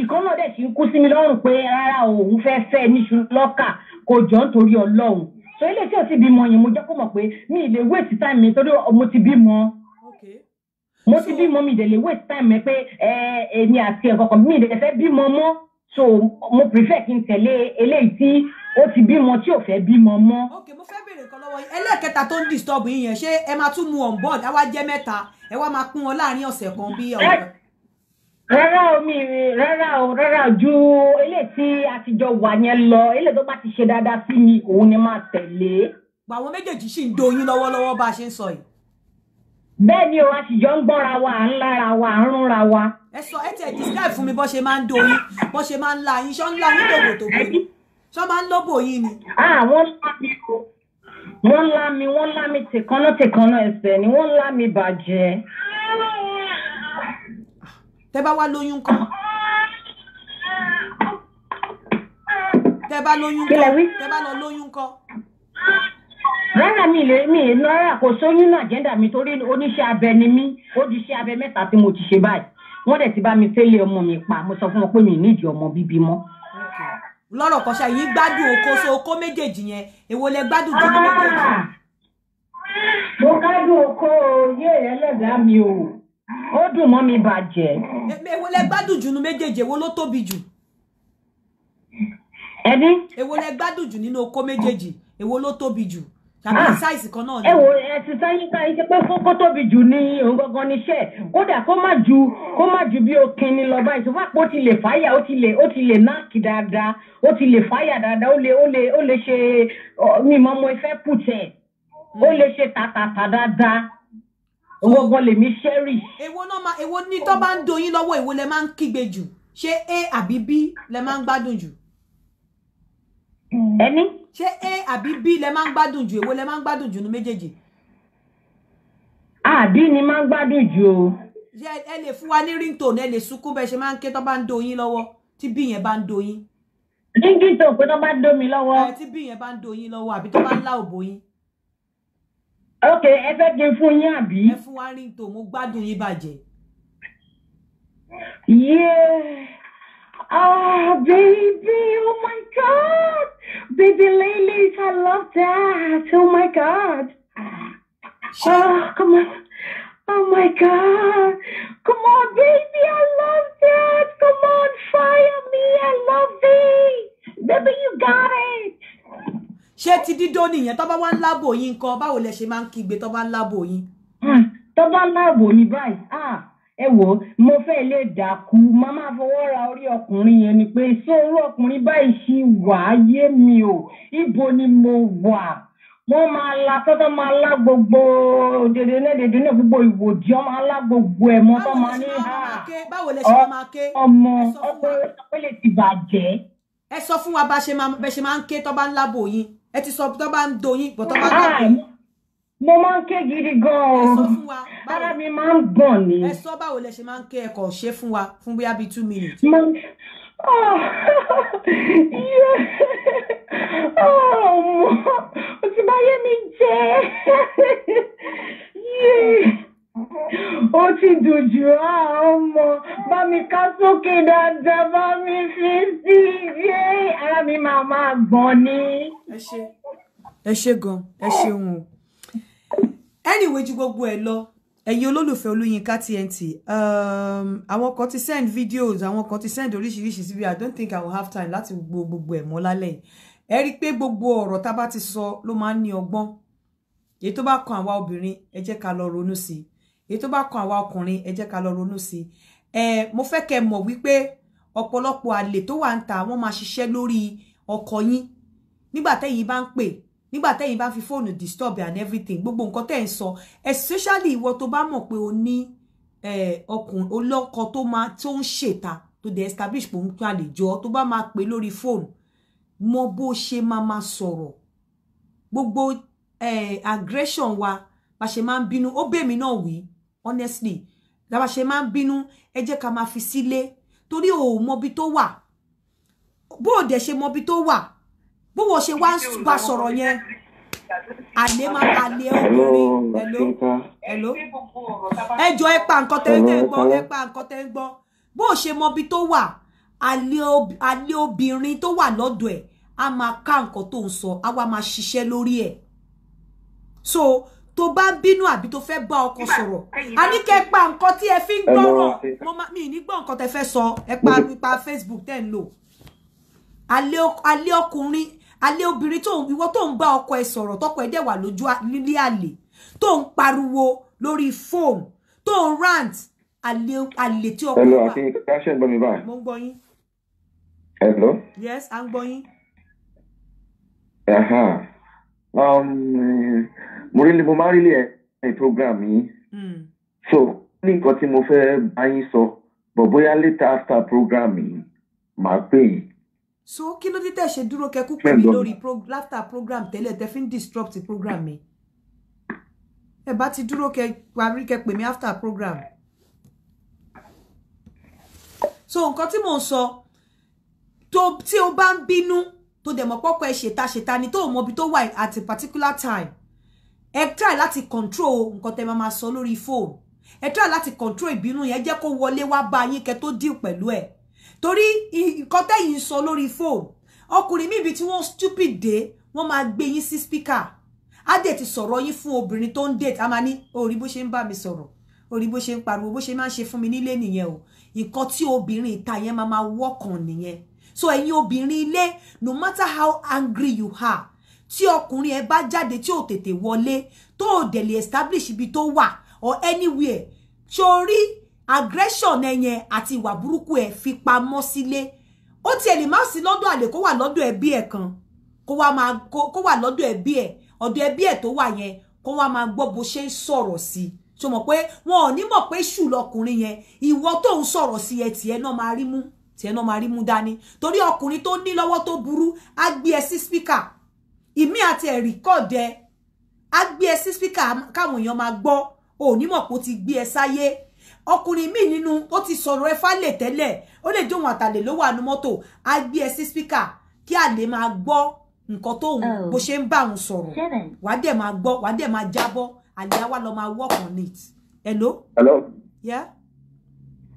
ìkan náà dẹ̀ ti ń kú sí mi lọ́rùn pé rárá òun fẹ́ fẹ́ níṣu lọ́kà kò jọ nítorí ọlọ́run so ilé tí ò ti bímọ yẹn mo jẹ́ kó mọ̀ pé mi ì lè wéètì táìmì torí mo ti bímọ mo ti bímọ mi ì dẹ̀ lè wéètì táìmì pé eh, èmi àti ẹ̀kọ́kọ́ mi ì dẹ̀ fẹ́ bímọ mọ́ so mo prefer kí n tẹ̀lé eléyìí tí ó ti bímọ tí ò fẹ́ bímọ mọ́. ok mo fẹ́ béèrè kan lọ́wọ́ yín ẹlẹ́ẹ̀kẹta tó ń disturb yín yẹn ṣé ẹ máa tún mu on board á jẹ́ mẹ́ta ẹ wá máa pín wọn láàrin ọ̀sẹ̀ kan bí ọ̀rọ̀. rárá omi rárá o rárá ju eléyìí tí a ti jọ wà yẹn lọ eléyìí tó bá ti ṣe dáadáa sí mi òun ni máa tẹ̀lé. àwọn méjèèjì sì ń doyin lọ́wọ́lọ́wọ́ bá a ṣe ń sọ yìí. bẹ́ẹ̀ ni o a sì jọ ń gbọ́ra wa à ń lára wa à ń rúnra wa. ẹ sọ ẹ tẹ describe fún mi bó ṣe máa ń doyin bó ṣe máa ń la yín ṣọ́ ń ṣọ́ máa ń lóbò yìí ni. àwọn ńlá mi o wọ́n lá mi wọ́n lá mi tìkánná tìkánná ẹsẹ̀ ni wọ́n lá mi bàjẹ́. tẹ bá wá lóyún kan. tẹ bá lóyún kan tẹ bá lọ lóyún kan. rárá mi lè mi náírà kò sóyún náà jẹ́ndà mi torí oníṣẹ́ abẹ ni mí ó di iṣẹ́ abẹ mẹ́ta tí mo ti ṣe báyìí wọ́n dẹ̀ ti bá mi fẹ́lẹ̀ ọmọ mi pa mo sọ fún wọn pé mi nídìí ọmọ bíbí mọ́ lọ́rọ̀ kan ṣá yìí gbádùn oko so oko méjèèjì yẹn èwo lẹ gbádùn tó ní méjèèjì. Ah! mo gbádùn oko oyé ẹlẹ́dàá mi o ó dùn mọ́ mi bàjẹ́. èwo lẹ gbádùn jù nínú méjèèjì èwo ló tóbi jù. ẹni. èwo lẹ gbádùn jù nínú oko méjèèjì èwo ló tóbi jù tàbí ah. size kan náà ni. ẹ wo ẹ ti sáyé ká iṣẹ́ pé kó tóbi jù ní òun gangan níṣẹ́ kódà kó má ju kó má ju bí okin ni lọ báyìí tó fà pé ó ti lè fáyà ó ti lè ó ti lè náàkì dáadáa ó ti lè fáyà dáadáa ó lè ó lè ó lè ṣe mi mọ ọmọ ìfẹ́ pùtẹ́ ó lè ṣe tàtàtà dáadáa òun gangan lèmi ṣẹ́rì. èwo náà ma èwo ní tó bá ń doyin lọ́wọ́ èwo lẹ máa ń kígbe jù ṣé a àbí b lẹ máa ń gbádùn jù. Mm. ẹni. ṣé a àbí b lẹ máa ń gbádùn jù èwo lẹ máa ń gbádùn jù ní méjèèjì. àbí ni máa ń gbádùn jù o. ẹ lè fún wa ní ringtone ẹ lè sunkún bẹ ṣe máa ń ké tó bá ń do yín tí b yẹn bá ń do yín. ringtone pé tó bá ń do mi lọ́wọ́. ẹ tí b yẹn bá ń do yín àbí tó bá ń lá òbò yín. ok ẹ fẹ́ kí n fún yín àbí. ẹ fún wa ringtone mo gbádùn yín bàjẹ́. yéé. Yeah. Ah, oh, baby, oh my God. Baby Lilies, I love that. Oh my God. Oh, come on. Oh my God. Come on, baby, I love that. Come on, fire me. I love thee. Baby, you got it. Ṣé ti dídó nìyẹn tó bá wá ń lábò yín nǹkan báwo lẹ ṣe máa ń kígbe tó bá ń lábò yín? Hmm. Tó bá ń lábò ní báyìí. Ah ẹ wò ó mo fẹ́ lè dàkú màmá fọwọ́ ra orí ọkùnrin yẹn ni pé ṣé irú ọkùnrin báyìí ṣì wà á yé mi o ibo ni mo wà wọ́n máa la tọ́tọ́ máa la gbogbo dèdè náà dèdè náà gbogbo ìwòdì ọmọ alá gbogbo ẹ̀ mọ́ tọ́ máa ní ah, ọmọ ọkọ ọpẹlẹ ti bàjẹ́. ẹ sọ fún wa bá ṣe máa ń ké tọ́ bá ń lábò yín ẹ ti sọ tọ́ bá ń do bọ́ tọ́ bá ń lábò ah, yín mo máa ń ké gidi gan-an ara mi máa ń gbọ̀n ni. ẹ sọ báwo lẹ ṣe máa ń ké ẹkọ ṣe fún wa fún bóyá bíi two minutes. Ma oh, yeah. oh, mo o ti bá yé mi jẹ ó ti dùn jù á ah, ọmọ bá mi ká sókè dáadáa bá mi fi sí yé ara mi máa máa gbọ̀n ni. ẹ ṣe ẹ ṣe gan ẹ ṣeun o anyway ju gbogbo ẹ̀ lọ ẹ̀yin olólùfẹ́ Olúyinká TNT um, àwọn kan ti send videos àwọn kan ti send oríṣiríṣi síbi i don't think i will have time láti gbogbo ẹ̀ mọ́ lálẹ́ yìí ẹ rí gbogbo ọ̀rọ̀ tá a bá ti sọ ló máa ń ní ọgbọ́n èyí tó bá kan àwa obìnrin ẹ jẹ́ ká lọ ronú sí i èyí tó bá kan àwa ọkùnrin ẹ jẹ́ ká lọ ronú sí i mo fẹ́ kẹ́ mọ̀ wípé ọ̀pọ̀lọpọ̀ àlè tó wà ń ta wọ́n máa ṣiṣẹ́ lórí ọkọ yín nígbà tẹ́yin bá ń pè nígbà tẹ́yìn bá fi fóònù disturb and everything gbogbo nǹkan tẹ́ ń sọ especially ìwọ tó bá mọ̀ pé o ní ọkùn olọ́kọ tó máa tó ń ṣèta tó dé establish pò ń tún àlejò tó bá máa pè lórí fóònù mọ bó ṣe máa máa sọ̀rọ̀ gbogbo aggression wa bá ṣe máa ń bínú ó bèmí náà wí honestly bá ṣe máa ń bínú ẹ jẹ́ ká máa fi sílé torí o ò mọbi tó wà bó o dẹ̀ ṣe mọbi tó wà bówó ṣe wá bá sọ̀rọ̀ yẹn àlè máa àlè obìnrin ẹ̀ló ẹ̀ló ẹjọ́ ẹ pa nǹkan tẹ́ ń gbọ́ ẹ pa nǹkan tẹ́ ń gbọ́ bó ṣe mọbi tó wà àlè obìnrin tó wà lọ́dọ̀ ẹ̀ a máa ká nǹkan tó ń sọ a wá máa ṣiṣẹ́ lórí ẹ̀ so tó bá ń bínú àbí tó fẹ́ bá ọkọ sọ̀rọ̀ a ní kẹ́ pa nǹkan tí ẹ fi ń gbọ́rọ̀ mo máa mi ní gbọ́ nǹkan tẹ́ fẹ́ sọ ẹ pa Facebook tẹ́ ń lò àlè ọkùnrin alẹ́ obìnrin tó ìwọ tó ń bá ọkọ ẹ sọ̀rọ̀ tọkọ ẹ dẹ̀ wà lójú lílé àlè tó ń pariwo lórí fóònù tó ń rant àlè tí ọkọ ẹ wà. ẹnu àti káṣẹ́ gbọ́ mi báyìí. mo ń gbọ́ yín. hello. yes à ń gbọ́ yín. Um, mo rí mo máa rí ilé ẹ̀ program yìí. Hmm. so ní nǹkan tí mo fẹ́ bá yín sọ bọ̀ bóyá later after program yìí màá pè yín so kí ló dé tẹ̀ ṣe dúró kẹ́kú pè mí lórí laughter program tẹ́lẹ̀ tẹ́ fi ń disrupt program mi ẹ bá ti dúró kẹ́ parí kẹ́ pè mí after program so nǹkan tí mò ń sọ tó tí o bá ń bínú tó dẹ̀ mọ̀ pọ́pọ́ ẹ ṣètà ṣètà ni tó o mọ ibi tó wà at a particular time ẹ try láti control nǹkan tẹ́ máa sọ lórí phone ẹ try láti control ìbínú yẹn jẹ́ kó wọlé wá bá yín kẹ́ tó deal pẹ̀lú ẹ̀ torí nǹkan tẹ́yìn sọ lórí fóònù ọkùnrin mi ibi tí wọ́n stupid dé wọ́n máa gbé yín sí spíkà á dẹ̀ ti sọ̀rọ̀ yín fún obìnrin tó ń date a máa ní orí bó ṣe ń bá mi sọ̀rọ̀ orí bó ṣe ń pariwo bó ṣe máa ń ṣe fún mi nílé nìyẹn o nǹkan tí obìnrin ìta yẹn máa máa wọ́kàn nìyẹn so ẹ̀yin obìnrin ilé no matter how angry you are tí ọkùnrin ẹ bá jáde tí ò tètè wọlé tó ò dẹ̀ lè establish ibi tó wà or anywhere ṣorí aggression ẹ yẹn àti ìwà burúkú ẹ fi pamọ́ sílé ó tiẹ̀ lè má sí lọ́dọ̀ àlè kó wà lọ́dọ̀ ẹbí ẹ̀ kan kó wá máa kó wà lọ́dọ̀ ẹbí ẹ̀ ọ̀dọ̀ ẹbí ẹ̀ tó wà yẹn kó wá máa gbọ́ bó ṣe soro si sí tó mọ̀ pé wọn ò ní mọ̀ pé ṣù lọkùnrin yẹn ìwọ tó ń sọ̀rọ̀ sí ẹ tiẹ̀ náà máa rí mú tiẹ̀ náà máa rí mú dání torí ọkùnrin tó ní lọ́wọ́ tó burú á gbé ẹ sí spíkà ìmí àti ẹ̀ rìkọ́ọ̀dù ẹ á gbé ẹ sí spíkà káwọn èèyàn máa gbọ́ ò ti gbé ẹ sáyé ọkùnrin míì nínú ó ti sọ̀rọ̀ ẹ fálè tẹ́lẹ̀ ó lè jóun àtàlè ló wà nínú mọ́tò á gbé ẹ sí spíkà kí àlè máa gbọ́ nǹkan tó ń oh. bó ṣe ń bá òun sọ̀rọ̀ wàá dẹ̀ máa gbọ́ wàá dẹ̀ máa jábọ́ àlè á wà máa work on it. hello. hello. yeah.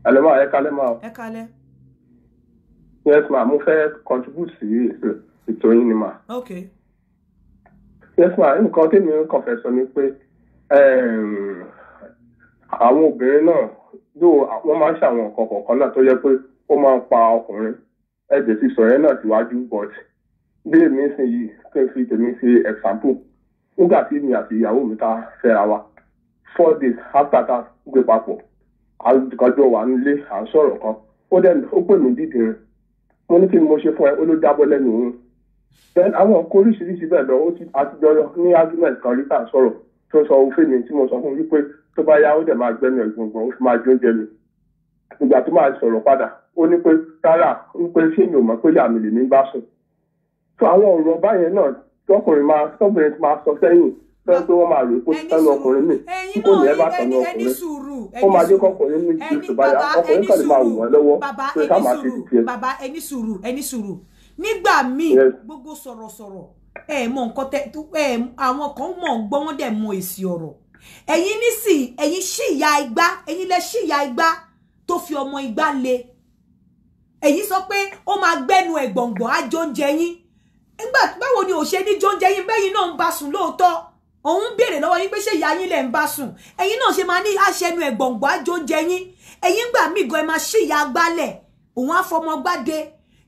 hello ma ẹ kalẹ̀ ma. ẹ kalẹ̀. yes ma mo fẹ́ contribute sí ètò yín ni ma. okay. yes ma nǹkan tèmi ń kàn fẹ́ sọ ni pé àwọn obìnrin náà dó wọ́n máa ń ṣàwọn nǹkan kọ̀ọ̀kan náà tó yẹ pé ó máa ń pa ọkùnrin ẹ̀jẹ̀ ti sọ̀rọ̀ náà síwájú but bí èmi ń sìn yìí kí n fi tèmi ṣe example nígbà tí mi àti ìyàwó mi ta fẹ́ra wa four days after ta gbé papọ̀ àjọ wà nílé à ń sọ̀rọ̀ kan ó dẹ̀ ó pè mí dídìrín mo ní kí ni mo ṣe fún ẹ ó ló jábọ́ lẹ́nu òun then àwọn kó oríṣiríṣi bẹ́ẹ̀ lọ ó ti àtijọ́ ní argument kan rí tà sọ̀rọ̀ tó sọ òfin mi tí mo sọ fún wípé tó bá yá ó dẹ̀ máa gbẹ́mí ọ̀gbọ̀ngbọ̀n ó fi máa jóúnjẹ mi ìgbà tó máa sọ̀rọ̀ padà ó ní pé rárá ń pé ṣé mi ò mọ̀ pé ìyá mi lè ní bá sùn. tó àwọn ọ̀rọ̀ báyẹn náà tọkùnrin máa tọkùnrin máa sọ sẹ́yìn fẹ́ pé wọ́n máa rò pé sẹ́nu ọkùnrin mi tí kò ní ẹ bá tọ̀nà ọkùnrin ó máa dé kọkùnrin mi ju ṣùgbọ́n ọkùnrin kan lè máa wù wọ́n lọ́wọ́ pé ká máa ṣe tiẹ̀. bàbá ẹni sùúrù ẹni sùúrù nígbà míì gbogbo sọ̀rọ̀sọ̀rọ̀ ẹ̀ mọ̀ nǹkan tẹ àwọn kan mọ̀ gbọ́ wọ́n dẹ̀ mọ̀ èsì ọ̀rọ̀ ẹ̀yin nísìnyí ẹ̀yin ṣì ìyá igbá ẹ̀yin lẹ ṣì ìyá igbá tó fi ọmọ igbá le ẹ̀yin sọ pé ó máa gbẹ́nu ẹ̀ gbọ̀ngbọ̀n á jó oúnjẹ yín nígbà báwo ni ò ṣe ní jó oúnjẹ yín bẹ́yìn náà ń bá sùn lóòótọ́ òun béèrè lọ́wọ́ yín pé ṣé ìyá yín lẹ̀ ń bá sùn ẹ̀yin náà ṣe máa ní àṣẹnu ẹ̀ gbọ̀ngbọ̀n á jó oúnjẹ yín ẹ̀yin gbà mí gan ẹ máa ṣì ìyá gbálẹ̀ òun á fọmọ gbáde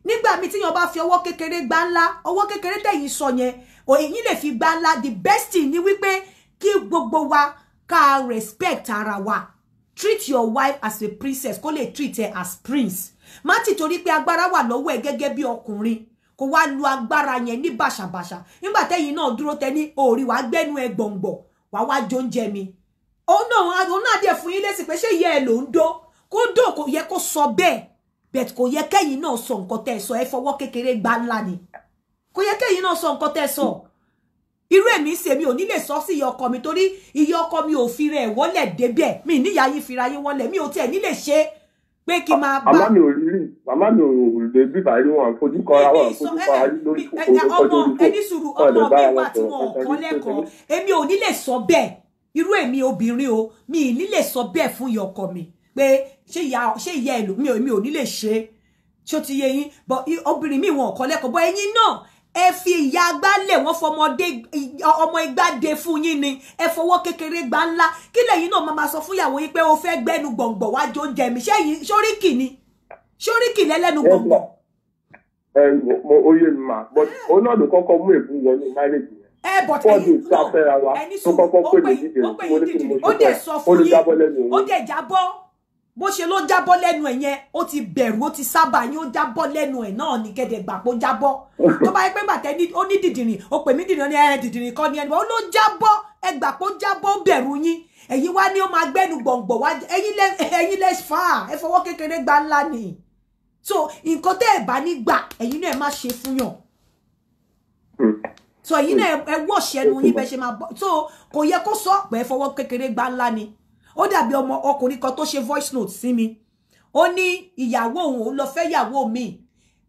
nígbà míì tíyan bá fi ọwọ́ kékeré gbá ńlá ọwọ́ kékeré tẹ̀yìn sọ yẹn òyìn lè fi gbá ńlá the best thing ni wípé kí gbogbo wa ká respect ara wa treat your wife as a princess kó lè treat her as prince má ti torí pé agbára wà lọ́wọ́ ẹ gẹ́gẹ́ bí ọkùnrin kó wá lu agbára yẹn ní bàṣàbàṣà nígbà tẹ́yìn náà dúró tẹ́ni òòrì wàá gbẹ́nu ẹ gbọ̀ngbọ̀ wàá wá jó ń jẹ mi òun náà òun náà dẹ̀ fún yín lésì pé ṣé yẹ ẹ ló ń dó kó dó kò yẹ kó sọ bẹ́ẹ̀ bẹ́ẹ̀ kò yẹ kẹ́yìn náà sọ nǹkan tẹ́ ẹ sọ ẹ fọwọ́ kékeré gbá ńlá ni kò yẹ kẹ́yìn náà sọ nǹkan tẹ́ ẹ sọ irú èmi ṣe mi ò ní lè sọ sí iye ọkọ mi torí iye ọkọ mi ò fi rẹ̀ wọ́lẹ̀ débẹ̀ mi níyà yìí fira yín mi ò tiẹ̀ ní lè ṣe pé kí n máa bá. màmá mi ò rí màmá mi ò lè bí bàárí wọn fojú kọra wọn fojú kọra lórí kòkòrò kọjú ọmọ ẹni sùúrù ọmọ mi wà tí wọn ò kọ́ èmi ò ní lè sọ bẹ́ẹ̀ irú èmi obìnrin o mi ì ní lè sọ bẹ́ẹ̀ fún iye ọkọ mi pé ṣé ìyá ẹlòmíì mi ò ní lè ṣe ṣó ti yẹ yín obìnrin mi wọn ò kọ́ lẹ́kọ̀ọ́ bọ́ náà ẹ fi ìyá agbálẹ̀ wọ́n fọmọdé ọmọ igbá de fún yín ni ẹ fọwọ́ kékeré gbá ńlá kí lẹ́yìn náà máa sọ fún yín pé o fẹ́ gbẹ́nu gbọ̀ngbọ̀ wá jọ oúnjẹ mi ṣẹ́yìn ṣóríkì ni ṣóríkì lẹ́lẹ́nu gbọ̀ngbọ̀. ẹ mo oyè mi mà but òun náà ló kọ́kọ́ mú èbú wọnú marriage yẹn ẹ bọ̀ tẹ̀yìn náà ẹni sùn ó pè yín dídì ó dẹ̀ sọ fún bó ṣe ló jábọ́ lẹ́nu ẹ̀ yẹn ó ti bẹ̀rù ó ti sábà yín ó jábọ́ lẹ́nu ẹ̀ náà ní gẹ̀dẹ̀gbà pó jábọ́ tó bá yẹ pé bàtẹ́ ó ní dìdìrìn ó pè mí dìdìrìn ní ẹ dìdìrìn kọ́ ni ẹnìbọn ó ló jábọ́ ẹgbà pó jábọ́ ó bẹ̀rù yín ẹ̀yin wá ní ó máa gbẹ́nu gbọ̀ngbọ̀ wá ẹ̀yin lẹ fà á ẹ fọwọ́ kékeré gba ńlá ni so nǹkan tẹ́ ẹ̀ bá ní gbà ẹ̀yin náà ẹ má ṣe fún yàn so ẹ̀yin náà ẹ wọ̀ṣẹ́nu yín bẹ́ẹ̀ ṣe máa bọ́ so kò yẹ kó sọ pé ẹ fọwọ́ kékeré gba ńlá ni ó dàbí ọmọ ọkùnrin kan tó ṣe voice note sí mi ó ní ìyàwó òun òun lọ fẹ́ mi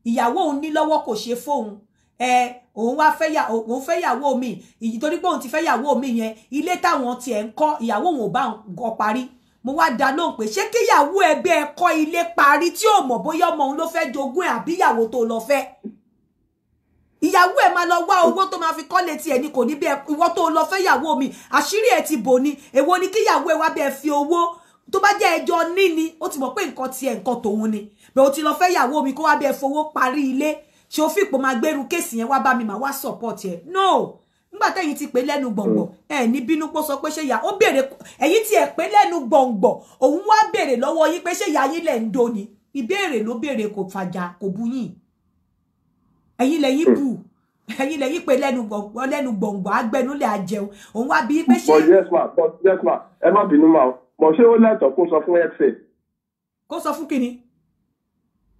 ìyàwó òun ní lọ́wọ́ kò ṣe fóun ẹ òun wá fẹ́ yà òun fẹ́ yàwó mi ìyí torí pé òun ti fẹ́ yàwó mi yẹn ilé táwọn tiẹ̀ ń kọ́ ìyàwó òun ò bá ọ parí mo wá da lóhùn pé ṣé kíyàwó ẹgbẹ́ ẹ kọ́ ilé parí tí ò mọ̀ bóyá ọmọ òun ló fẹ́ jogún ẹ̀ àbíyàwó tó lọ fẹ́ ìyàwó ẹ̀ máa lọ wá owó tó máa fi kọ́lé tiẹ̀ ni kò ní bí ìwọ tó lọ fẹ́ yàwó mi àṣírí ẹ̀ ti bò ni èwo ni kí ìyàwó ẹ̀ wá bẹ́ẹ̀ fi owó tó bá jẹ́ ẹjọ́ níní ó ti mọ̀ pé nǹkan tiẹ̀ nǹkan tòun ni bẹ́ẹ̀ o ti lọ fẹ́ yàwó mi kó wá bẹ́ẹ̀ fowó parí ilé ṣé o fìpò máa gbẹ́rù kéèsì yẹn wá bá mi máa wá support ẹ̀ no nígbà tẹ́yìn ti pè lẹ́nu gbọ̀ngbọ̀ mm. ẹ ní bínú pọ́ sọ pé ṣé ìyá ó béèrè ẹ̀yìn tí ẹ̀ pè lẹ́nu gbọ̀ngbọ̀ òun wá béèrè lọ́wọ́ yín pé ṣé ìyá yín lẹ̀ ń do ni ìbéèrè ló béèrè kò fàjà kò bú ẹ̀yin lẹ yìí hmm. bù ẹ̀yin lẹ yìí pé lẹ́nu gbọ̀ngbọ̀n lẹ́nu gbọ̀ngbọ̀n agbẹnulẹ̀ àjẹun òun wá bí pé ṣé. but yes ma but yes ma ẹ má bínú ma o mọ ṣé ó lẹ́tọ̀ọ́ kó sọ fún ẹ̀ṣẹ̀. kó sọ fún kíni.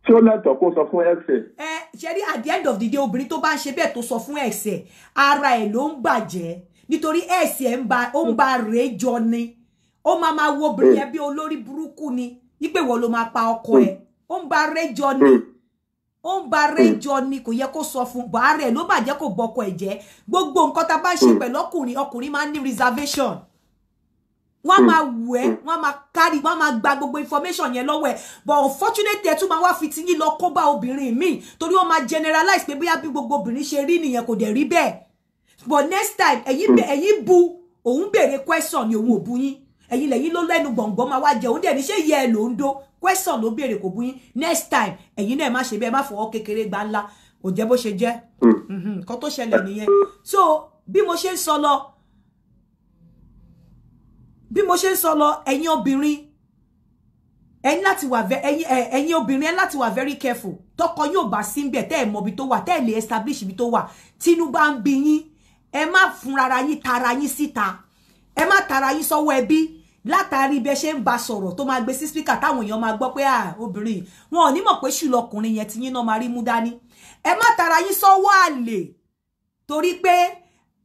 ṣé ó lẹ́tọ̀ọ́ kó sọ fún ẹ̀ṣẹ̀. ẹ ṣe rí at the end of the day obìnrin tó bá ń ṣe bẹ́ẹ̀ tó sọ fún ẹ̀ṣẹ̀ ara ẹ̀ ló ń bàjẹ́ nítorí ẹ̀ṣẹ̀ ẹ̀ ń ba rèé jọ ni ó máa máa wo obìnrin hmm. yẹn bí olórí burúkú ni wípé wọ́n ló máa pa ọkọ hmm. ẹ̀ ó ń ba rèé jọ ni. Mm ó ń ba hmm. rẹjọ ni kò yẹ kó sọ fún bàárẹ̀ ló bàjẹ́ kò gbọ́kọ ẹ̀ jẹ́ gbogbo nǹkan tá a bá ṣe hmm. pẹ̀lú ọkùnrin ọkùnrin máa ń ní reservation wọ́n hmm. máa wù ẹ́ wọ́n máa kárí wọ́n máa gba gbogbo information yẹn lọ́wọ́ ẹ̀ but unfortunately ẹ̀ tún máa wá fi ti yín lọ kó bá obìnrin míì torí wọ́n máa generalize pé bóyá bí gbogbo obìnrin ṣe rí nìyẹn kò dẹ̀ rí bẹ́ẹ̀ but next time ẹ̀yin bu òun béèrè question ni òun ò bu yín ẹ̀yin lẹ̀yin ló lẹ́nu gbọ̀ngbọ̀n máa wá jẹun dẹ̀ ní ṣé yẹ ẹ ló ń do question ló béèrè kò bóyin next time ẹ̀yin náà má ṣe bẹ́ẹ̀ má fọwọ́ kékeré gbá ńlá kò jẹ́ bó ṣe jẹ́ hmm. nǹkan tó ṣẹlẹ̀ nìyẹn so bí mo ṣe ń sọ lọ bí mo ṣe ń sọ lọ ẹ̀yin obìnrin ẹ̀yin láti wà ẹ̀yin ẹ̀yin obìnrin ẹ láti wà very careful tọkọ yóò bá sí ń bẹ tẹ́ ẹ̀ mọ ibi tó wà tẹ́ ẹ̀ lè establish ibi tó wà tínú bá ń bí yín ẹ má fúnra yín tara yín síta ẹ má tara yín sọ́wọ́ ẹbí látàrí bẹ ṣe ń ba sọ̀rọ̀ tó máa gbé sí spíkà táwọn èèyàn máa gbọ́ pé à obìnrin wọn ò ní mọ̀ pé ṣùlọ ọkùnrin yẹn ti yín náà máa rí mú dání ẹ má tara yín sọ́wọ́ àlè torí pé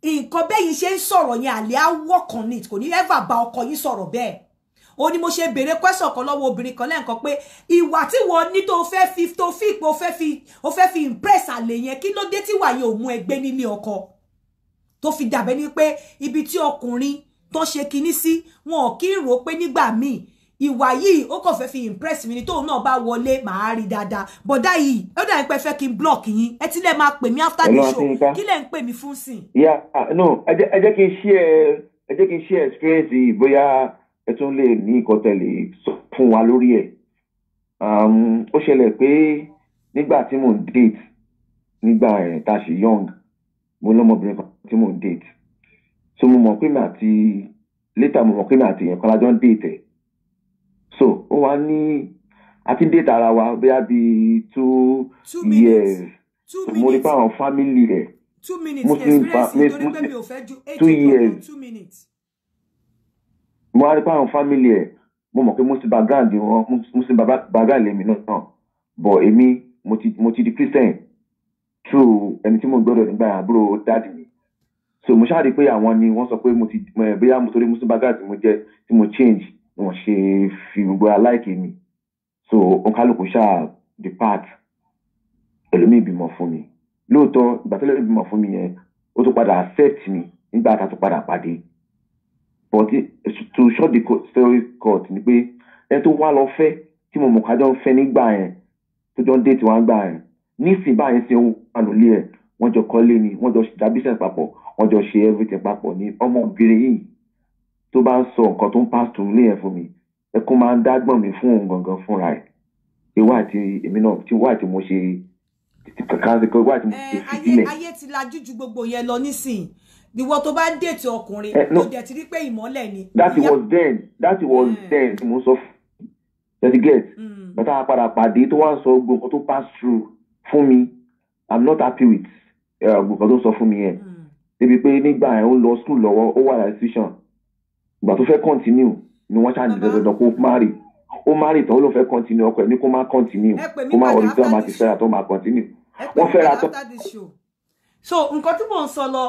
nǹkan bẹ́yìn ṣe ń sọ̀rọ̀ yẹn àlè á wọ́kàn ní kò ní ẹ́fà ba ọkọ yín sọ̀rọ̀ bẹ́ẹ̀ ó ní mo ṣe béèrè kwẹ́sọ̀ kan lọ́wọ́ obìnrin kan lẹ́ǹkan pé ìwà tí wọ́n ní tó fẹ́ fi tó fi pé o fẹ́ fẹ́ fi impress àlè yẹn kí ló dé tí wàá yẹn ò mú ẹgbẹ́ nílé ọkọ tó fi dàbẹ́ ni pé ibi tí ọkùnrin tó ṣe kinní sí wọn ò kí ń rò pé nígbà míì ìwà yìí ó kàn fẹ́ fi impress mi ni tóun náà bá wọlé màá rí dáadáa bọ̀dá yìí ó dà pé fẹ́ kí n block yín ẹ ti lè máa pè mí after the show kí lẹ̀ ń pè mí fún sìn. ya ah, no ẹ jẹ́ kí n share ẹ jẹ́ kí n share experience yìí bóyá ẹ tún lè ní nǹkan tẹ̀lé fún wa lórí ẹ̀ um, ó ṣẹlẹ̀ pé nígbà tí mò ń date nígbà tá a ṣe young mo lọ́mọbìnrin kan tí mò ń date so mo mọ̀ pé mi àti later mo mọ̀ pé mi àti yẹn kọ́lá jọ ń déètẹ̀ so ó wá ní a ti ń déètẹ̀ ara wa bóyá bíi two, two years mo rí pé àwọn family rẹ̀ muslim two years mo wá rí pé àwọn family rẹ̀ mo mọ̀ pé muslim background wọn muslim background lèmi náà but èmi mo ti di christian through ẹni tí mo gbọ́dọ̀ nígbà àbúrò dáàdì mi so mo ṣáà rí i pé àwọn ni wọ́n sọ pé mo ti eh, bóyá mo torí muslim background mo jẹ́ tí mo change ni wọ́n ṣe fi gbogbo aláìkè mi so òǹkálùkù ṣáà depart ẹlòmíì bímọ fún mi lóòótọ́ ìgbà tó lẹ́nu bímọ fún mi yẹn ó tún padà accept mi nígbà tá a tún padà pàdé but to short the story court ni pé ẹ tó wá lọ fẹ́ tí mo mọ̀ ká jọ ń fẹ́ nígbà yẹn tó jọ ń dé tiwọn gbà yẹn nísìnyí báyìí ṣe ń wà lólé ẹ̀ wọ́n jọ kọ́lé ni wọ́n jọ dá business papọ̀ wọ́n jọ ṣe everything papọ̀ ní ọmọbìnrin yìí tó bá ń sọ nǹkan tó ń pass through ilé yẹn fún mi ẹkún máa ń dágbọ̀n mi fún òun gangan fúnra ẹ̀ ìwà àti èmi náà ti wà tí mo ṣe kankan ìwà àti mo ṣe fi eh, sílẹ̀. ayé ti lajú ju gbogbo yẹn lọ nísìnyí ìwọ tó bá ń dètè ọkùnrin eh, tó dẹ̀ ti rí pé ìmọ́lẹ̀ ni. that was then that was eh. then mo sọ thirty get hmm. bàtà padà pàdé tó wá ń sọ gbogbo nǹkan tó pass through fún mi i'm not happy with gbogbo nǹkan tó sọ fún mi yẹn. Mm débi pé nígbà yẹn ó lọ skul lọ́wọ́ ó wà institution ìgbà tó fẹ́ continue ni wọ́n ṣáà dìde dandan kó marry ó marry tán ó ló fẹ́ continue ọkọ ẹ̀ ní kó má continue kó má wọlé tí wọ́n máa ti fẹ́ra tó máa continue wọ́n fẹ́ra tó. so nǹkan tí mò ń sọ lọ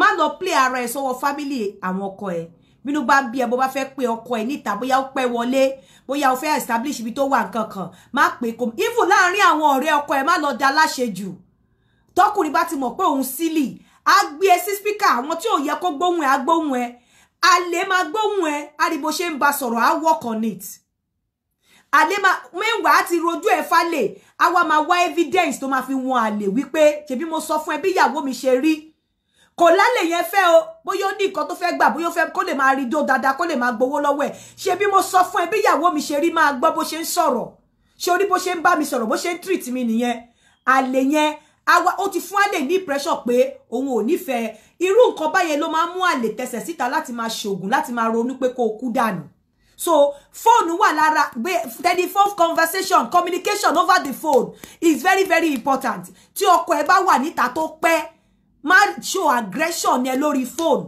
má lọ play ara ẹ sọ́wọ́ family àwọn ọkọ ẹ bínú bá ń bí ẹ bó bá fẹ́ pé ọkọ ẹ níta bóyá ó pẹ́ wọlé bóyá ó fẹ́ establish ibi tó wà nǹkan kan má pé kò even láàárín àwọn ọ̀rẹ́ ọkọ ẹ má lọ da láṣejù tọkùnrin bá ti mọ̀ pé òun sílì á gbé ẹ e sí spíkà àwọn tí ò yẹ kó gbóhùn ẹ á gbóhùn ẹ àlè máa gbóhùn ẹ aribo ṣe ń ba sọ̀rọ̀ á work on it àlè máa mẹ́wàá àti rojú ẹ falẹ̀ á wá máa wá evidence tó máa fi wọn àlè wípé ṣebí mo sọ fún ẹ bí ìyàwó mi ṣe rí kò lálẹ́ yẹn fẹ́ o bóyá ó ní nǹkan tó fẹ́ gbà bóyá ó fẹ́ kó lè máa rí dó dáadáa kó lè máa gbowó lọ́wọ́ ẹ̀ ṣe bí mo sọ fún ẹ bí ìyàwó mi ṣe rí máa gbọ́ bó ṣe ń sọ̀rọ̀ ṣe orí bó ṣe ń bá mi sọ̀rọ̀ bó ṣe ń treat mi nìyẹn àlè yẹn Awa ó ti fún àlè ní pressure pe òun ò nífẹ̀ẹ́ iru nǹkan báyẹn ló máa ń mú àlè tẹsẹ̀ síta láti máa ṣoògùn láti máa ronú pé kó o kú dànù so fóònù wà lára gbé telephone conversation communication over the phone is very very important tí ọkọ ẹ wa ni níta tó pẹ́ má show aggression ẹ lórí phone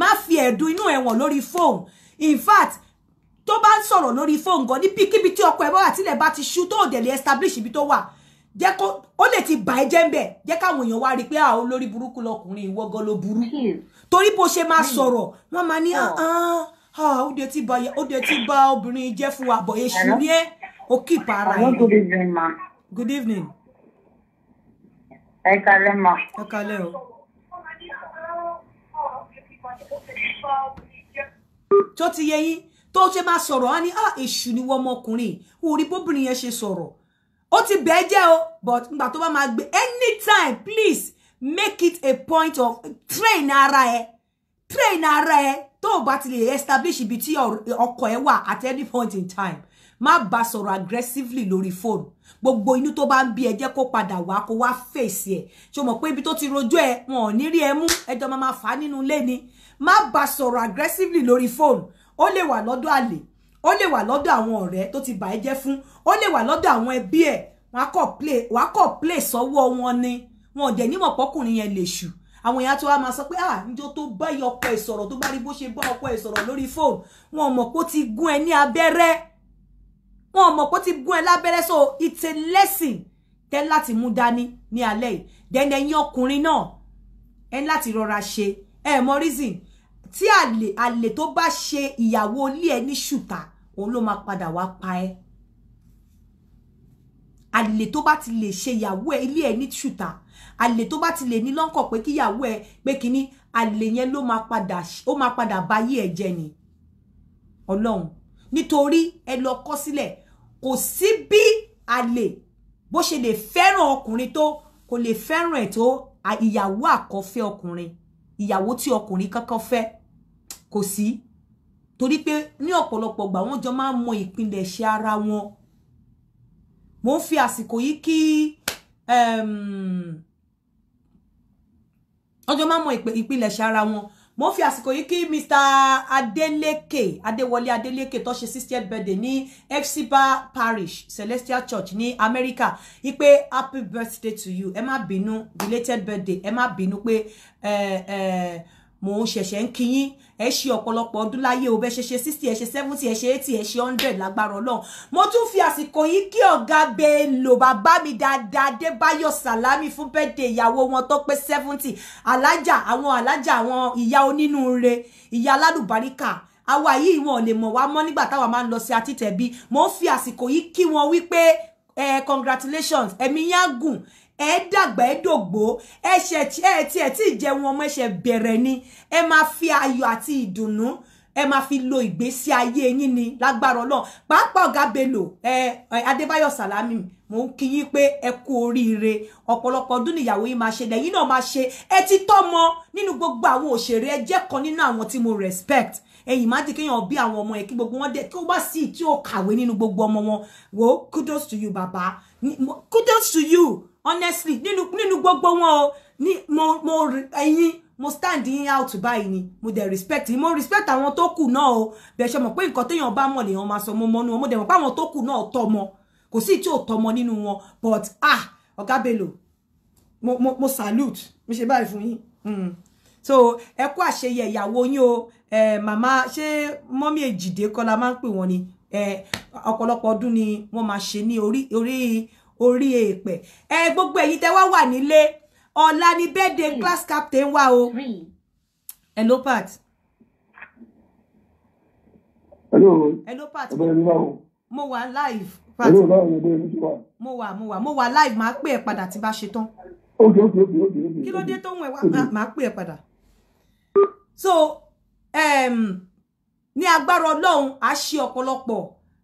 má fi inu e ẹ̀wọ̀n lórí phone in fact tó bá ń sọ̀rọ̀ lórí phone gan ní kíbi tí ọkọ ẹ bá wà tílẹ̀ bá ti ṣú tó ò establish ibi tó wà jẹ́ kó ó lè ti bà ẹ́ jẹ́ ń bẹ̀ jẹ́ káwọn èèyàn wá rí i pé àwọn ah, olórí burúkú lọkùnrin ìwọ gan ló burú hmm. torí bó ṣe máa hmm. sọ̀rọ̀ wọ́n máa ní hmm. ah, ah, ó de ti bà ó de ti ba obìnrin jẹ́ fún wa bo èṣù ni ẹ́ ó kì para ẹ̀. good evening ma. good evening. ẹ kalẹ́ ma. ẹ kalẹ́ o. tó ti yẹ yín tó ṣe máa sọ̀rọ̀ á ní èṣù ni wọ́n ọmọkùnrin orí bóbìnrin yẹn ṣe sọ̀rọ̀ ó ti bẹ́ẹ̀ o but ngbà tó bá máa gbé anytime please make it a point of train ara ẹ train ara ẹ tó o ti lè establish ibi tí ọkọ ẹ wà at any point in time Ma bá sọ̀rọ̀ aggressively lórí fóònù gbogbo inú tó bá ń bí ẹ jẹ́ wa padà wá kó wá fèsì ẹ̀ ṣé o mọ̀ pé ibi tó ti rojọ́ ẹ wọn ò ní rí ẹ mú ẹjọ́ máa máa fà á ni Ma bá sọ̀rọ̀ aggressively lórí fóònù ó lè wà lọ́dọ̀ àlè ó lè wà lọ́dọ̀ àwọn ọ̀rẹ́ tó ti bà ẹ́ jẹ́ fún ó lè wà lọ́dọ̀ àwọn ẹbí ẹ̀ wọ́n á kọ̀ play wọ́n á play sọ́wọ́ wọn ni wọn ò dẹ̀ nímọ̀ pọ́kùnrin yẹn lè ṣù àwọn èèyàn tó wá máa sọ pé ah njó tó bá yọ ọkọ ẹ sọ̀rọ̀ tó bá rí bó ṣe bá ọkọ ẹ sọ̀rọ̀ lórí fóònù wọn ò mọ̀ pé ó ti gún ẹ ní abẹ́rẹ́ wọn ò mọ̀ pé ó ti gún ẹ lábẹ́rẹ́ so it's a lesson tẹ́ láti mú dání ní alẹ́ yìí dẹ́ndẹ́ yín ọkùnrin náà ẹ láti rọra ṣe ẹ mọ reason tí àlè àlè tó bá ṣe ìyàwó ilé ẹ ní ṣùtà òun ló máa padà wá pa ẹ́ àlè tó bá ti le ṣe ìyàwó ẹ ilé ẹ ní ṣùtà àlè tó bá ti lè ní lọ́nkọ̀ pé kíyàwó ẹ pé kíní àlè yẹn ló máa padà ó máa padà báyé ẹ jẹ ni ọlọ́run nítorí ẹ lọ kọ́ sílẹ̀ kò sí bí àlè bó ṣe lè fẹ́ràn ọkùnrin tó kò lè fẹ́ràn ẹ̀ tó ìyàwó àkọ́fẹ́ ọkùnrin ìyàwó tí ọkùnrin kankan fẹ́ kò sí torí pé ní ọ̀pọ̀lọpọ̀ gbà wọ́n jọ máa ń mọ ìpilẹ̀ṣẹ̀ ara wọn mo ń fi àsìkò yìí kí ọjọ́ máa ń mọ ìpilẹ̀ṣẹ̀ ara wọn mo ń fi àsìkò yìí kí Mr Adeleke Adewole Adeleke tó ṣe sixtieth birthday ní FCBA Parish Celestial Church ní America wípé happy birthday to you ẹ má bínú belated birthday ẹ má bínú pé mo ń ṣẹ̀ṣẹ̀ ń kí ẹ ṣe ọ̀pọ̀lọpọ̀ ọdún láyé o ṣe ṣe sixty ẹ ṣe seventy ẹ ṣe eighty ẹ ṣe hundred lágbára ọlọ́run mo tún fi àsìkò yìí kí ọ̀gá Bello bàbá mi dáadáa Débáyọ̀ Sàlámì fún bẹ́ẹ̀dẹ̀ ìyàwó wọn tó pé seventy alájà àwọn alájà àwọn ìyá onínúure ìyá alálùbáríkà àwa yìí wọn ò lè mọ̀ wá mọ́ nígbà táwa máa ń lọ sí atítẹ̀bí mo ń fi àsìkò yìí kí wọn wípé eh, congratulations ẹ̀mí yá ẹ dàgbà ẹ dògbó ẹ ṣe ẹ tí ẹ tí ì jẹun ọmọ ẹ ṣe bẹ̀rẹ̀ ni ẹ máa fi ayọ̀ àti ìdùnnú ẹ máa fi lo ìgbésí ayé yín ni lágbára Ọlọ́run pàápàá ọ̀gá belò ẹ Adébáyọ̀ Sàlámì mo ń kí yín pé ẹ kú oríire ọ̀pọ̀lọpọ̀ ọdún níyàwó yín máa ṣe lẹ́yìn náà máa ṣe ẹ ti tọ́mọ nínú gbogbo àwọn òṣèré ẹ jẹ́ kan nínú àwọn tí mo respect ẹ̀yin má jẹ́ kéèyàn bí àwọn ọmọ yẹn kí gbogbo wọn dé kí ó bá sí tí ó kàwé nínú gbogbo ọmọ wọn wo kudos to you Baba. kudos to you honestly nínú nínú gbogbo wọn o ni mo mo ẹ̀yin mo stand in out báyìí ni mo dẹ̀ respect mo respect àwọn tó kù náà o bẹ́ẹ̀ ṣe mọ̀ pé nǹkan téèyàn bá mọ̀ lèèyàn máa sọ mo mọ́nú wọn mo dẹ̀ mọ̀ pé àwọn tó kù náà tọmọ kò sí tí ò tọmọ nínú wọn but ah ọ̀gá Bello mo mo mo salute mi ṣe báyìí fún yín mm. so ẹ kú àṣeyẹ ìyàwó yín o màmá ṣé mọ́mí èjìdé ko la máa ń pè wọ́n ni ọ̀pọ̀lọpọ̀ ọdún ni wọ́n máa ṣe ní orí orí orí èèpẹ̀ ẹ gbogbo ẹ̀yin tẹ́ wá wà nílé ọ̀la ni birthday hmm. class captain wa o hmm. hello pat. hello hello pat mo wà live pat mo wà mo wà mo wà live máa pè ẹ́ padà tí bá ṣe tán kí ló dé tó ń wẹ̀ pè ẹ́ padà so um, ní agbára ọlọ́run a ṣe ọ̀pọ̀lọpọ̀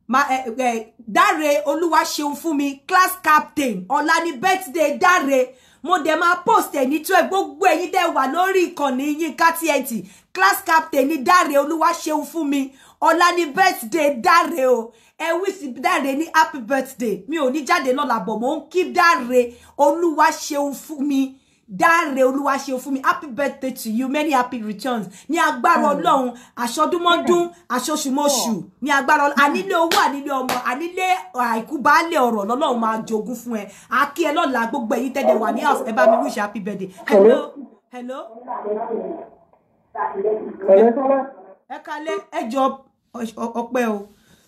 ma eh, eh, Oluwa Olúwaṣeun fún mi class captain ọ̀la ni birthday Dáre mo dẹ̀ máa post ẹ̀ ní twelve gbogbo ẹ̀yin dẹ̀ wà lórí ìkànnì Yinka TNT class captain ni Dáre Olúwaṣeun fún mi ọ̀la ni birthday Dáre o ẹ eh, wish Dáre ni happy birthday mi ò ní jáde lọ́la bọ̀ mo ń kí Dáre Olúwaṣeun fún mi dáre olúwa ṣe fún mi happy birthday to you many happy returns ní agbára ọlọ́run aṣọdúnmọ́dún aṣoṣùmọ́ṣù ní agbára ọlọ́run anílé owó anílé ọmọ anílé àìkú baálé ọ̀rọ̀ lọ́lọ́run máa jogún fún ẹ akí ẹ lọ́la gbogbo ẹ̀yin tẹ́lẹ̀ wà ní house ẹ bá mi wish happy birthday hello hello. ẹ kalẹ̀ ẹ jọ ọpẹ́ o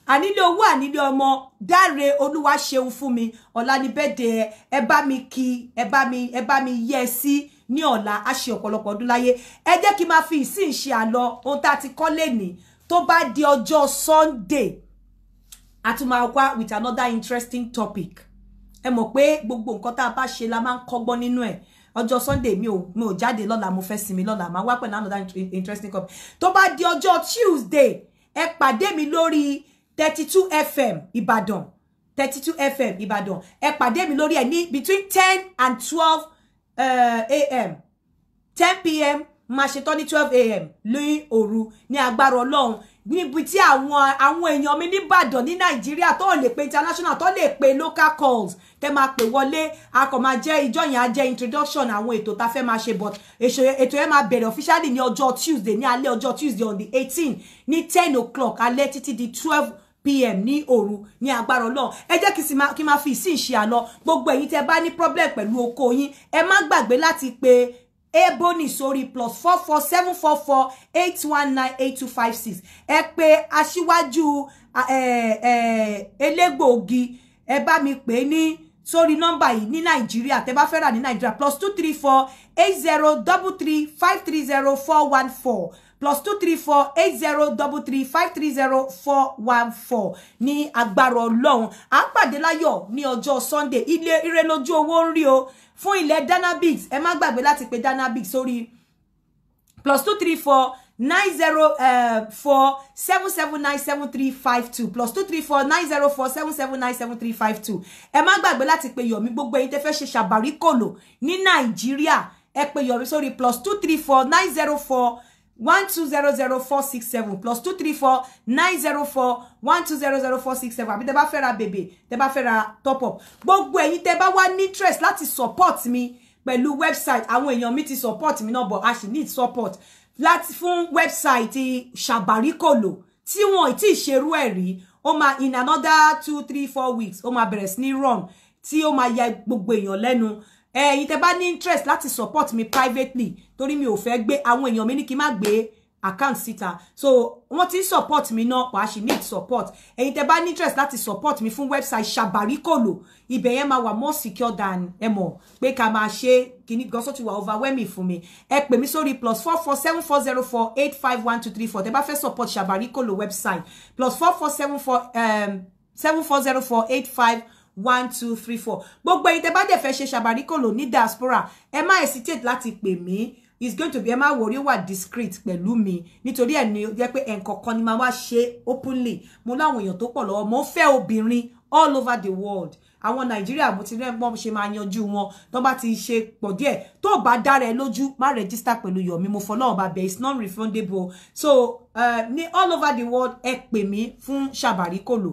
ànílé owó ànílé ọmọ dáre olúwa ṣeun fún mi ọ̀la ni bẹ́ẹ̀dẹ̀ ẹ bá mi kí ẹ bá mi ẹ bá mi yẹ sí ní a ṣe ọ̀pọ̀lọpọ̀ ọdún láyé ẹ jẹ́ kí n fi ìsìn ṣe àlọ ohun tá ti kọ́ lẹ́nìí tó bá di ọjọ́ Sunday a tún with another interesting topic ẹ mọ̀ pé gbogbo nǹkan tá a bá ṣe la máa ń kọ́gbọ́n nínú ẹ̀ sunday mi ò mi ò jáde lọ́la mo fẹ́ sinmi lọ́la màá wá pẹ̀lú another interesting topic. tó bá di ọjọ́ tuesday ẹ pàdé mi lórí thirty two fm Ibadan, thirty two fm Ibadan. ẹ pàdé mi lórí ẹ ní between ten and twelve uh, eh, am ten pm máa ṣetán ní twelve am ní òru ní agbára ni níbi tí àwọn àwọn èèyàn mi Ibadan ní Nigeria. tó lè pe international tó lè pe local calls tẹ máa pè wọlé a kò máa jẹ ìjọ yẹn á jẹ introduction àwọn eto tá fẹ́ máa ṣe but ètò yẹn máa bẹ̀rẹ̀ officially ní ọjọ́ tuesday ni alẹ́ ọjọ́ tuesday on the eighteen ni ten o'clock alẹ́ títí di twelve pm ní òru ní agbára Ọlọ́run ẹ jẹ́ kí n máa fi ìsìn ṣe àlọ gbogbo ẹ̀yin tẹ́ bá ní problem pẹ̀lú oko yín ẹ má gbàgbé láti pe ebony sórí plus four four seven four four eight one nine eight two five six ẹ pe aṣíwájú elégbòogi ẹ bá mi pè é ní sórí nọ́mbà yìí ní nàìjíríà tẹ́ bá fẹ́ rà ní nàìjíríà plus two three four eight zero double three five three zero four one four plus two three four eight zero double three five three zero four one four ni agbára ọlọ́run à ń pàdé láyọ̀ ni ọjọ́ sunday ilé ire lójú owó ń rí o fún ilẹ̀ danabix ẹ má gbàgbé láti pe danabix sórí plus two three four nine zero eh, four seven seven nine seven three five two plus two three four nine zero four seven seven nine seven three five two ẹ má gbàgbé láti pe yọ̀mí gbogbo ẹ̀yin tẹ́ fẹ́ ṣe ṣàbàríkòlò ní nàìjíríà ẹ pe yọ̀mí sórí plus two three four nine zero four one two zero zero four six seven plus two three four nine zero four one two zero zero four six seven àbí tẹ bá fẹ́ ra bèbè tẹ bá fẹ́ ra top up gbogbo ẹ̀yin tẹ bá wá ní interest láti support mi pẹ̀lú website àwọn èèyàn mi ti support mi náà but I sì need support láti fún website ṣàbáríkòlò kolo. Ti ì tí ì ṣerú ẹ̀ rí ó in another two three four weeks ó máa bẹ̀rẹ̀ sí ní run tí ó máa ya gbogbo èèyàn lẹ́nu ẹ̀yin tẹ́ bá ní interest láti support me privately torí mi ò fẹ́ gbé àwọn èèyàn mi ní kí n má gbé account síta so wọ́n ti support me náà pa she need support ẹ̀yin tẹ́ bá ní interest láti support me fún website Shabari Shabarikolo ibẹ̀ yẹn máa wà more secure than ẹ mọ̀ pé ká máa ṣe kíní gan so ti wà overwhelming fún mi ẹ pè mí sórí plus four four seven four zero four eight five one two three four tẹ́ bá fẹ́ support Shabarikolo website plus four four seven four um, seven four zero four eight five one two three four gbogbo ẹ̀yin tẹ́ bá dẹ̀ fẹ́ ṣe ṣàbàríkòlò ní diaspora ẹ má hesitate láti pè mí is going to be ẹ má worry wà discreet pẹ̀lú mi nítorí ẹ̀ ní jẹ́ pé ẹ̀ǹkọ̀kan ni màá wá ṣe openly mo láwọn èèyàn tó pọ̀ lọ́wọ́ mo fẹ́ obìnrin all over the world àwọn nàìjíríà mo ti rẹ́ bọ́n ṣe máa yanjú wọn tó bá ti ṣe pọ̀ díẹ̀ tó bá dára ẹ lójú má rẹ́gísítà pẹ̀lú yọ̀mí mo fọlọ́run bá bẹ̀ it's non refundable so uh, ní all over the world ẹ pè mí fún ṣàbàríkòlò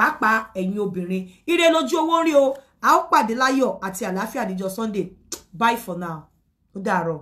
pàápàá ẹ̀yin obìnrin ire lójú owó rí o a ó pàdé láyọ̀ àti àlàáfíà níjọ́ Sunday bye for now ó dàárọ̀.